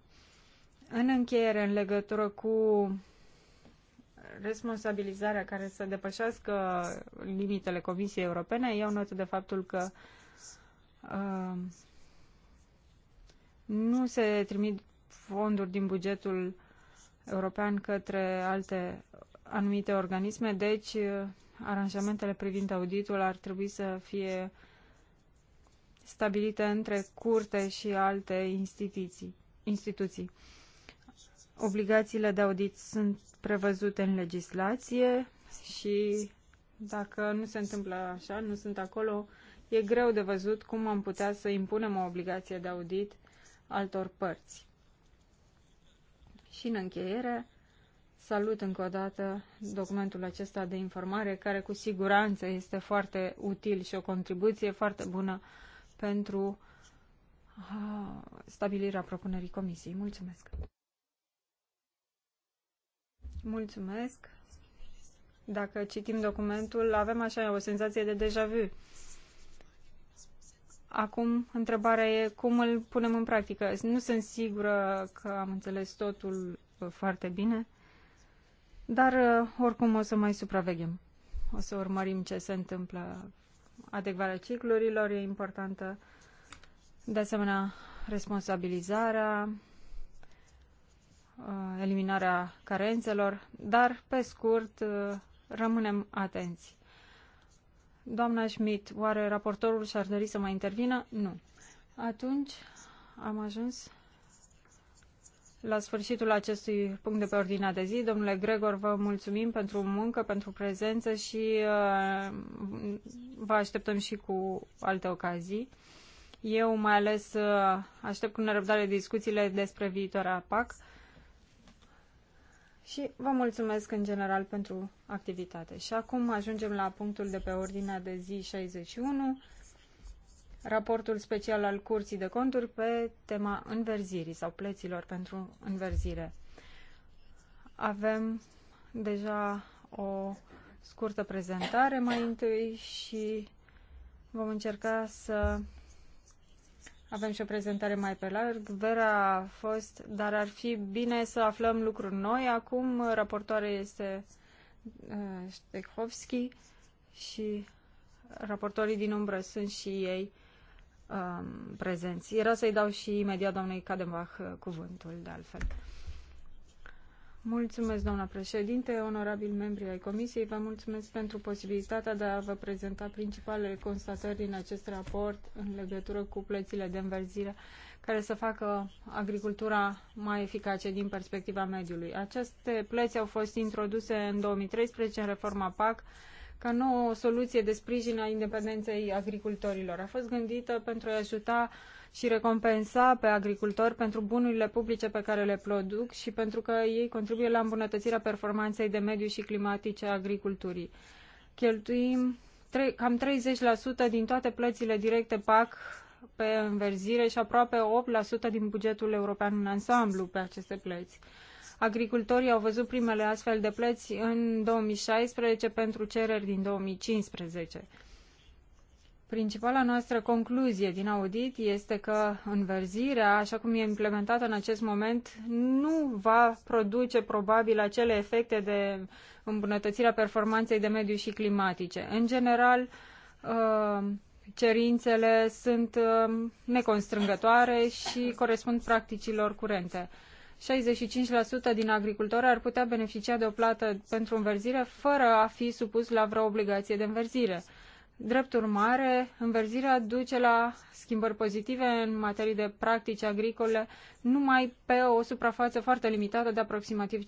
În încheiere, în legătură cu responsabilizarea care să depășească limitele Comisiei Europene, iau notă de faptul că uh, nu se trimit fonduri din bugetul european către alte anumite organisme, deci uh, aranjamentele privind auditul ar trebui să fie stabilite între curte și alte instituții. instituții. Obligațiile de audit sunt prevăzute în legislație și dacă nu se întâmplă așa, nu sunt acolo, e greu de văzut cum am putea să impunem o obligație de audit altor părți. Și în încheiere, salut încă o dată documentul acesta de informare, care cu siguranță este foarte util și o contribuție foarte bună pentru stabilirea propunerii comisiei. Mulțumesc! Mulțumesc! Dacă citim documentul, avem așa o senzație de deja vu. Acum, întrebarea e cum îl punem în practică. Nu sunt sigură că am înțeles totul uh, foarte bine, dar uh, oricum o să mai supraveghem. O să urmărim ce se întâmplă. Adecvarea ciclurilor e importantă. De asemenea, responsabilizarea, uh, eliminarea carențelor, dar, pe scurt, rămânem atenți. Doamna Schmidt, oare raportorul și-ar dori să mai intervină? Nu. Atunci am ajuns la sfârșitul acestui punct de pe ordinea de zi. Domnule Gregor, vă mulțumim pentru muncă, pentru prezență și uh, vă așteptăm și cu alte ocazii. Eu mai ales uh, aștept cu nerăbdare discuțiile despre viitoarea PAC și vă mulțumesc în general pentru activitate. Și acum ajungem la punctul de pe ordinea de zi 61, raportul special al Curții de Conturi pe tema înverzirii sau plăților pentru înverzire. Avem deja o scurtă prezentare mai întâi și vom încerca să avem și o prezentare mai pe larg. Vera a fost, dar ar fi bine să aflăm lucruri noi. Acum raportoare este uh, Ștechovski și raportorii din umbră sunt și ei um, prezenți. Era să-i dau și imediat doamnei Cadembach uh, cuvântul, de altfel. Mulțumesc, doamna președinte, onorabil membri ai Comisiei, vă mulțumesc pentru posibilitatea de a vă prezenta principalele constatări din acest raport în legătură cu plățile de înverzire care să facă agricultura mai eficace din perspectiva mediului. Aceste plăți au fost introduse în 2013 în reforma PAC ca nouă soluție de sprijin a independenței agricultorilor. A fost gândită pentru a ajuta și recompensa pe agricultori pentru bunurile publice pe care le produc și pentru că ei contribuie la îmbunătățirea performanței de mediu și climatice a agriculturii. Cheltuim cam 30% din toate plățile directe PAC pe înverzire și aproape 8% din bugetul european în ansamblu pe aceste plăți. Agricultorii au văzut primele astfel de plăți în 2016 pentru cereri din 2015. Principala noastră concluzie din audit este că înverzirea, așa cum e implementată în acest moment, nu va produce probabil acele efecte de îmbunătățire a performanței de mediu și climatice. În general, uh, cerințele sunt uh, neconstrângătoare și corespund practicilor curente. 65% din agricultori ar putea beneficia de o plată pentru înverzire fără a fi supus la vreo obligație de înverzire. Drept urmare, înverzirea duce la schimbări pozitive în materie de practici agricole numai pe o suprafață foarte limitată de aproximativ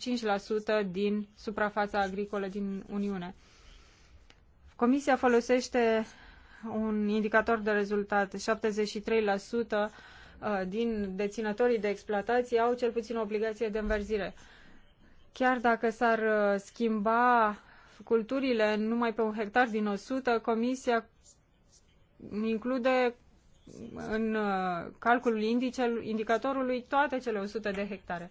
5% din suprafața agricolă din Uniune. Comisia folosește un indicator de rezultat, 73% uh, din deținătorii de exploatații au cel puțin o obligație de înverzire. Chiar dacă s-ar uh, schimba culturile numai pe un hectar din 100, Comisia include în uh, calculul indice, indicatorului toate cele 100 de hectare.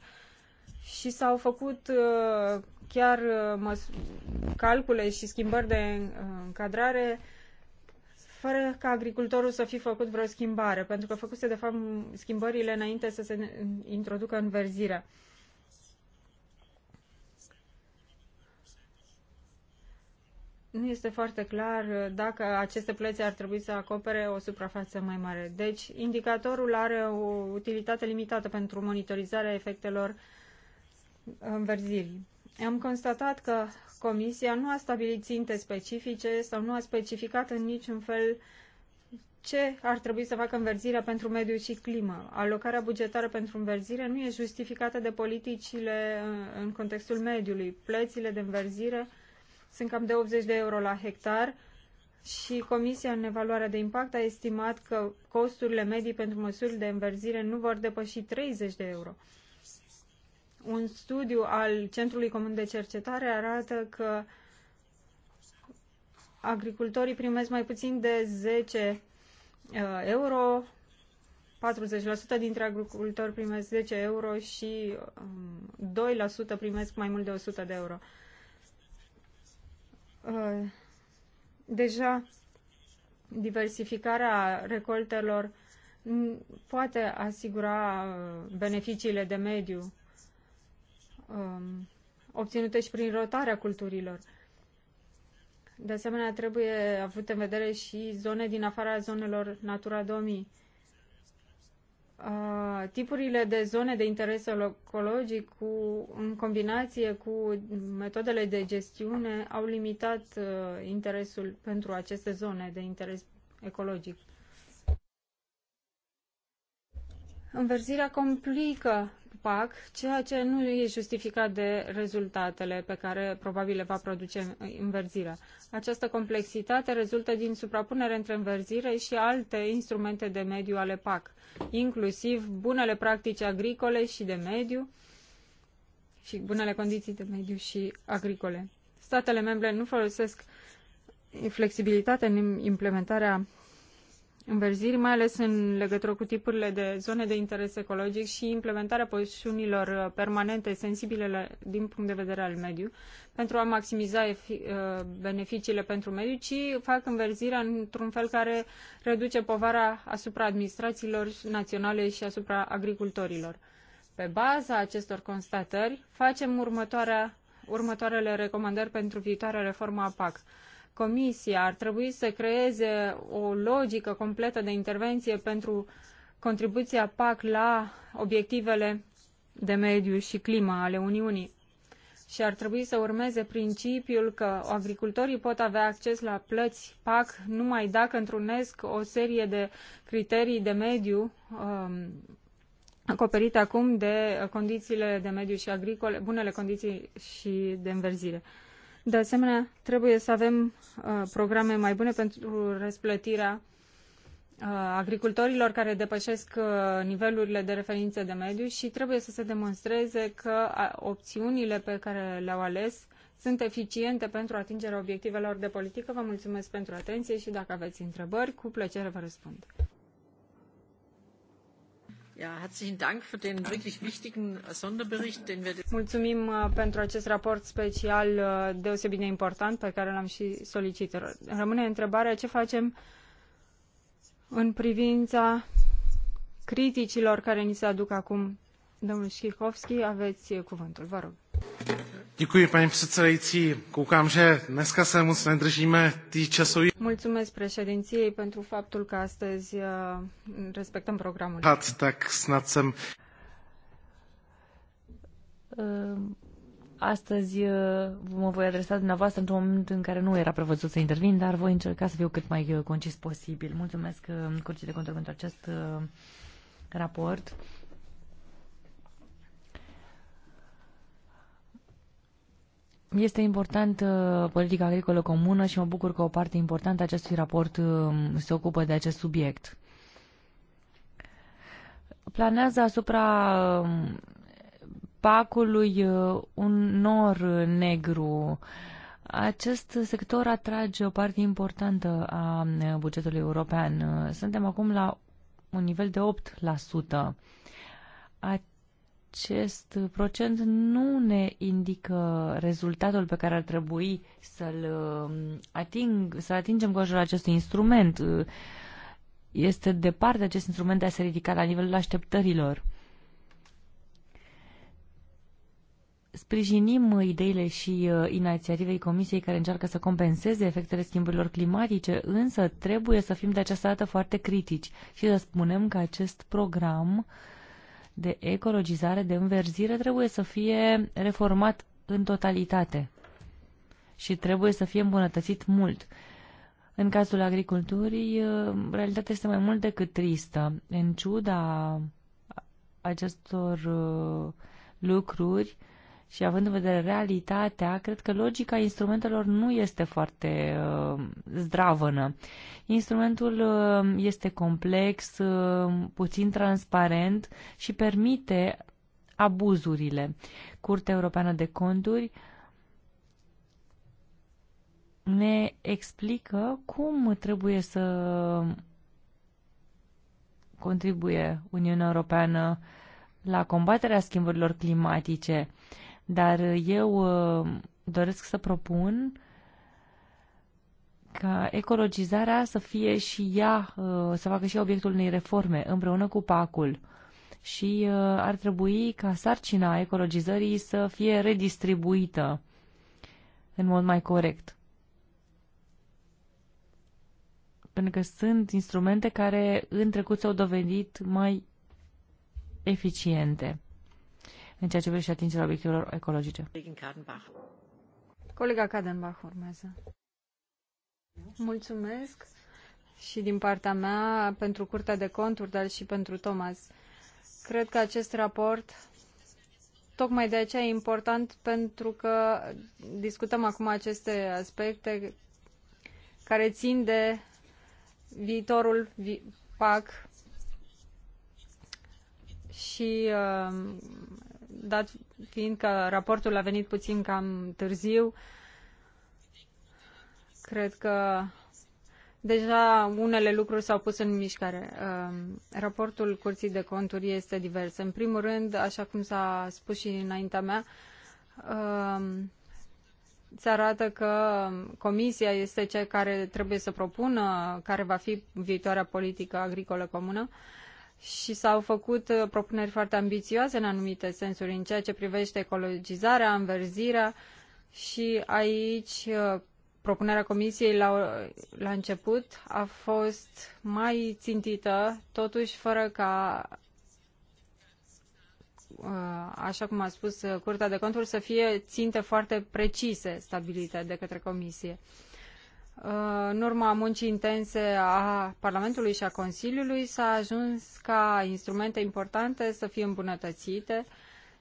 Și s-au făcut uh, chiar uh, calcule și schimbări de încadrare fără ca agricultorul să fi făcut vreo schimbare, pentru că făcuse, de fapt, schimbările înainte să se introducă în verzirea. nu este foarte clar dacă aceste plăți ar trebui să acopere o suprafață mai mare. Deci, indicatorul are o utilitate limitată pentru monitorizarea efectelor înverzirii. Am constatat că Comisia nu a stabilit ținte specifice sau nu a specificat în niciun fel ce ar trebui să facă înverzirea pentru mediu și climă. Alocarea bugetară pentru înverzire nu e justificată de politicile în contextul mediului. Plățile de înverzire sunt cam de 80 de euro la hectar și Comisia în evaluarea de impact a estimat că costurile medii pentru măsuri de înverzire nu vor depăși 30 de euro. Un studiu al Centrului Comun de Cercetare arată că agricultorii primesc mai puțin de 10 uh, euro, 40% dintre agricultori primesc 10 euro și 2% um, primesc mai mult de 100 de euro. Uh, deja diversificarea recoltelor poate asigura beneficiile de mediu um, obținute și prin rotarea culturilor. De asemenea, trebuie avut în vedere și zone din afara zonelor Natura 2000 tipurile de zone de interes ecologic cu, în combinație cu metodele de gestiune au limitat uh, interesul pentru aceste zone de interes ecologic. Înverzirea complică opac, ceea ce nu e justificat de rezultatele pe care probabil le va produce înverzirea. Această complexitate rezultă din suprapunere între înverzire și alte instrumente de mediu ale PAC, inclusiv bunele practici agricole și de mediu și bunele condiții de mediu și agricole. Statele membre nu folosesc flexibilitate în implementarea înverziri, mai ales în legătură cu tipurile de zone de interes ecologic și implementarea poziunilor uh, permanente sensibile din punct de vedere al mediu, pentru a maximiza uh, beneficiile pentru mediu, ci fac înverzirea într-un fel care reduce povara asupra administrațiilor naționale și asupra agricultorilor. Pe baza acestor constatări, facem următoarea, următoarele recomandări pentru viitoarea reformă a PAC Comisia ar trebui să creeze o logică completă de intervenție pentru contribuția PAC la obiectivele de mediu și climă ale Uniunii. Și ar trebui să urmeze principiul că agricultorii pot avea acces la plăți PAC numai dacă întrunesc o serie de criterii de mediu um, acoperite acum de condițiile de mediu și agricole, bunele condiții și de înverzire. De asemenea, trebuie să avem uh, programe mai bune pentru răsplătirea uh, agricultorilor care depășesc uh, nivelurile de referință de mediu și trebuie să se demonstreze că opțiunile pe care le-au ales sunt eficiente pentru atingerea obiectivelor de politică. Vă mulțumesc pentru atenție și dacă aveți întrebări, cu plăcere vă răspund. Mulțumim pentru acest raport special uh, deosebit de important pe care l-am și solicitat. Rămâne întrebarea ce facem în privința criticilor care ni se aduc acum. Domnul Șchihovski, aveți cuvântul, vă rog paní předsedající. Koukám, že dneska se moc nedržíme tý časový... Mulțumesc președinției pentru faptul că astăzi uh, respectăm programul. Tak snad jsem... Uh, astăzi uh, mă voi adresa dumneavoastră într-un moment în care nu era prevăzut să intervin, dar voi încerca să fiu cât mai concis posibil. Mulțumesc Curții de Control pentru acest raport. Este important uh, politica agricolă comună și mă bucur că o parte importantă a acestui raport um, se ocupă de acest subiect. Planează asupra um, pacului uh, un nor negru. Acest sector atrage o parte importantă a uh, bugetului european. Suntem acum la un nivel de 8%. A acest procent nu ne indică rezultatul pe care ar trebui să-l um, ating, să atingem cu ajutorul acestui instrument. Este departe acest instrument de a se ridica la nivelul așteptărilor. Sprijinim ideile și uh, inițiativei Comisiei care încearcă să compenseze efectele schimbărilor climatice, însă trebuie să fim de această dată foarte critici și să spunem că acest program uh, de ecologizare, de înverzire, trebuie să fie reformat în totalitate și trebuie să fie îmbunătățit mult. În cazul agriculturii, uh, realitatea este mai mult decât tristă. În ciuda acestor uh, lucruri, și având în vedere realitatea, cred că logica instrumentelor nu este foarte uh, zdravănă. Instrumentul uh, este complex, uh, puțin transparent și permite abuzurile. Curtea Europeană de Conturi ne explică cum trebuie să contribuie Uniunea Europeană la combaterea schimbărilor climatice dar uh, eu uh, doresc să propun ca ecologizarea să fie și ea, uh, să facă și obiectul unei reforme împreună cu pacul. Și ar trebui ca sarcina ecologizării să fie redistribuită în mod mai corect. Pentru că sunt instrumente care în trecut s-au dovedit mai eficiente în ceea ce privește atingerea obiectivelor ecologice. Colega Cadenbach urmează. Mulțumesc și din partea mea pentru Curtea de Conturi, dar și pentru Thomas. Cred că acest raport tocmai de aceea e important pentru că discutăm acum aceste aspecte care țin de viitorul PAC și uh, dat fiind că raportul a venit puțin cam târziu, cred că deja unele lucruri s-au pus în mișcare. Um, raportul Curții de Conturi este divers. În primul rând, așa cum s-a spus și înaintea mea, um, se arată că Comisia este cea care trebuie să propună care va fi viitoarea politică agricolă comună. Uh, și s-au făcut uh, propuneri foarte ambițioase în anumite sensuri în ceea ce privește ecologizarea, înverzirea și aici uh, propunerea comisiei la, la început a fost mai țintită, totuși fără ca uh, așa cum a spus Curtea de Conturi, să fie ținte foarte precise stabilite de către Comisie în urma muncii intense a Parlamentului și a Consiliului s-a ajuns ca instrumente importante să fie îmbunătățite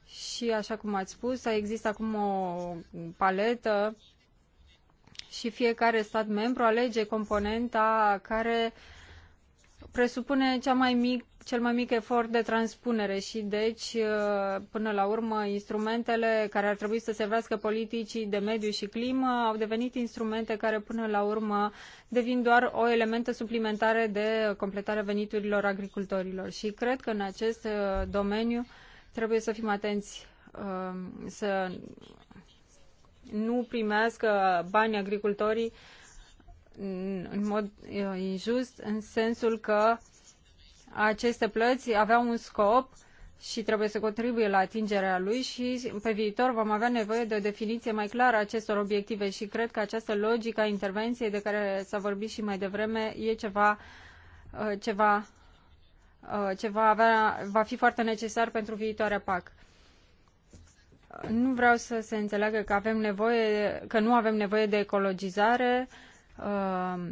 și, așa cum ați spus, există acum o paletă și fiecare stat membru alege componenta care uh, presupune cea mai mic, cel mai mic efort de transpunere și deci, uh, până la urmă, instrumentele care ar trebui să servească politicii de mediu și climă au devenit instrumente care, până la urmă, devin doar o elementă suplimentare de completare veniturilor agricultorilor. Și cred că în acest uh, domeniu trebuie să fim atenți uh, să nu primească bani agricultorii uh, în mod uh, injust în sensul că aceste plăți aveau un scop și trebuie să contribuie la atingerea lui și pe viitor vom avea nevoie de o definiție mai clară a acestor obiective și cred că această logică a intervenției de care s-a vorbit și mai devreme e ceva uh, ceva uh, ceva ce va, avea, va fi foarte necesar pentru viitoarea PAC. Nu vreau să se înțeleagă că avem nevoie, că nu avem nevoie de ecologizare, uh, Ehm,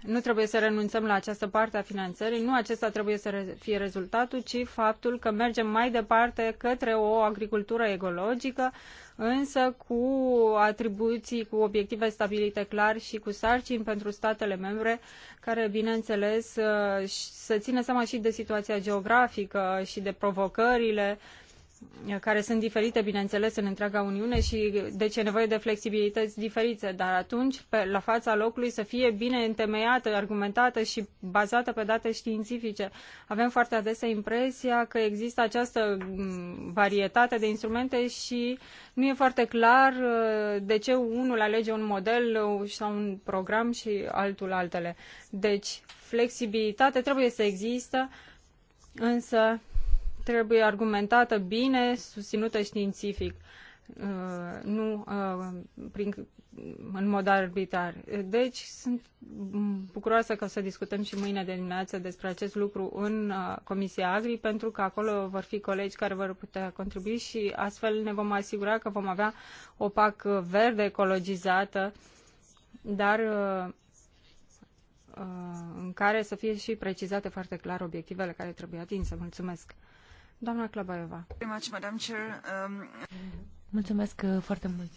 nu trebuie să renunțăm la această parte a finanțării, nu acesta trebuie să fie rezultatul, ci faptul că mergem mai departe către o agricultură ecologică, însă cu atribuții, cu obiective stabilite clar și cu sarcini pentru statele membre, care, bineînțeles, uh, să țină seama și de situația geografică și de provocările uh, care sunt diferite, bineînțeles, în întreaga Uniune și deci e nevoie de flexibilități diferite, dar atunci, pe, la fața locului, să fie bine întemeiată, argumentată și bazată pe date științifice. Avem foarte adesea impresia că există această varietate de instrumente și nu e foarte clar uh, de ce unul alege un model uh, sau un program și altul altele. Deci, flexibilitate trebuie să existe, însă trebuie argumentată bine, susținută științific, uh, nu uh, prin, în mod arbitrar. Deci sunt bucuroasă că o să discutăm și mâine de dimineață despre acest lucru în uh, Comisia Agri, pentru că acolo vor fi colegi care vor putea contribui și astfel ne vom asigura că vom avea o PAC verde ecologizată, dar în care să fie și precizate foarte clar obiectivele care trebuie atinse. Mulțumesc! Doamna Clabaiova. Mulțumesc uh, foarte mult,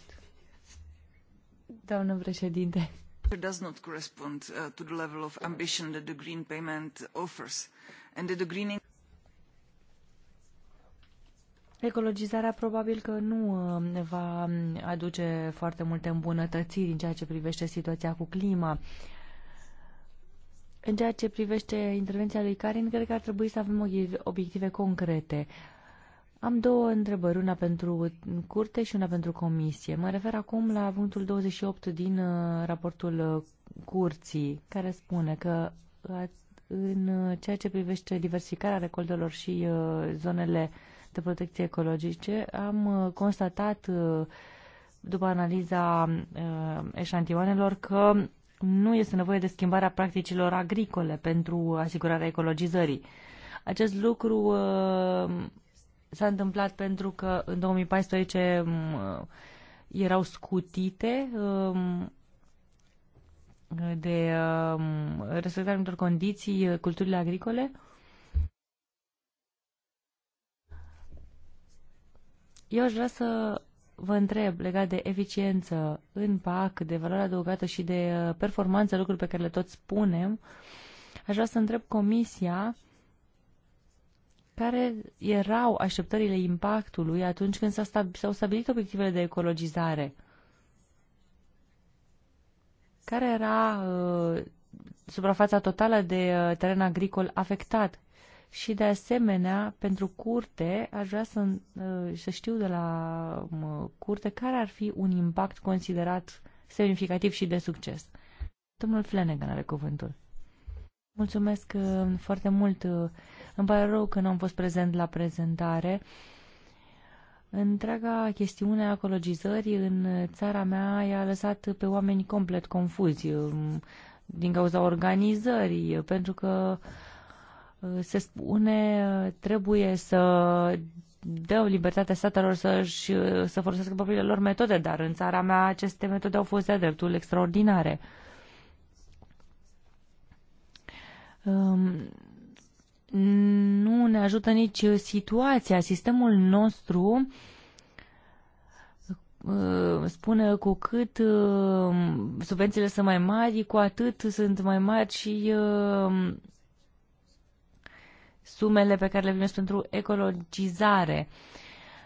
doamnă președinte. does not correspond uh, to the level of ambition that the green payment offers and that the greening Ecologizarea probabil că nu ne uh, va um, aduce foarte multe îmbunătățiri în ceea ce privește situația cu clima. În ceea ce privește intervenția lui Karin, cred că ar trebui să avem obiective concrete. Am două întrebări, una pentru curte și una pentru comisie. Mă refer acum la punctul 28 din uh, raportul uh, curții, care spune că uh, în ceea ce privește diversificarea recoltelor și zonele de protecție ecologice, am constatat după analiza eșantioanelor că nu este nevoie de schimbarea practicilor agricole pentru asigurarea ecologizării. Acest lucru uh, s-a întâmplat pentru că în 2014 um, uh, erau scutite um, de um, respectarea unor condiții uh, culturile agricole. Eu aș vrea să vă întreb legat de eficiență în PAC, de valoare adăugată și de uh, performanță, lucruri pe care le tot spunem, aș vrea să întreb Comisia care erau așteptările impactului atunci când s-au stabilit obiectivele de ecologizare. Care era uh, suprafața totală de uh, teren agricol afectat și de asemenea, pentru curte, aș vrea să, uh, să știu de la um, curte care ar fi un impact considerat semnificativ și de succes. Domnul Flanagan are cuvântul. Mulțumesc uh, foarte mult. Uh, îmi pare rău că nu am fost prezent la prezentare. Întreaga chestiune a ecologizării în țara mea i-a lăsat pe oameni complet confuzi um, din cauza organizării, pentru că uh, Uh, se spune uh, trebuie să dă libertatea statelor să-și, uh, să folosească propriile lor metode, dar în țara mea aceste metode au fost de dreptul extraordinare. Um, nu ne ajută nici situația. Sistemul nostru spune cu cât subvențiile sunt mai mari, cu atât sunt mai mari și sumele pe care le primesc pentru ecologizare.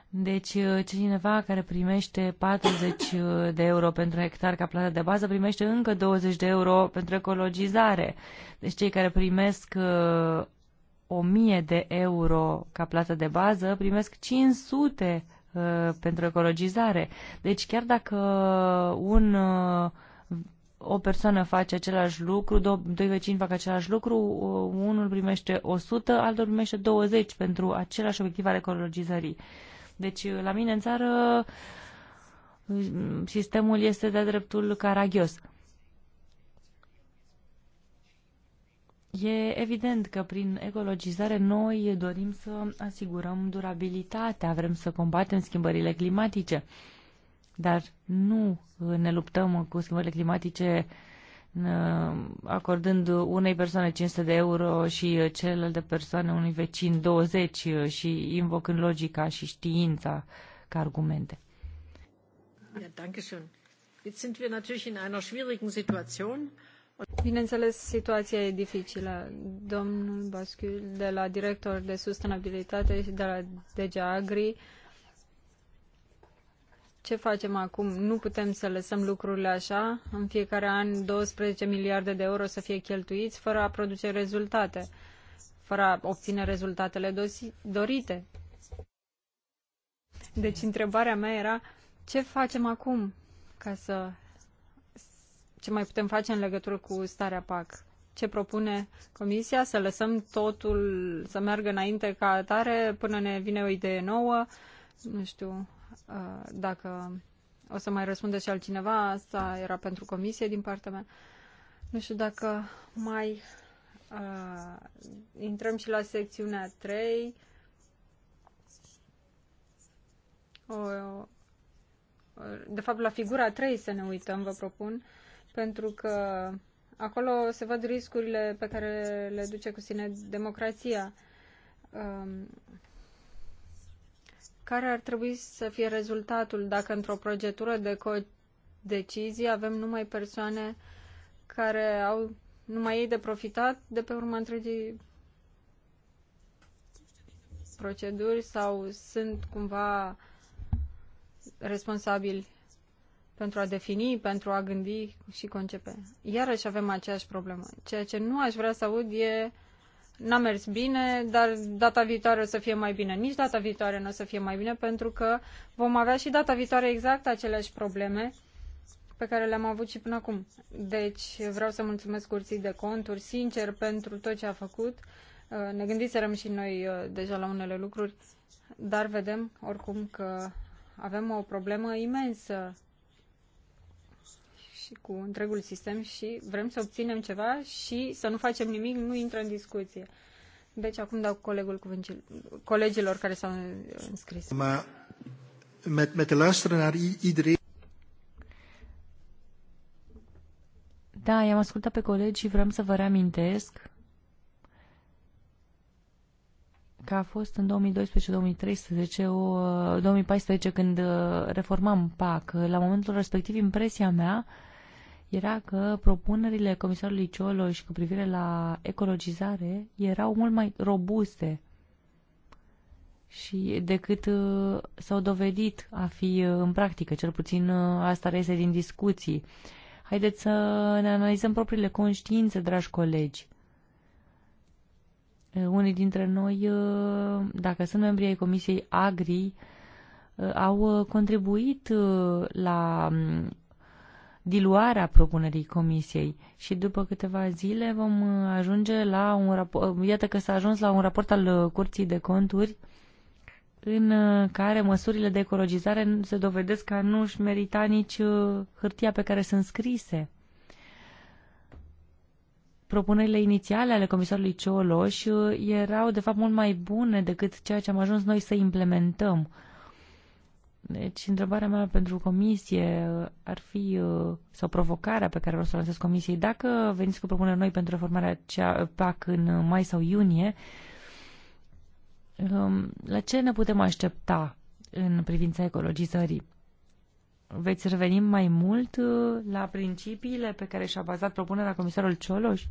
Deci uh, cineva care primește 40 uh, de euro pentru hectar ca plată de bază primește încă 20 de euro pentru ecologizare. Deci cei care primesc 1000 uh, de euro ca plată de bază primesc 500 pentru ecologizare. Deci chiar dacă un o persoană face același lucru, do- doi vecini fac același lucru, uh, unul primește 100, altul primește 20 pentru același obiectiv al ecologizării. Deci, uh, la mine în țară, uh, sistemul este de dreptul caragios. E evident că prin ecologizare noi dorim să asigurăm durabilitatea, vrem să combatem schimbările climatice. Dar nu ne luptăm cu schimbările climatice uh, acordând unei persoane 500 de euro și uh, celelalte persoane unui vecin 20 uh, și invocând logica și știința ca argumente. Ja, danke schön. Jetzt sind wir natürlich in einer schwierigen Situation. Bineînțeles, situația e dificilă. Domnul Bascul, de la director de sustenabilitate și de la DG Agri, ce facem acum? Nu putem să lăsăm lucrurile așa, în fiecare an 12 miliarde de euro să fie cheltuiți fără a produce rezultate, fără a obține rezultatele dorite. Deci întrebarea mea era ce facem acum ca să ce mai putem face în legătură cu starea PAC? Ce propune Comisia? Să lăsăm totul să meargă înainte ca atare până ne vine o idee nouă? Nu știu, Uh, dacă o să mai răspunde și altcineva, asta era pentru comisie din partea mea. Nu știu dacă mai uh, intrăm și la secțiunea 3. O, o, de fapt, la figura 3 să ne uităm, vă propun, pentru că acolo se văd riscurile pe care le duce cu sine democrația. Um, care ar trebui să fie rezultatul dacă într-o procedură de decizie avem numai persoane care au numai ei de profitat de pe urma întregii proceduri sau sunt cumva responsabili pentru a defini, pentru a gândi și concepe. Iarăși avem aceeași problemă. Ceea ce nu aș vrea să aud e uh, n-a mers bine, dar data viitoare o să fie mai bine. Nici data viitoare nu o să fie mai bine, pentru că vom avea și data viitoare exact aceleași probleme pe care le-am avut și până acum. Deci vreau să mulțumesc curții de conturi, sincer, pentru tot ce a făcut. Uh, ne gândiserăm și noi uh, deja la unele lucruri, dar vedem oricum că avem o problemă imensă și cu întregul sistem și vrem să obținem ceva și să nu facem nimic, nu intră în discuție. Deci acum dau colegul cuvântul colegilor care s-au înscris. Ma, met, met luisteren Da, i-am ascultat pe colegi și vreau să vă reamintesc că a fost în 2012-2013, o, 2014, când uh, reformam PAC. La momentul respectiv, impresia mea era că propunerile comisarului Cioloș cu privire la ecologizare erau mult mai robuste și decât uh, s-au dovedit a fi uh, în practică, cel puțin uh, asta reiese din discuții. Haideți să ne analizăm propriile conștiințe, dragi colegi. Unii dintre noi, dacă sunt membri ai Comisiei Agri, au contribuit la mm, diluarea propunerii comisiei și după câteva zile vom uh, ajunge la un raport, uh, iată că s-a ajuns la un raport al uh, Curții de Conturi în care măsurile de ecologizare se dovedesc că nu își merita nici hârtia pe care sunt scrise. Propunerile inițiale ale comisarului Cioloș erau de fapt mult mai bune decât ceea ce am ajuns noi să implementăm. Deci, întrebarea mea pentru comisie ar fi, uh, sau provocarea pe care vreau să o lansez comisiei, dacă veniți cu propuneri noi pentru reformarea cea, PAC în mai sau iunie, um, la ce ne putem aștepta în privința ecologizării? Veți reveni mai mult uh, la principiile pe care și-a bazat propunerea comisarul Cioloș?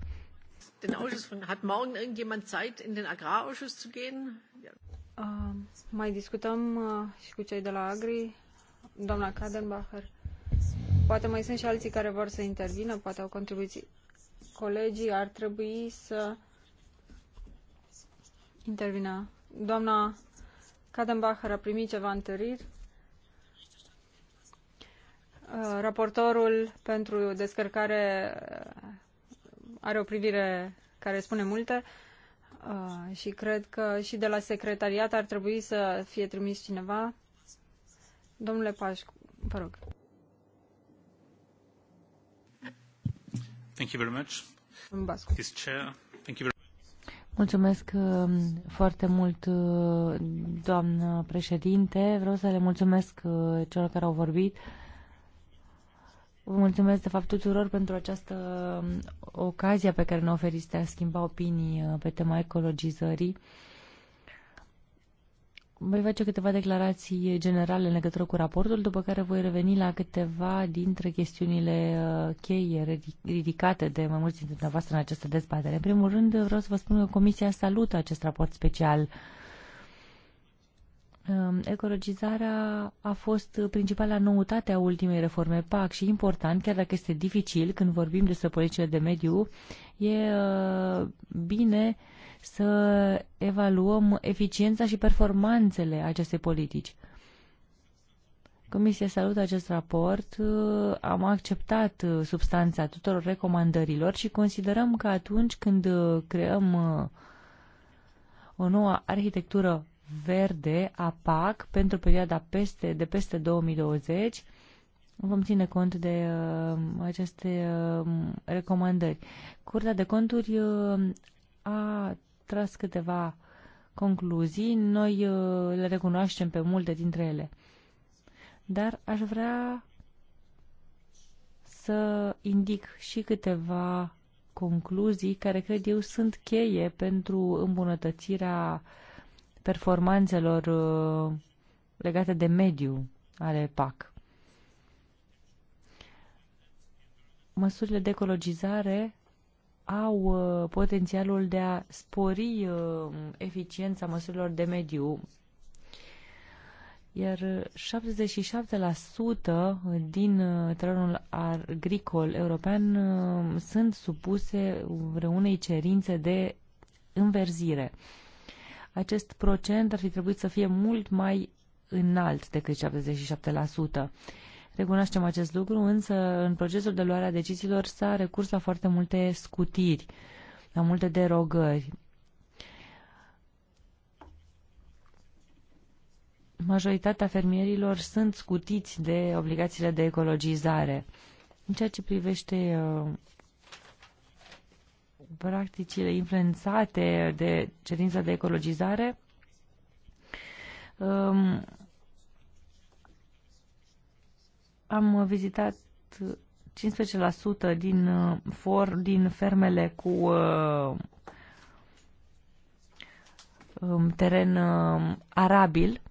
Den Ausschuss hat morgen irgendjemand Zeit, in den Agrarausschuss zu gehen? mai discutăm și cu cei de la Agri, doamna Kadenbacher. Poate mai sunt și alții care vor să intervină, poate au contribuții. Colegii ar trebui să intervină. Doamna Kadenbacher a primit ceva întăriri. raportorul pentru descărcare are o privire care spune multe. Uh, Ah, și cred că și de la secretariat ar trebui să fie trimis cineva. Domnule Pașcu, vă rog. Thank you very much. Thank you very Mulțumesc uh, foarte mult, uh, doamnă președinte. Vreau să le mulțumesc uh, celor care au vorbit. Vă mulțumesc de fapt tuturor pentru această um, ocazie pe care ne oferiți de a schimba opinii uh, pe tema ecologizării. Voi face câteva declarații generale în legătură cu raportul, după care voi reveni la câteva dintre chestiunile uh, cheie ridicate de mai mulți dintre dumneavoastră în această dezbatere. În primul rând, vreau să vă spun că Comisia salută acest raport special uh, Ehm, ecologizarea a fost principala noutate a ultimei reforme PAC și important, chiar dacă este dificil când vorbim despre politicile de mediu, e uh, bine să evaluăm eficiența și performanțele acestei politici. Comisia salută acest raport, uh, am acceptat uh, substanța tuturor recomandărilor și considerăm că atunci când creăm o nouă arhitectură verde a PAC pentru perioada peste, de peste 2020. Vom ține cont de uh, aceste uh, recomandări. Curtea de conturi uh, a tras câteva concluzii, noi uh, le recunoaștem pe multe dintre ele. Dar aș vrea să indic și câteva concluzii care cred eu sunt cheie pentru îmbunătățirea uh, performanțelor uh, legate de mediu ale PAC. Măsurile de ecologizare au uh, potențialul de a spori uh, eficiența măsurilor de mediu iar 77% din terenul agricol european sunt supuse vreunei cerințe de înverzire acest procent ar fi trebuit să fie mult mai înalt decât 77%. Recunoaștem acest lucru, însă în procesul de luare a deciziilor s-a recurs la foarte multe scutiri, la multe derogări. Majoritatea fermierilor sunt scutiți de obligațiile de ecologizare. În ceea ce privește uh, practicile influențate de cerința de ecologizare um, am vizitat 15% din, uh, for, din fermele cu uh, um, teren uh, arabil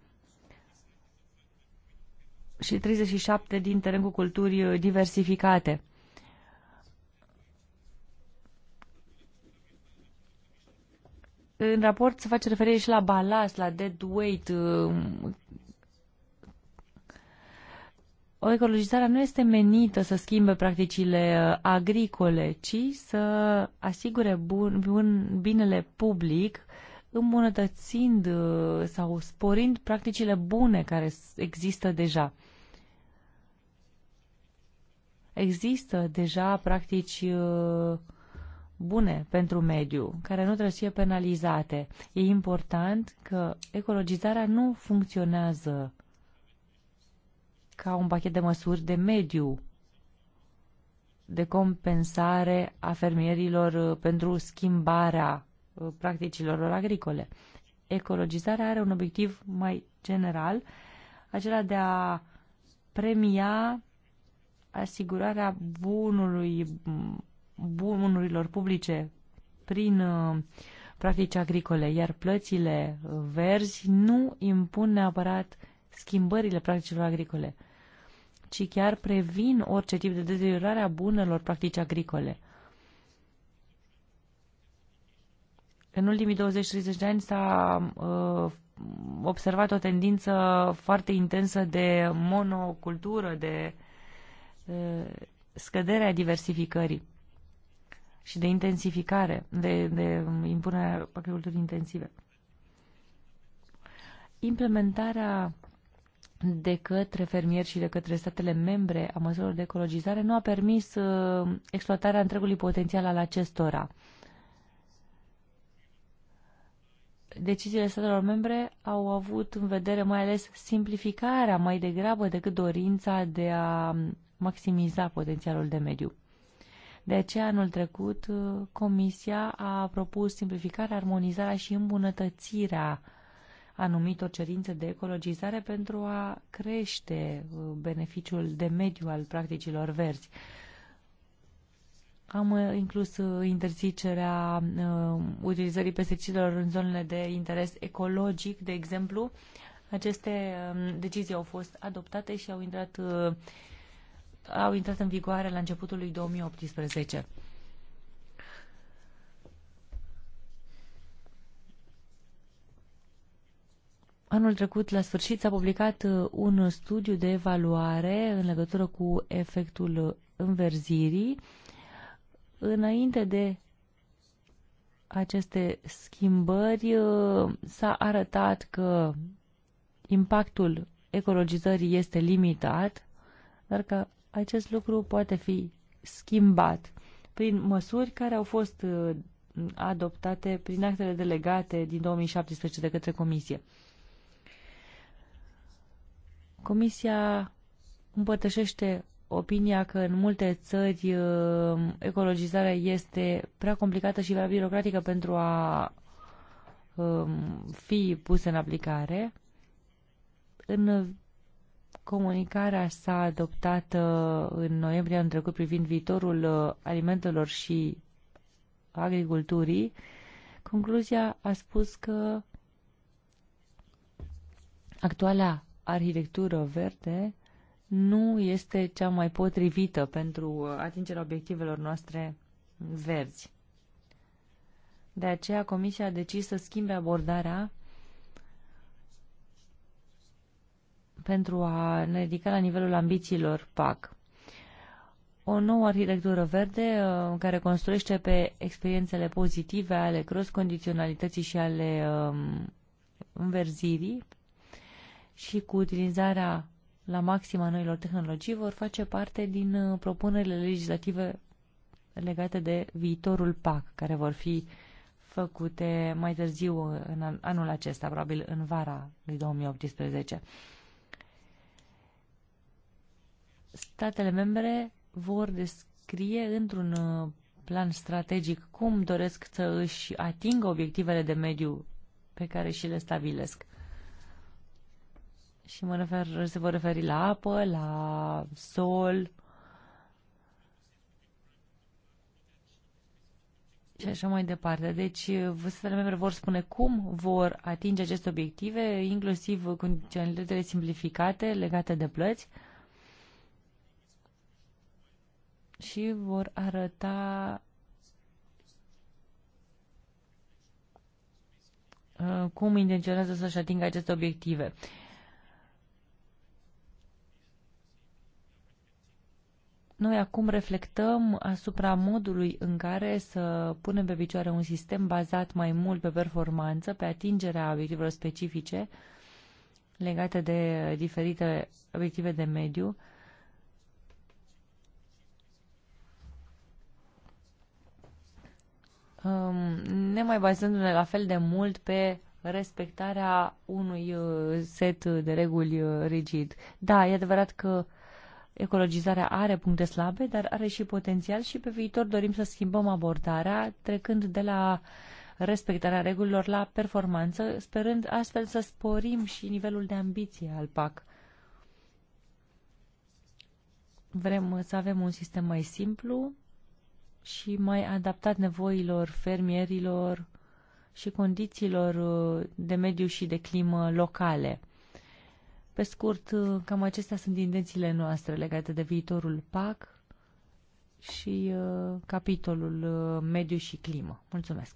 și 37 din teren cu culturi uh, diversificate. în raport se face referire și la balast, la dead weight. Um, o ecologizare nu este menită să schimbe practicile uh, agricole, ci să asigure bun, bun, binele public îmbunătățind uh, sau sporind practicile bune care există deja. Există deja practici uh, bune pentru mediu, care nu trebuie să fie penalizate. E important că ecologizarea nu funcționează ca un pachet de măsuri de mediu, de compensare a fermierilor uh, pentru schimbarea uh, practicilor lor agricole. Ecologizarea are un obiectiv mai general, acela de a premia asigurarea bunului bunurilor publice prin practici uh, agricole, iar plățile verzi nu impun neapărat schimbările practicilor agricole, ci chiar previn orice tip de deteriorare a bunelor practici agricole. În ultimii 20-30 de ani s-a uh, observat o tendință foarte intensă de monocultură, de uh, scăderea diversificării și de intensificare, de, de impunerea agriculturii intensive. Implementarea de către fermieri și de către statele membre a măsurilor de ecologizare nu a permis uh, exploatarea întregului potențial al acestora. Deciziile statelor membre au avut în vedere mai ales simplificarea mai degrabă decât dorința de a maximiza potențialul de mediu. De aceea, anul trecut, uh, Comisia a propus simplificarea, armonizarea și îmbunătățirea anumitor cerințe de ecologizare pentru a crește uh, beneficiul de mediu al practicilor verzi. Am uh, inclus interzicerea utilizării pesticidelor în zonele de interes ecologic, de exemplu. Aceste um, decizii au fost adoptate și au intrat au intrat în vigoare la începutul lui 2018. Anul trecut, la sfârșit, s-a publicat uh, un studiu de evaluare în legătură cu efectul înverzirii. Înainte de aceste schimbări, uh, s-a arătat că impactul ecologizării este limitat, dar că acest lucru poate fi schimbat prin măsuri care au fost uh, adoptate prin actele delegate din 2017 de către Comisie. Comisia împărtășește opinia că în multe țări uh, ecologizarea este prea complicată și prea birocratică pentru a um, fi pusă în aplicare. În comunicarea sa adoptată uh, în noiembrie anul trecut privind viitorul uh, alimentelor și agriculturii, concluzia a spus că actuala arhitectură verde nu este cea mai potrivită pentru uh, atingerea obiectivelor noastre verzi. De aceea Comisia a decis să schimbe abordarea pentru a ne ridica la nivelul ambițiilor PAC. O nouă arhitectură verde uh, care construiește pe experiențele pozitive ale cross-condiționalității și ale um, înverzirii și cu utilizarea la maxima noilor tehnologii vor face parte din uh, propunerile legislative legate de viitorul PAC, care vor fi făcute mai târziu uh, în anul acesta, probabil în vara lui 2018 statele membre vor descrie într-un uh, plan strategic cum doresc să își atingă obiectivele de mediu pe care și le stabilesc. Și mă refer, se vor referi la apă, la sol și așa mai departe. Deci, uh, statele membre vor spune cum vor atinge aceste obiective, inclusiv condiționalitățile simplificate legate de plăți, uh, și vor arăta uh, cum intenționează să-și atingă aceste obiective. Noi acum reflectăm asupra modului în care să punem pe picioare un sistem bazat mai mult pe performanță, pe atingerea obiectivelor specifice legate de diferite obiective de mediu, Um, ne mai bazându-ne la fel de mult pe respectarea unui uh, set de reguli uh, rigid. Da, e adevărat că ecologizarea are puncte slabe, dar are și potențial și pe viitor dorim să schimbăm abordarea, trecând de la respectarea regulilor la performanță, sperând astfel să sporim și nivelul de ambiție al PAC. Vrem să avem un sistem mai simplu, și mai adaptat nevoilor fermierilor și condițiilor uh, de mediu și de climă locale. Pe scurt, uh, cam acestea sunt intențiile noastre legate de viitorul PAC și uh, capitolul uh, mediu și climă. Mulțumesc.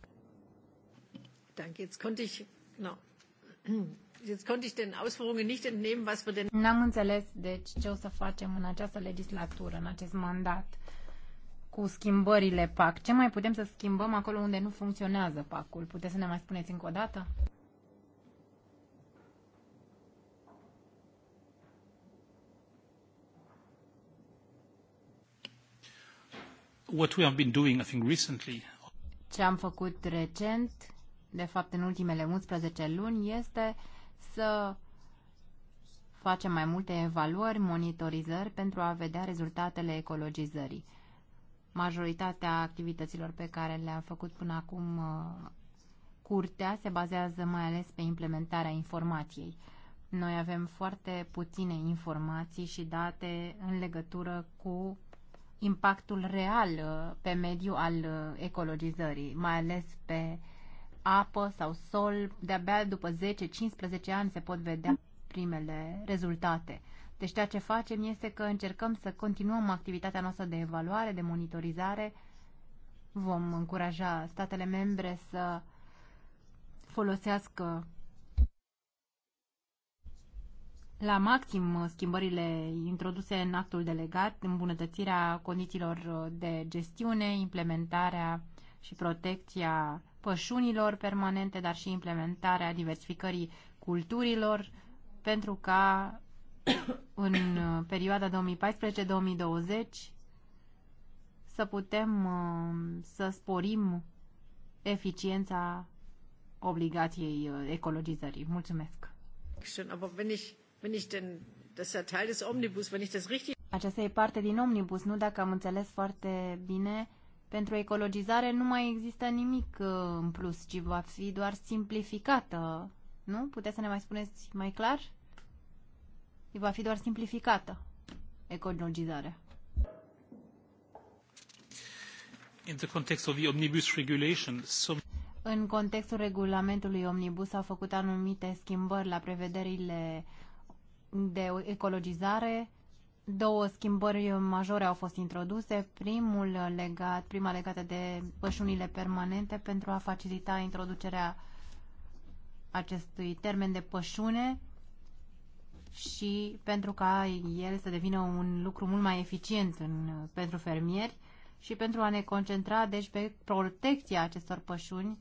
N-am înțeles, deci, ce o să facem în această legislatură, în acest mandat cu schimbările PAC? Ce mai putem să schimbăm acolo unde nu funcționează PAC-ul? Puteți să ne mai spuneți încă o dată? What we have been doing, I think, recently... Ce am făcut recent, de fapt în ultimele 11 luni, este să facem mai multe evaluări, monitorizări pentru a vedea rezultatele ecologizării majoritatea activităților pe care le-a făcut până acum uh, curtea se bazează mai ales pe implementarea informației. Noi avem foarte puține informații și date în legătură cu impactul real uh, pe mediu al uh, ecologizării, mai ales pe apă sau sol. De-abia după 10-15 ani se pot vedea primele rezultate. Deci ceea ce facem este că încercăm să continuăm activitatea noastră de evaluare, de monitorizare. Vom încuraja statele membre să folosească la maxim schimbările introduse în actul delegat, îmbunătățirea condițiilor de gestiune, implementarea și protecția pășunilor permanente, dar și implementarea diversificării culturilor pentru ca în uh, perioada 2014-2020 să putem uh, să sporim eficiența obligației uh, ecologizării. Mulțumesc! Aceasta e parte din omnibus, nu dacă am înțeles foarte bine. Pentru ecologizare nu mai există nimic în plus, ci va fi doar simplificată. Nu? Puteți să ne mai spuneți mai clar? va fi doar simplificată ecologizarea. In the context of the omnibus regulation, În contextul regulamentului omnibus au făcut anumite schimbări la prevederile de ecologizare. Două schimbări majore au fost introduse. Primul legat, prima legată de pășunile permanente pentru a facilita introducerea acestui termen de pășune și pentru ca el să devină un lucru mult mai eficient în, pentru fermieri și pentru a ne concentra deci pe protecția acestor pășuni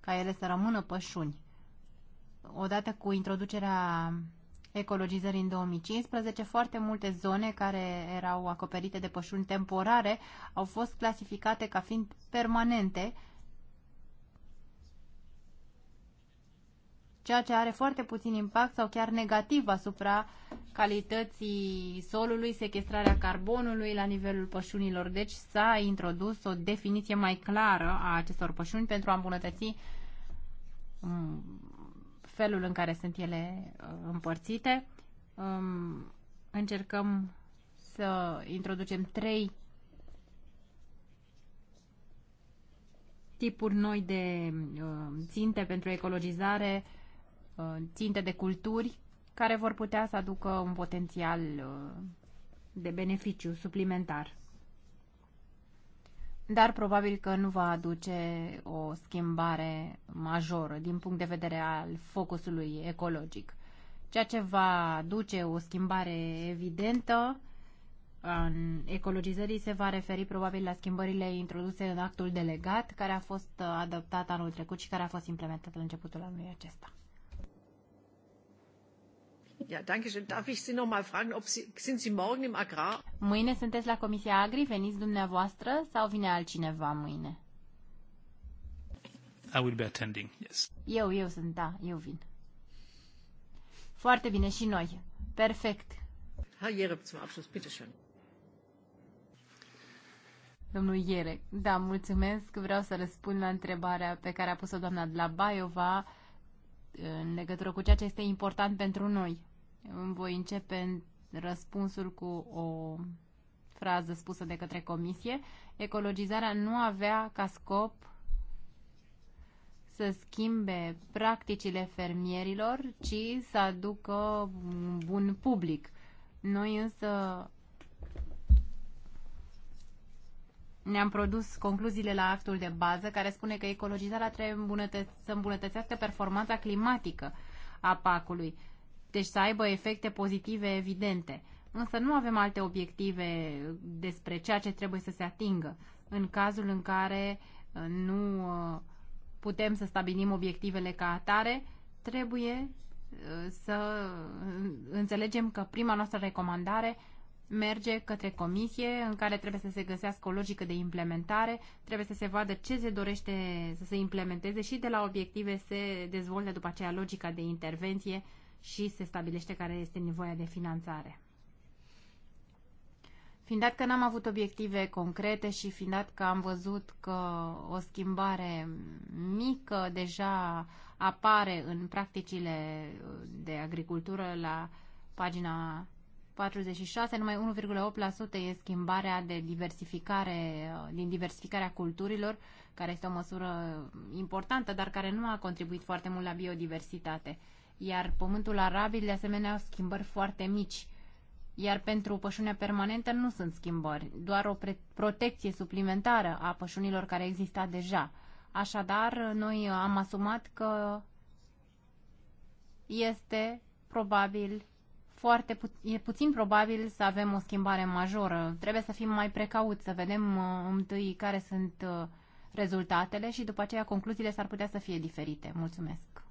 ca ele să rămână pășuni. Odată cu introducerea ecologizării în 2015, foarte multe zone care erau acoperite de pășuni temporare au fost clasificate ca fiind permanente ceea ce are foarte puțin impact sau chiar negativ asupra calității solului, sequestrarea carbonului la nivelul pășunilor. Deci s-a introdus o definiție mai clară a acestor pășuni pentru a îmbunătăți um, felul în care sunt ele uh, împărțite. Um, încercăm să introducem trei tipuri noi de uh, ținte pentru ecologizare Uh, ținte de culturi care vor putea să aducă un potențial uh, de beneficiu suplimentar. Dar probabil că nu va aduce o schimbare majoră din punct de vedere al focusului ecologic. Ceea ce va aduce o schimbare evidentă în ecologizării se va referi probabil la schimbările introduse în actul delegat care a fost adoptat anul trecut și care a fost implementat la începutul anului acesta. Mâine sunteți la Comisia Agri, veniți dumneavoastră sau vine altcineva mâine? I will be attending, yes. Eu, eu sunt, da, eu vin. Foarte bine, și noi. Perfect. Herr Jereb, zum Abschluss, bitteschön. Domnul Iere, da, mulțumesc. Vreau să răspund la întrebarea pe care a pus-o doamna de la Baiova în legătură cu ceea ce este important pentru noi. Îmi voi începe răspunsul cu o frază spusă de către comisie. Ecologizarea nu avea ca scop să schimbe practicile fermierilor, ci să aducă un bun public. Noi însă ne-am produs concluziile la actul de bază care spune că ecologizarea trebuie să îmbunătățească performanța climatică a pacului deci să aibă efecte pozitive evidente. Însă nu avem alte obiective despre ceea ce trebuie să se atingă în cazul în care uh, nu uh, putem să stabilim obiectivele ca atare, trebuie uh, să înțelegem că prima noastră recomandare merge către comisie în care trebuie să se găsească o logică de implementare, trebuie să se vadă ce se dorește să se implementeze și de la obiective se dezvolte după aceea logica de intervenție și se stabilește care este nevoia de finanțare. Fiind dat că n-am avut obiective concrete și fiind dat că am văzut că o schimbare mică deja apare în practicile de agricultură la pagina 46, numai 1,8% e schimbarea de diversificare, din diversificarea culturilor, care este o măsură importantă, dar care nu a contribuit foarte mult la biodiversitate iar pământul arabil de asemenea au schimbări foarte mici. Iar pentru pășunea permanentă nu sunt schimbări, doar o protecție suplimentară a pășunilor care exista deja. Așadar, noi am asumat că este probabil foarte pu- e puțin probabil să avem o schimbare majoră. Trebuie să fim mai precauți, să vedem uh, întâi care sunt uh, rezultatele și după aceea concluziile s-ar putea să fie diferite. Mulțumesc.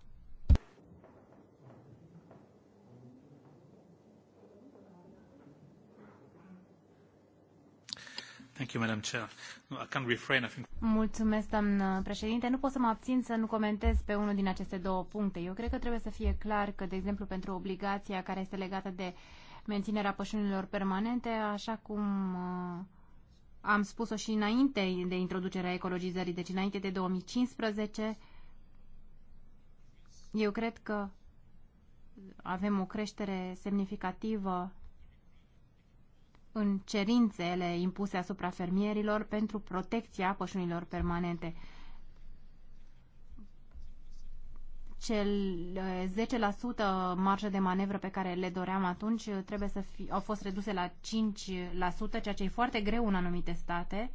Mulțumesc, doamnă președinte. Nu pot să mă abțin să nu comentez pe unul din aceste două puncte. Eu cred că trebuie să fie clar că, de exemplu, pentru obligația care este legată de menținerea pășunilor permanente, așa cum uh, am spus-o și înainte de introducerea ecologizării, deci înainte de 2015, eu cred că avem o creștere semnificativă în cerințele impuse asupra fermierilor pentru protecția pășunilor permanente. Cel 10% eh, marjă de manevră pe care le doream atunci trebuie să fi, au fost reduse la 5%, ceea ce e foarte greu în anumite state,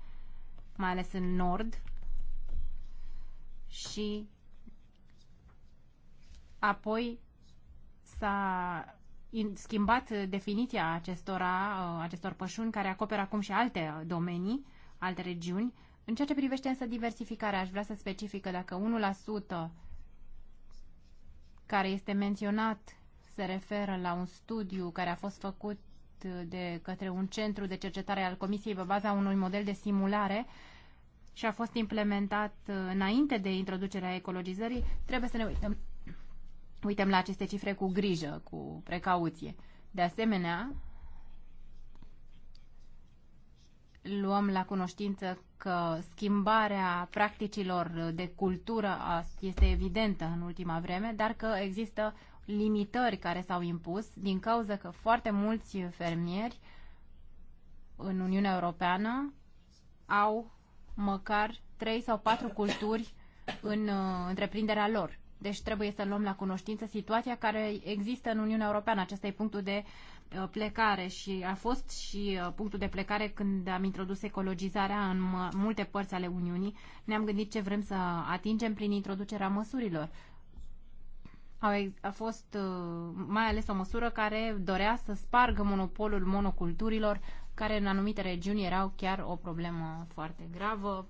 mai ales în nord. Și apoi s-a schimbat definiția acestora, uh, acestor pășuni care acoperă acum și alte domenii, alte regiuni. În ceea ce privește însă diversificarea, aș vrea să specifică dacă 1% care este menționat se referă la un studiu care a fost făcut uh, de către un centru de cercetare al Comisiei pe baza unui model de simulare și a fost implementat uh, înainte de introducerea ecologizării, trebuie să ne uităm uităm la aceste cifre cu grijă, cu precauție. De asemenea, luăm la cunoștință că schimbarea practicilor de cultură este evidentă în ultima vreme, dar că există limitări care s-au impus din cauza că foarte mulți fermieri în Uniunea Europeană au măcar 3 sau 4 culturi în uh, întreprinderea lor. Deci trebuie să luăm la cunoștință situația care există în Uniunea Europeană. Acesta e punctul de uh, plecare și a fost și uh, punctul de plecare când am introdus ecologizarea în uh, multe părți ale Uniunii. Ne-am gândit ce vrem să atingem prin introducerea măsurilor. A fost mai ales o măsură care dorea să spargă monopolul monoculturilor, care în anumite regiuni erau chiar o problemă foarte gravă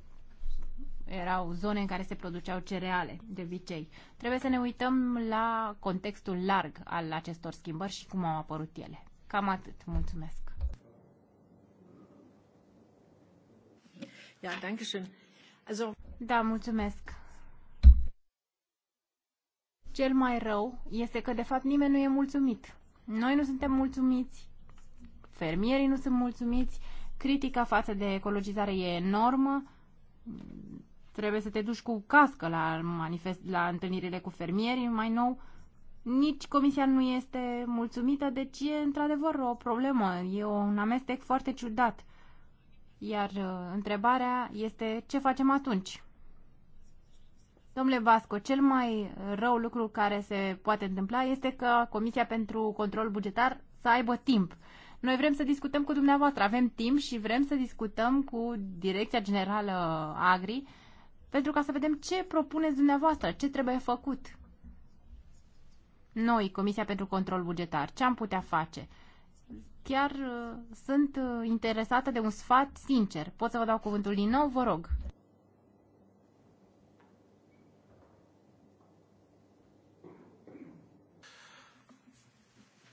erau zone în care se produceau cereale, de obicei. Trebuie să ne uităm la contextul larg al acestor schimbări și cum au apărut ele. Cam atât. Mulțumesc. Ja, danke schön. Also... Da, mulțumesc. Cel mai rău este că, de fapt, nimeni nu e mulțumit. Noi nu suntem mulțumiți, fermierii nu sunt mulțumiți, critica față de ecologizare e enormă, trebuie să te duci cu cască la, manifest, la întâlnirile cu fermierii mai nou. Nici comisia nu este mulțumită, deci e într-adevăr o problemă, e un amestec foarte ciudat. Iar uh, întrebarea este ce facem atunci? Domnule Vasco, cel mai rău lucru care se poate întâmpla este că Comisia pentru Control Bugetar să aibă timp. Noi vrem să discutăm cu dumneavoastră, avem timp și vrem să discutăm cu Direcția Generală Agri pentru ca să vedem ce propuneți dumneavoastră, ce trebuie făcut. Noi, Comisia pentru Control Bugetar, ce am putea face? Chiar uh, sunt uh, interesată de un sfat sincer. Pot să vă dau cuvântul din nou? Vă rog.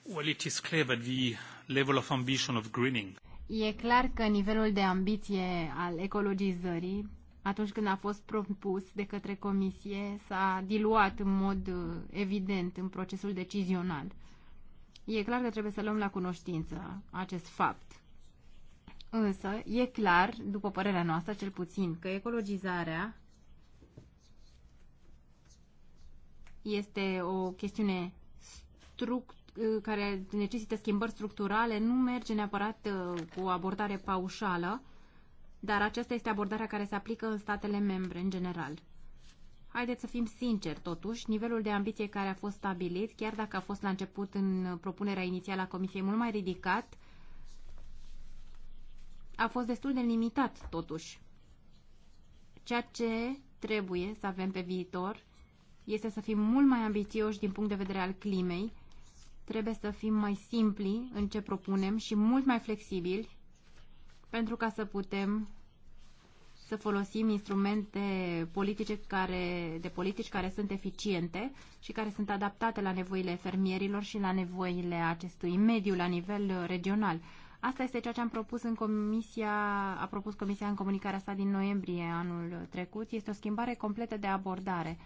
Well, it is clear that the level of ambition of greening E clar că nivelul de ambiție al ecologizării atunci când a fost propus de către comisie, s-a diluat în mod uh, evident în procesul decizional. E clar că trebuie să luăm la cunoștință acest fapt. Însă, e clar, după părerea noastră cel puțin, că ecologizarea este o chestiune uh, care necesită schimbări structurale, nu merge neapărat uh, cu o abordare paușală, dar aceasta este abordarea care se aplică în statele membre, în general. Haideți să fim sinceri, totuși, nivelul de ambiție care a fost stabilit, chiar dacă a fost la început în propunerea inițială a Comisiei mult mai ridicat, a fost destul de limitat, totuși. Ceea ce trebuie să avem pe viitor este să fim mult mai ambițioși din punct de vedere al climei, trebuie să fim mai simpli în ce propunem și mult mai flexibili pentru ca să putem să folosim instrumente politice care, de politici care sunt eficiente și care sunt adaptate la nevoile fermierilor și la nevoile acestui mediu la nivel regional. Asta este ceea ce am propus în comisia, a propus comisia în comunicarea sa din noiembrie anul trecut. Este o schimbare completă de abordare.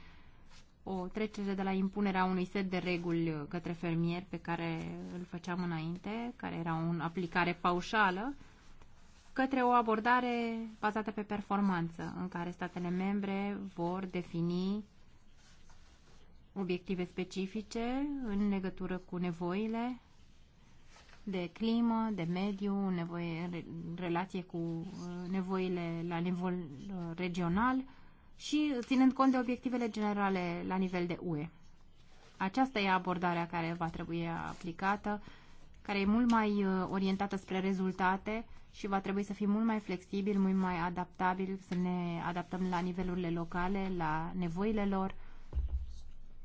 O trecere de la impunerea unui set de reguli către fermier pe care îl făceam înainte, care era o aplicare paușală, către o abordare bazată pe performanță, în care statele membre vor defini obiective specifice în legătură cu nevoile de climă, de mediu, nevoie, în relație cu uh, nevoile la nivel uh, regional și ținând cont de obiectivele generale la nivel de UE. Aceasta e abordarea care va trebui aplicată, care e mult mai uh, orientată spre rezultate și va trebui să fim mult mai flexibili, mult mai adaptabili, să ne adaptăm la nivelurile locale, la nevoile lor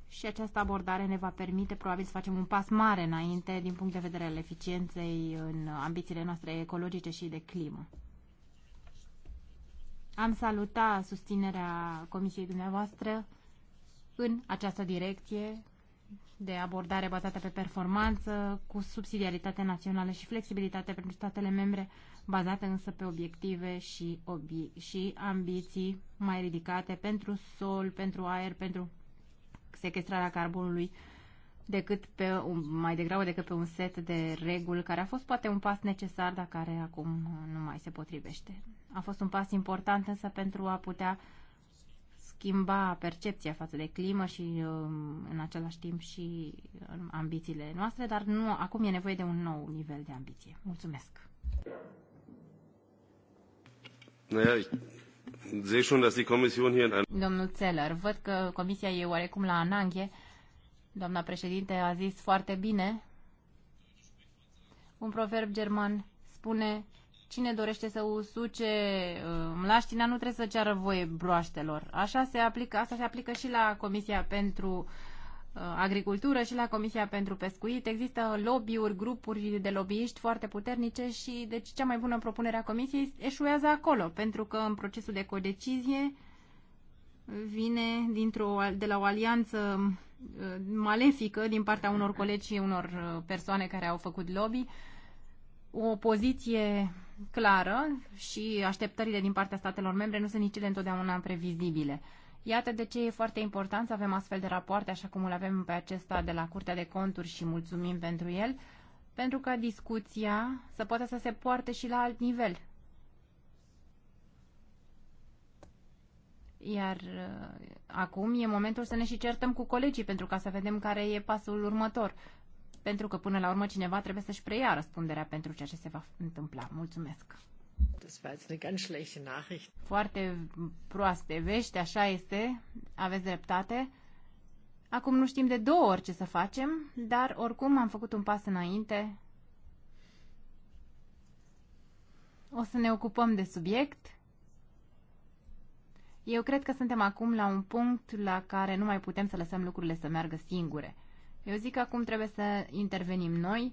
și această abordare ne va permite probabil să facem un pas mare înainte din punct de vedere al eficienței în ambițiile noastre ecologice și de climă. Am salutat susținerea Comisiei dumneavoastră în această direcție de abordare bazată pe performanță, cu subsidiaritate națională și flexibilitate pentru statele membre bazate însă pe obiective și, obi- și ambiții mai ridicate pentru sol, pentru aer, pentru sequestrarea carbonului, decât pe un, mai degrabă decât pe un set de reguli care a fost poate un pas necesar, dar care acum nu mai se potrivește. A fost un pas important însă pentru a putea schimba percepția față de climă și um, în același timp și um, ambițiile noastre, dar nu, acum e nevoie de un nou nivel de ambiție. Mulțumesc! Domnul Zeller, văd că comisia e oarecum la ananghe. Doamna președinte a zis foarte bine. Un proverb german spune, cine dorește să usuce uh, mlaștina nu trebuie să ceară voie broaștelor. Așa se aplică, asta se aplică și la Comisia pentru Uh, agricultură și la Comisia pentru Pescuit. Există lobby-uri, grupuri de lobbyiști foarte puternice și deci cea mai bună propunere a Comisiei eșuează acolo, pentru că în procesul de codecizie vine dintr-o, de la o alianță uh, malefică din partea unor colegi și unor uh, persoane care au făcut lobby o poziție clară și așteptările din partea statelor membre nu sunt nici ele întotdeauna previzibile. Iată de ce e foarte important să avem astfel de rapoarte, așa cum îl avem pe acesta de la Curtea de Conturi și mulțumim pentru el, pentru ca discuția să poată să se poarte și la alt nivel. Iar uh, acum e momentul să ne și certăm cu colegii pentru ca să vedem care e pasul următor. Pentru că până la urmă cineva trebuie să-și preia răspunderea pentru ceea ce se va întâmpla. Mulțumesc! Foarte proaste vești, așa este, aveți dreptate. Acum nu știm de două ori ce să facem, dar oricum am făcut un pas înainte. O să ne ocupăm de subiect. Eu cred că suntem acum la un punct la care nu mai putem să lăsăm lucrurile să meargă singure. Eu zic că acum trebuie să intervenim noi,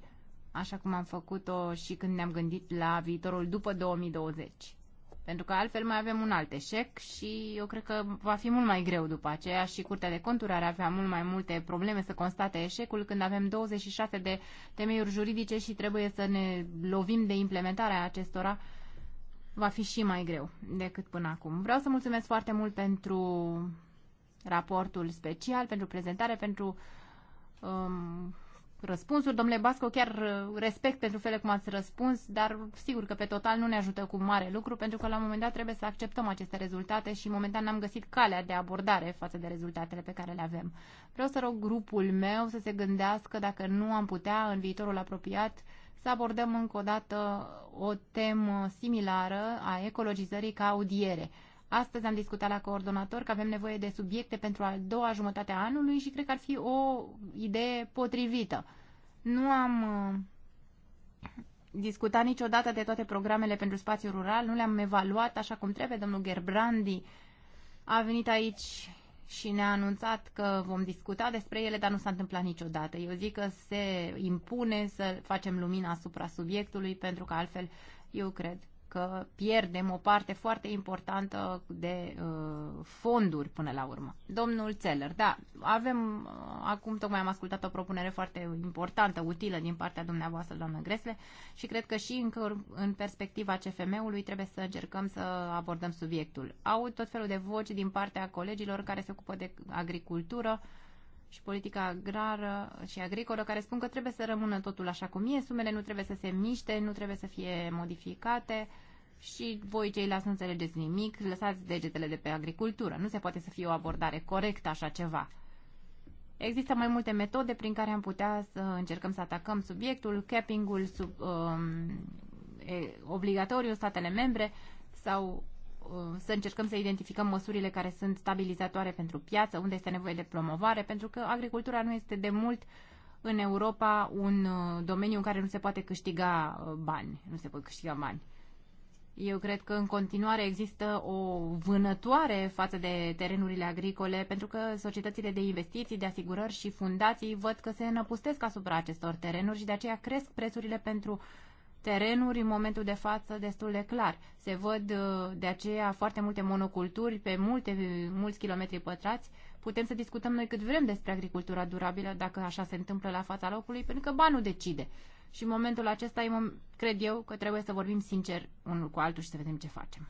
așa cum am făcut-o și când ne-am gândit la viitorul după 2020. Pentru că altfel mai avem un alt eșec și eu cred că va fi mult mai greu după aceea și Curtea de Conturi ar avea mult mai multe probleme să constate eșecul când avem 26 de temeiuri juridice și trebuie să ne lovim de implementarea acestora va fi și mai greu decât până acum. Vreau să mulțumesc foarte mult pentru raportul special, pentru prezentare, pentru um, răspunsuri. Domnule Basco, chiar uh, respect pentru felul cum ați răspuns, dar sigur că pe total nu ne ajută cu mare lucru, pentru că la un moment dat trebuie să acceptăm aceste rezultate și momentan n-am găsit calea de abordare față de rezultatele pe care le avem. Vreau să rog grupul meu să se gândească dacă nu am putea în viitorul apropiat să abordăm încă o dată o temă similară a ecologizării ca audiere. Astăzi am discutat la coordonator că avem nevoie de subiecte pentru a doua jumătate a anului și cred că ar fi o idee potrivită. Nu am uh, discutat niciodată de toate programele pentru spațiu rural, nu le-am evaluat așa cum trebuie. Domnul Gerbrandi a venit aici și ne-a anunțat că vom discuta despre ele, dar nu s-a întâmplat niciodată. Eu zic că se impune să facem lumina asupra subiectului, pentru că altfel eu cred că pierdem o parte foarte importantă de uh, fonduri până la urmă. Domnul Țeller, da, avem, uh, acum tocmai am ascultat o propunere foarte importantă, utilă din partea dumneavoastră, doamnă Gresle, și cred că și încă în perspectiva CFM-ului trebuie să încercăm să abordăm subiectul. Au tot felul de voci din partea colegilor care se ocupă de agricultură, și politica agrară și agricolă care spun că trebuie să rămână totul așa cum e, sumele nu trebuie să se miște, nu trebuie să fie modificate și voi ceilalți nu înțelegeți nimic, lăsați degetele de pe agricultură. Nu se poate să fie o abordare corectă așa ceva. Există mai multe metode prin care am putea să încercăm să atacăm subiectul, capping-ul sub, um, e, obligatoriu statele membre sau um, să încercăm să identificăm măsurile care sunt stabilizatoare pentru piață, unde este nevoie de promovare, pentru că agricultura nu este de mult în Europa un uh, domeniu în care nu se poate câștiga uh, bani, nu se pot câștiga bani. Eu cred că în continuare există o vânătoare față de terenurile agricole, pentru că societățile de investiții, de asigurări și fundații văd că se înăpustesc asupra acestor terenuri și de aceea cresc prețurile pentru terenuri în momentul de față destul de clar. Se văd uh, de aceea foarte multe monoculturi pe multe, mulți kilometri pătrați. Putem să discutăm noi cât vrem despre agricultura durabilă dacă așa se întâmplă la fața locului, pentru că banul decide. Și în momentul acesta cred eu că trebuie să vorbim sincer unul cu altul și să vedem ce facem.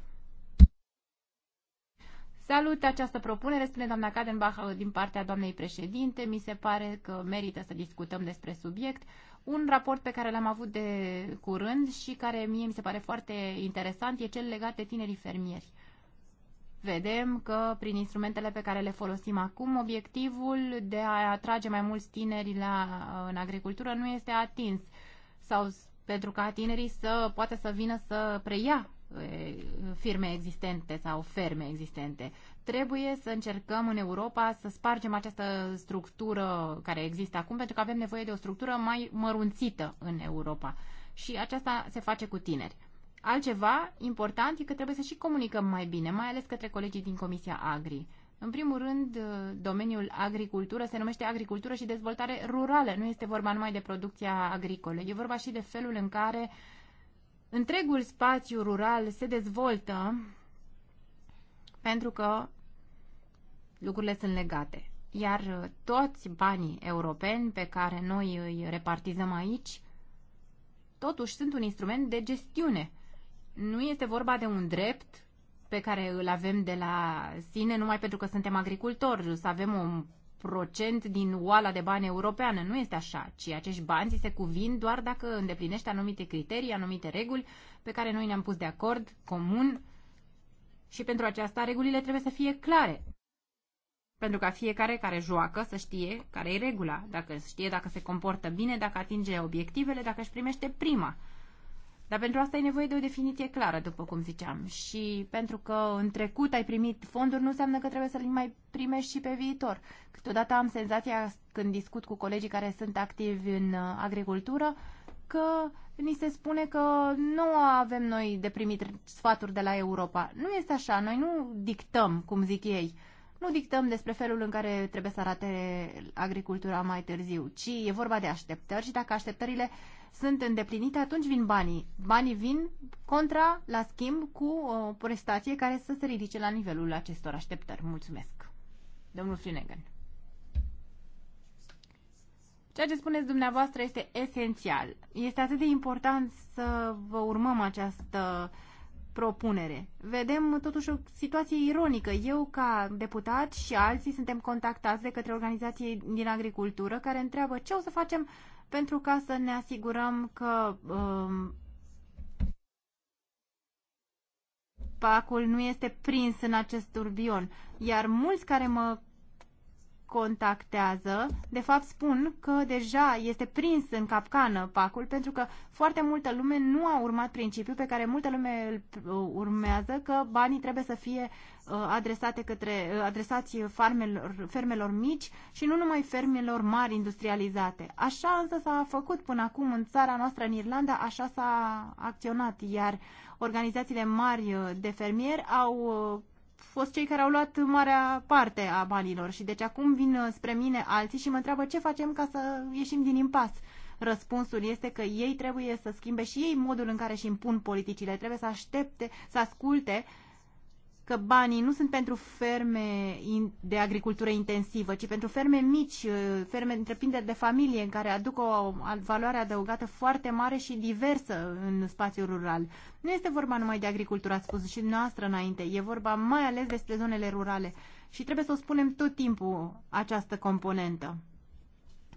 Salut această propunere, spune doamna Kadenbach uh, din partea doamnei președinte. Mi se pare că merită să discutăm despre subiect. Un raport pe care l-am avut de curând și care mie mi se pare foarte interesant e cel legat de tinerii fermieri. Vedem că prin instrumentele pe care le folosim acum, obiectivul de a atrage mai mulți tineri la, uh, în agricultură nu este atins sau pentru ca tinerii să poată să vină să preia firme existente sau ferme existente. Trebuie să încercăm în Europa să spargem această structură care există acum, pentru că avem nevoie de o structură mai mărunțită în Europa. Și aceasta se face cu tineri. Altceva important e că trebuie să și comunicăm mai bine, mai ales către colegii din Comisia Agri. În primul rând, uh, domeniul agricultură se numește agricultură și dezvoltare rurală. Nu este vorba numai de producția agricolă, e vorba și de felul în care întregul spațiu rural se dezvoltă pentru că lucrurile sunt legate. Iar uh, toți banii europeni pe care noi îi repartizăm aici, totuși sunt un instrument de gestiune. Nu este vorba de un drept pe care îl avem de la sine numai pentru că suntem agricultori, să avem un procent din oala de bani europeană. Nu este așa, ci acești bani ți se cuvin doar dacă îndeplinești anumite criterii, anumite reguli pe care noi ne-am pus de acord comun și pentru aceasta regulile trebuie să fie clare. Pentru ca fiecare care joacă să știe care e regula, dacă știe dacă se comportă bine, dacă atinge obiectivele, dacă își primește prima. Dar pentru asta ai nevoie de o definiție clară, după cum ziceam. Și pentru că în trecut ai primit fonduri, nu înseamnă că trebuie să le mai primești și pe viitor. Câteodată am senzația, când discut cu colegii care sunt activi în uh, agricultură, că ni se spune că nu avem noi de primit sfaturi de la Europa. Nu este așa, noi nu dictăm, cum zic ei, nu dictăm despre felul în care trebuie să arate agricultura mai târziu, ci e vorba de așteptări și dacă așteptările sunt îndeplinite, atunci vin banii. Banii vin contra, la schimb, cu o uh, prestație care să se ridice la nivelul acestor așteptări. Mulțumesc. Domnul Flinegan. Ceea ce spuneți dumneavoastră este esențial. Este atât de important să vă urmăm această propunere. Vedem totuși o situație ironică. Eu, ca deputat și alții, suntem contactați de către organizații din agricultură care întreabă ce o să facem pentru ca să ne asigurăm că um, pacul nu este prins în acest turbion. Iar mulți care mă contactează, de fapt spun că deja este prins în capcană pacul pentru că foarte multă lume nu a urmat principiul pe care multă lume îl uh, urmează că banii trebuie să fie uh, adresate către, uh, adresați farmelor, fermelor mici și nu numai fermelor mari industrializate. Așa însă s-a făcut până acum în țara noastră, în Irlanda, așa s-a acționat, iar organizațiile mari de fermieri au fost cei care au luat marea parte a banilor și deci acum vin uh, spre mine alții și mă întreabă ce facem ca să ieșim din impas. Răspunsul este că ei trebuie să schimbe și ei modul în care își impun politicile, trebuie să aștepte, să asculte că banii nu sunt pentru ferme de agricultură intensivă, ci pentru ferme mici, uh, ferme întreprinderi de familie, în care aduc o valoare adăugată foarte mare și diversă în spațiul rural. Nu este vorba numai de agricultură, ați spus și noastră înainte, e vorba mai ales despre zonele rurale și trebuie să o spunem tot timpul această componentă.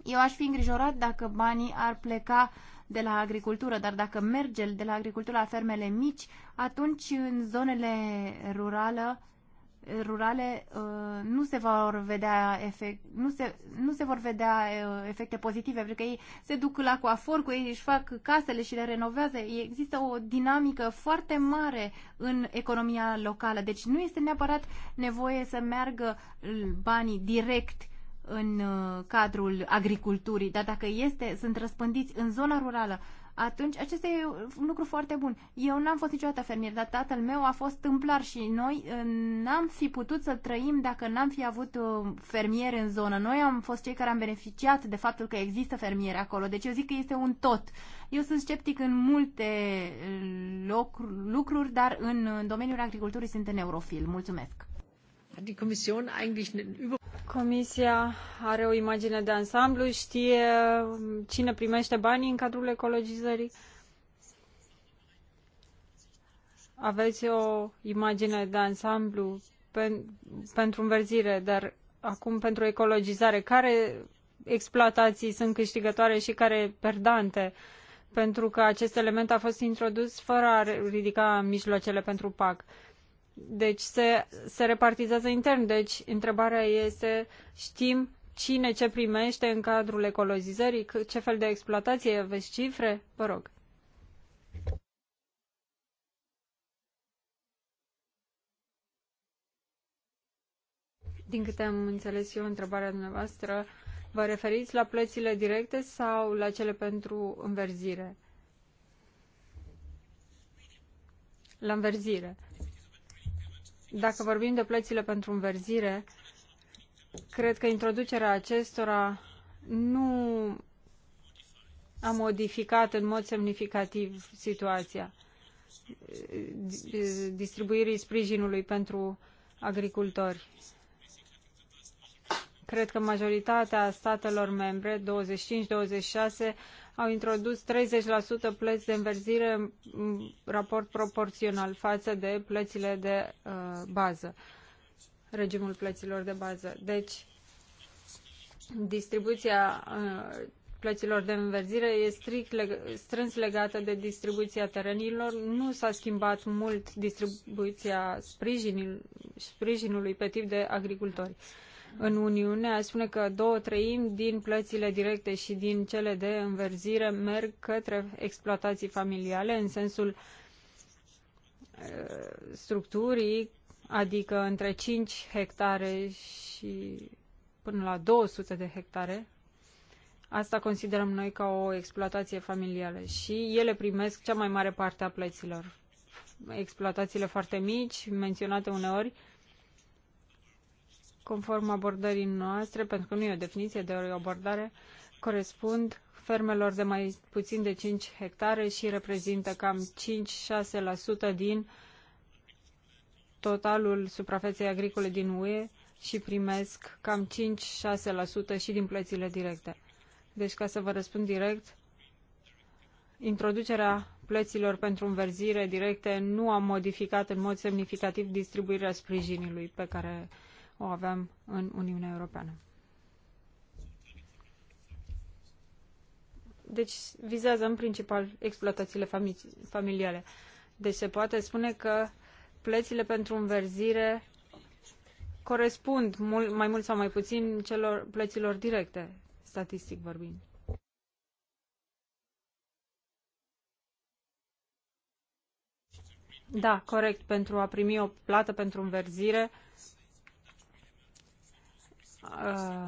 Eu aș fi îngrijorat dacă banii ar pleca de la agricultură, dar dacă merge de la agricultură la fermele mici, atunci în zonele rurale rurale uh, nu se vor vedea efect, nu se, nu se vor vedea uh, efecte pozitive, pentru că ei se duc la coafor cu ei, își fac casele și le renovează. Există o dinamică foarte mare în economia locală, deci nu este neapărat nevoie să meargă banii direct în uh, cadrul agriculturii, dar dacă este, sunt răspândiți în zona rurală, atunci acesta e un lucru foarte bun. Eu n-am fost niciodată fermier, dar tatăl meu a fost tâmplar și noi uh, n-am fi putut să trăim dacă n-am fi avut uh, fermier în zonă. Noi am fost cei care am beneficiat de faptul că există fermieri acolo, deci eu zic că este un tot. Eu sunt sceptic în multe loc, lucruri, dar în domeniul agriculturii sunt în eurofil. Mulțumesc! Comisia are o imagine de ansamblu, știe um, cine primește banii în cadrul ecologizării? Aveți o imagine de ansamblu pen, pentru înverzire, dar acum pentru ecologizare, care exploatații sunt câștigătoare și care perdante? Pentru că acest element a fost introdus fără a ridica mijloacele pentru PAC. Deci se, se repartizează intern. Deci întrebarea este, știm cine ce primește în cadrul ecologizării, ce fel de exploatație, aveți cifre? Vă rog. Din câte am înțeles eu întrebarea dumneavoastră, vă referiți la plățile directe sau la cele pentru înverzire? La înverzire. Dacă vorbim de plățile pentru înverzire, cred că introducerea acestora nu a modificat în mod semnificativ situația distribuirii sprijinului pentru agricultori. Cred că majoritatea statelor membre, 25-26, au introdus 30% plăți de înverzire în raport proporțional față de plățile de uh, bază, regimul plăților de bază. Deci, distribuția uh, plăților de înverzire e strict leg strâns legată de distribuția terenilor. Nu s-a schimbat mult distribuția sprijinului pe tip de agricultori. Uh, în Uniune, aș spune că două treimi din plățile directe și din cele de înverzire merg către exploatații familiale în sensul uh, structurii, adică între 5 hectare și până la 200 de hectare. Asta considerăm noi ca o exploatație familială și ele primesc cea mai mare parte a plăților. Exploatațiile foarte mici, menționate uneori, conform abordării noastre, pentru că nu e o definiție de o abordare, corespund fermelor de mai puțin de 5 hectare și reprezintă cam 5-6% din totalul suprafeței agricole din UE și primesc cam 5-6% și din plățile directe. Deci, ca să vă răspund direct, introducerea plăților pentru înverzire directe nu a modificat în mod semnificativ distribuirea sprijinului pe care o avem în Uniunea Europeană. Deci vizează în principal exploatațiile famili- familiale. Deci se poate spune că plățile pentru înverzire corespund mult, mai mult sau mai puțin celor plăților directe, statistic vorbind. Da, corect. Pentru a primi o plată pentru înverzire, Uh,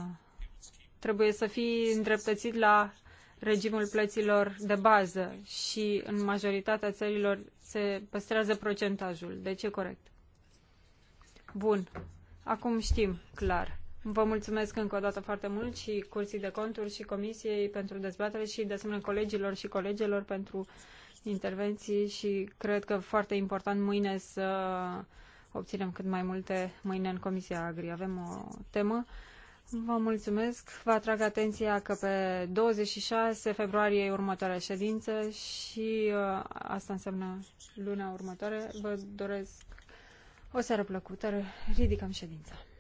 trebuie să fii îndreptățit la regimul plăților de bază și în majoritatea țărilor se păstrează procentajul. Deci e corect. Bun. Acum știm clar. Vă mulțumesc încă o dată foarte mult și Curții de Conturi și Comisiei pentru dezbatere și de asemenea colegilor și colegelor pentru intervenții și cred că foarte important mâine să obținem cât mai multe mâine în Comisia Agri. Avem o temă. Vă mulțumesc. Vă atrag atenția că pe 26 februarie e următoarea ședință și uh, asta înseamnă luna următoare. Vă doresc o seară plăcută. Ridicăm ședința.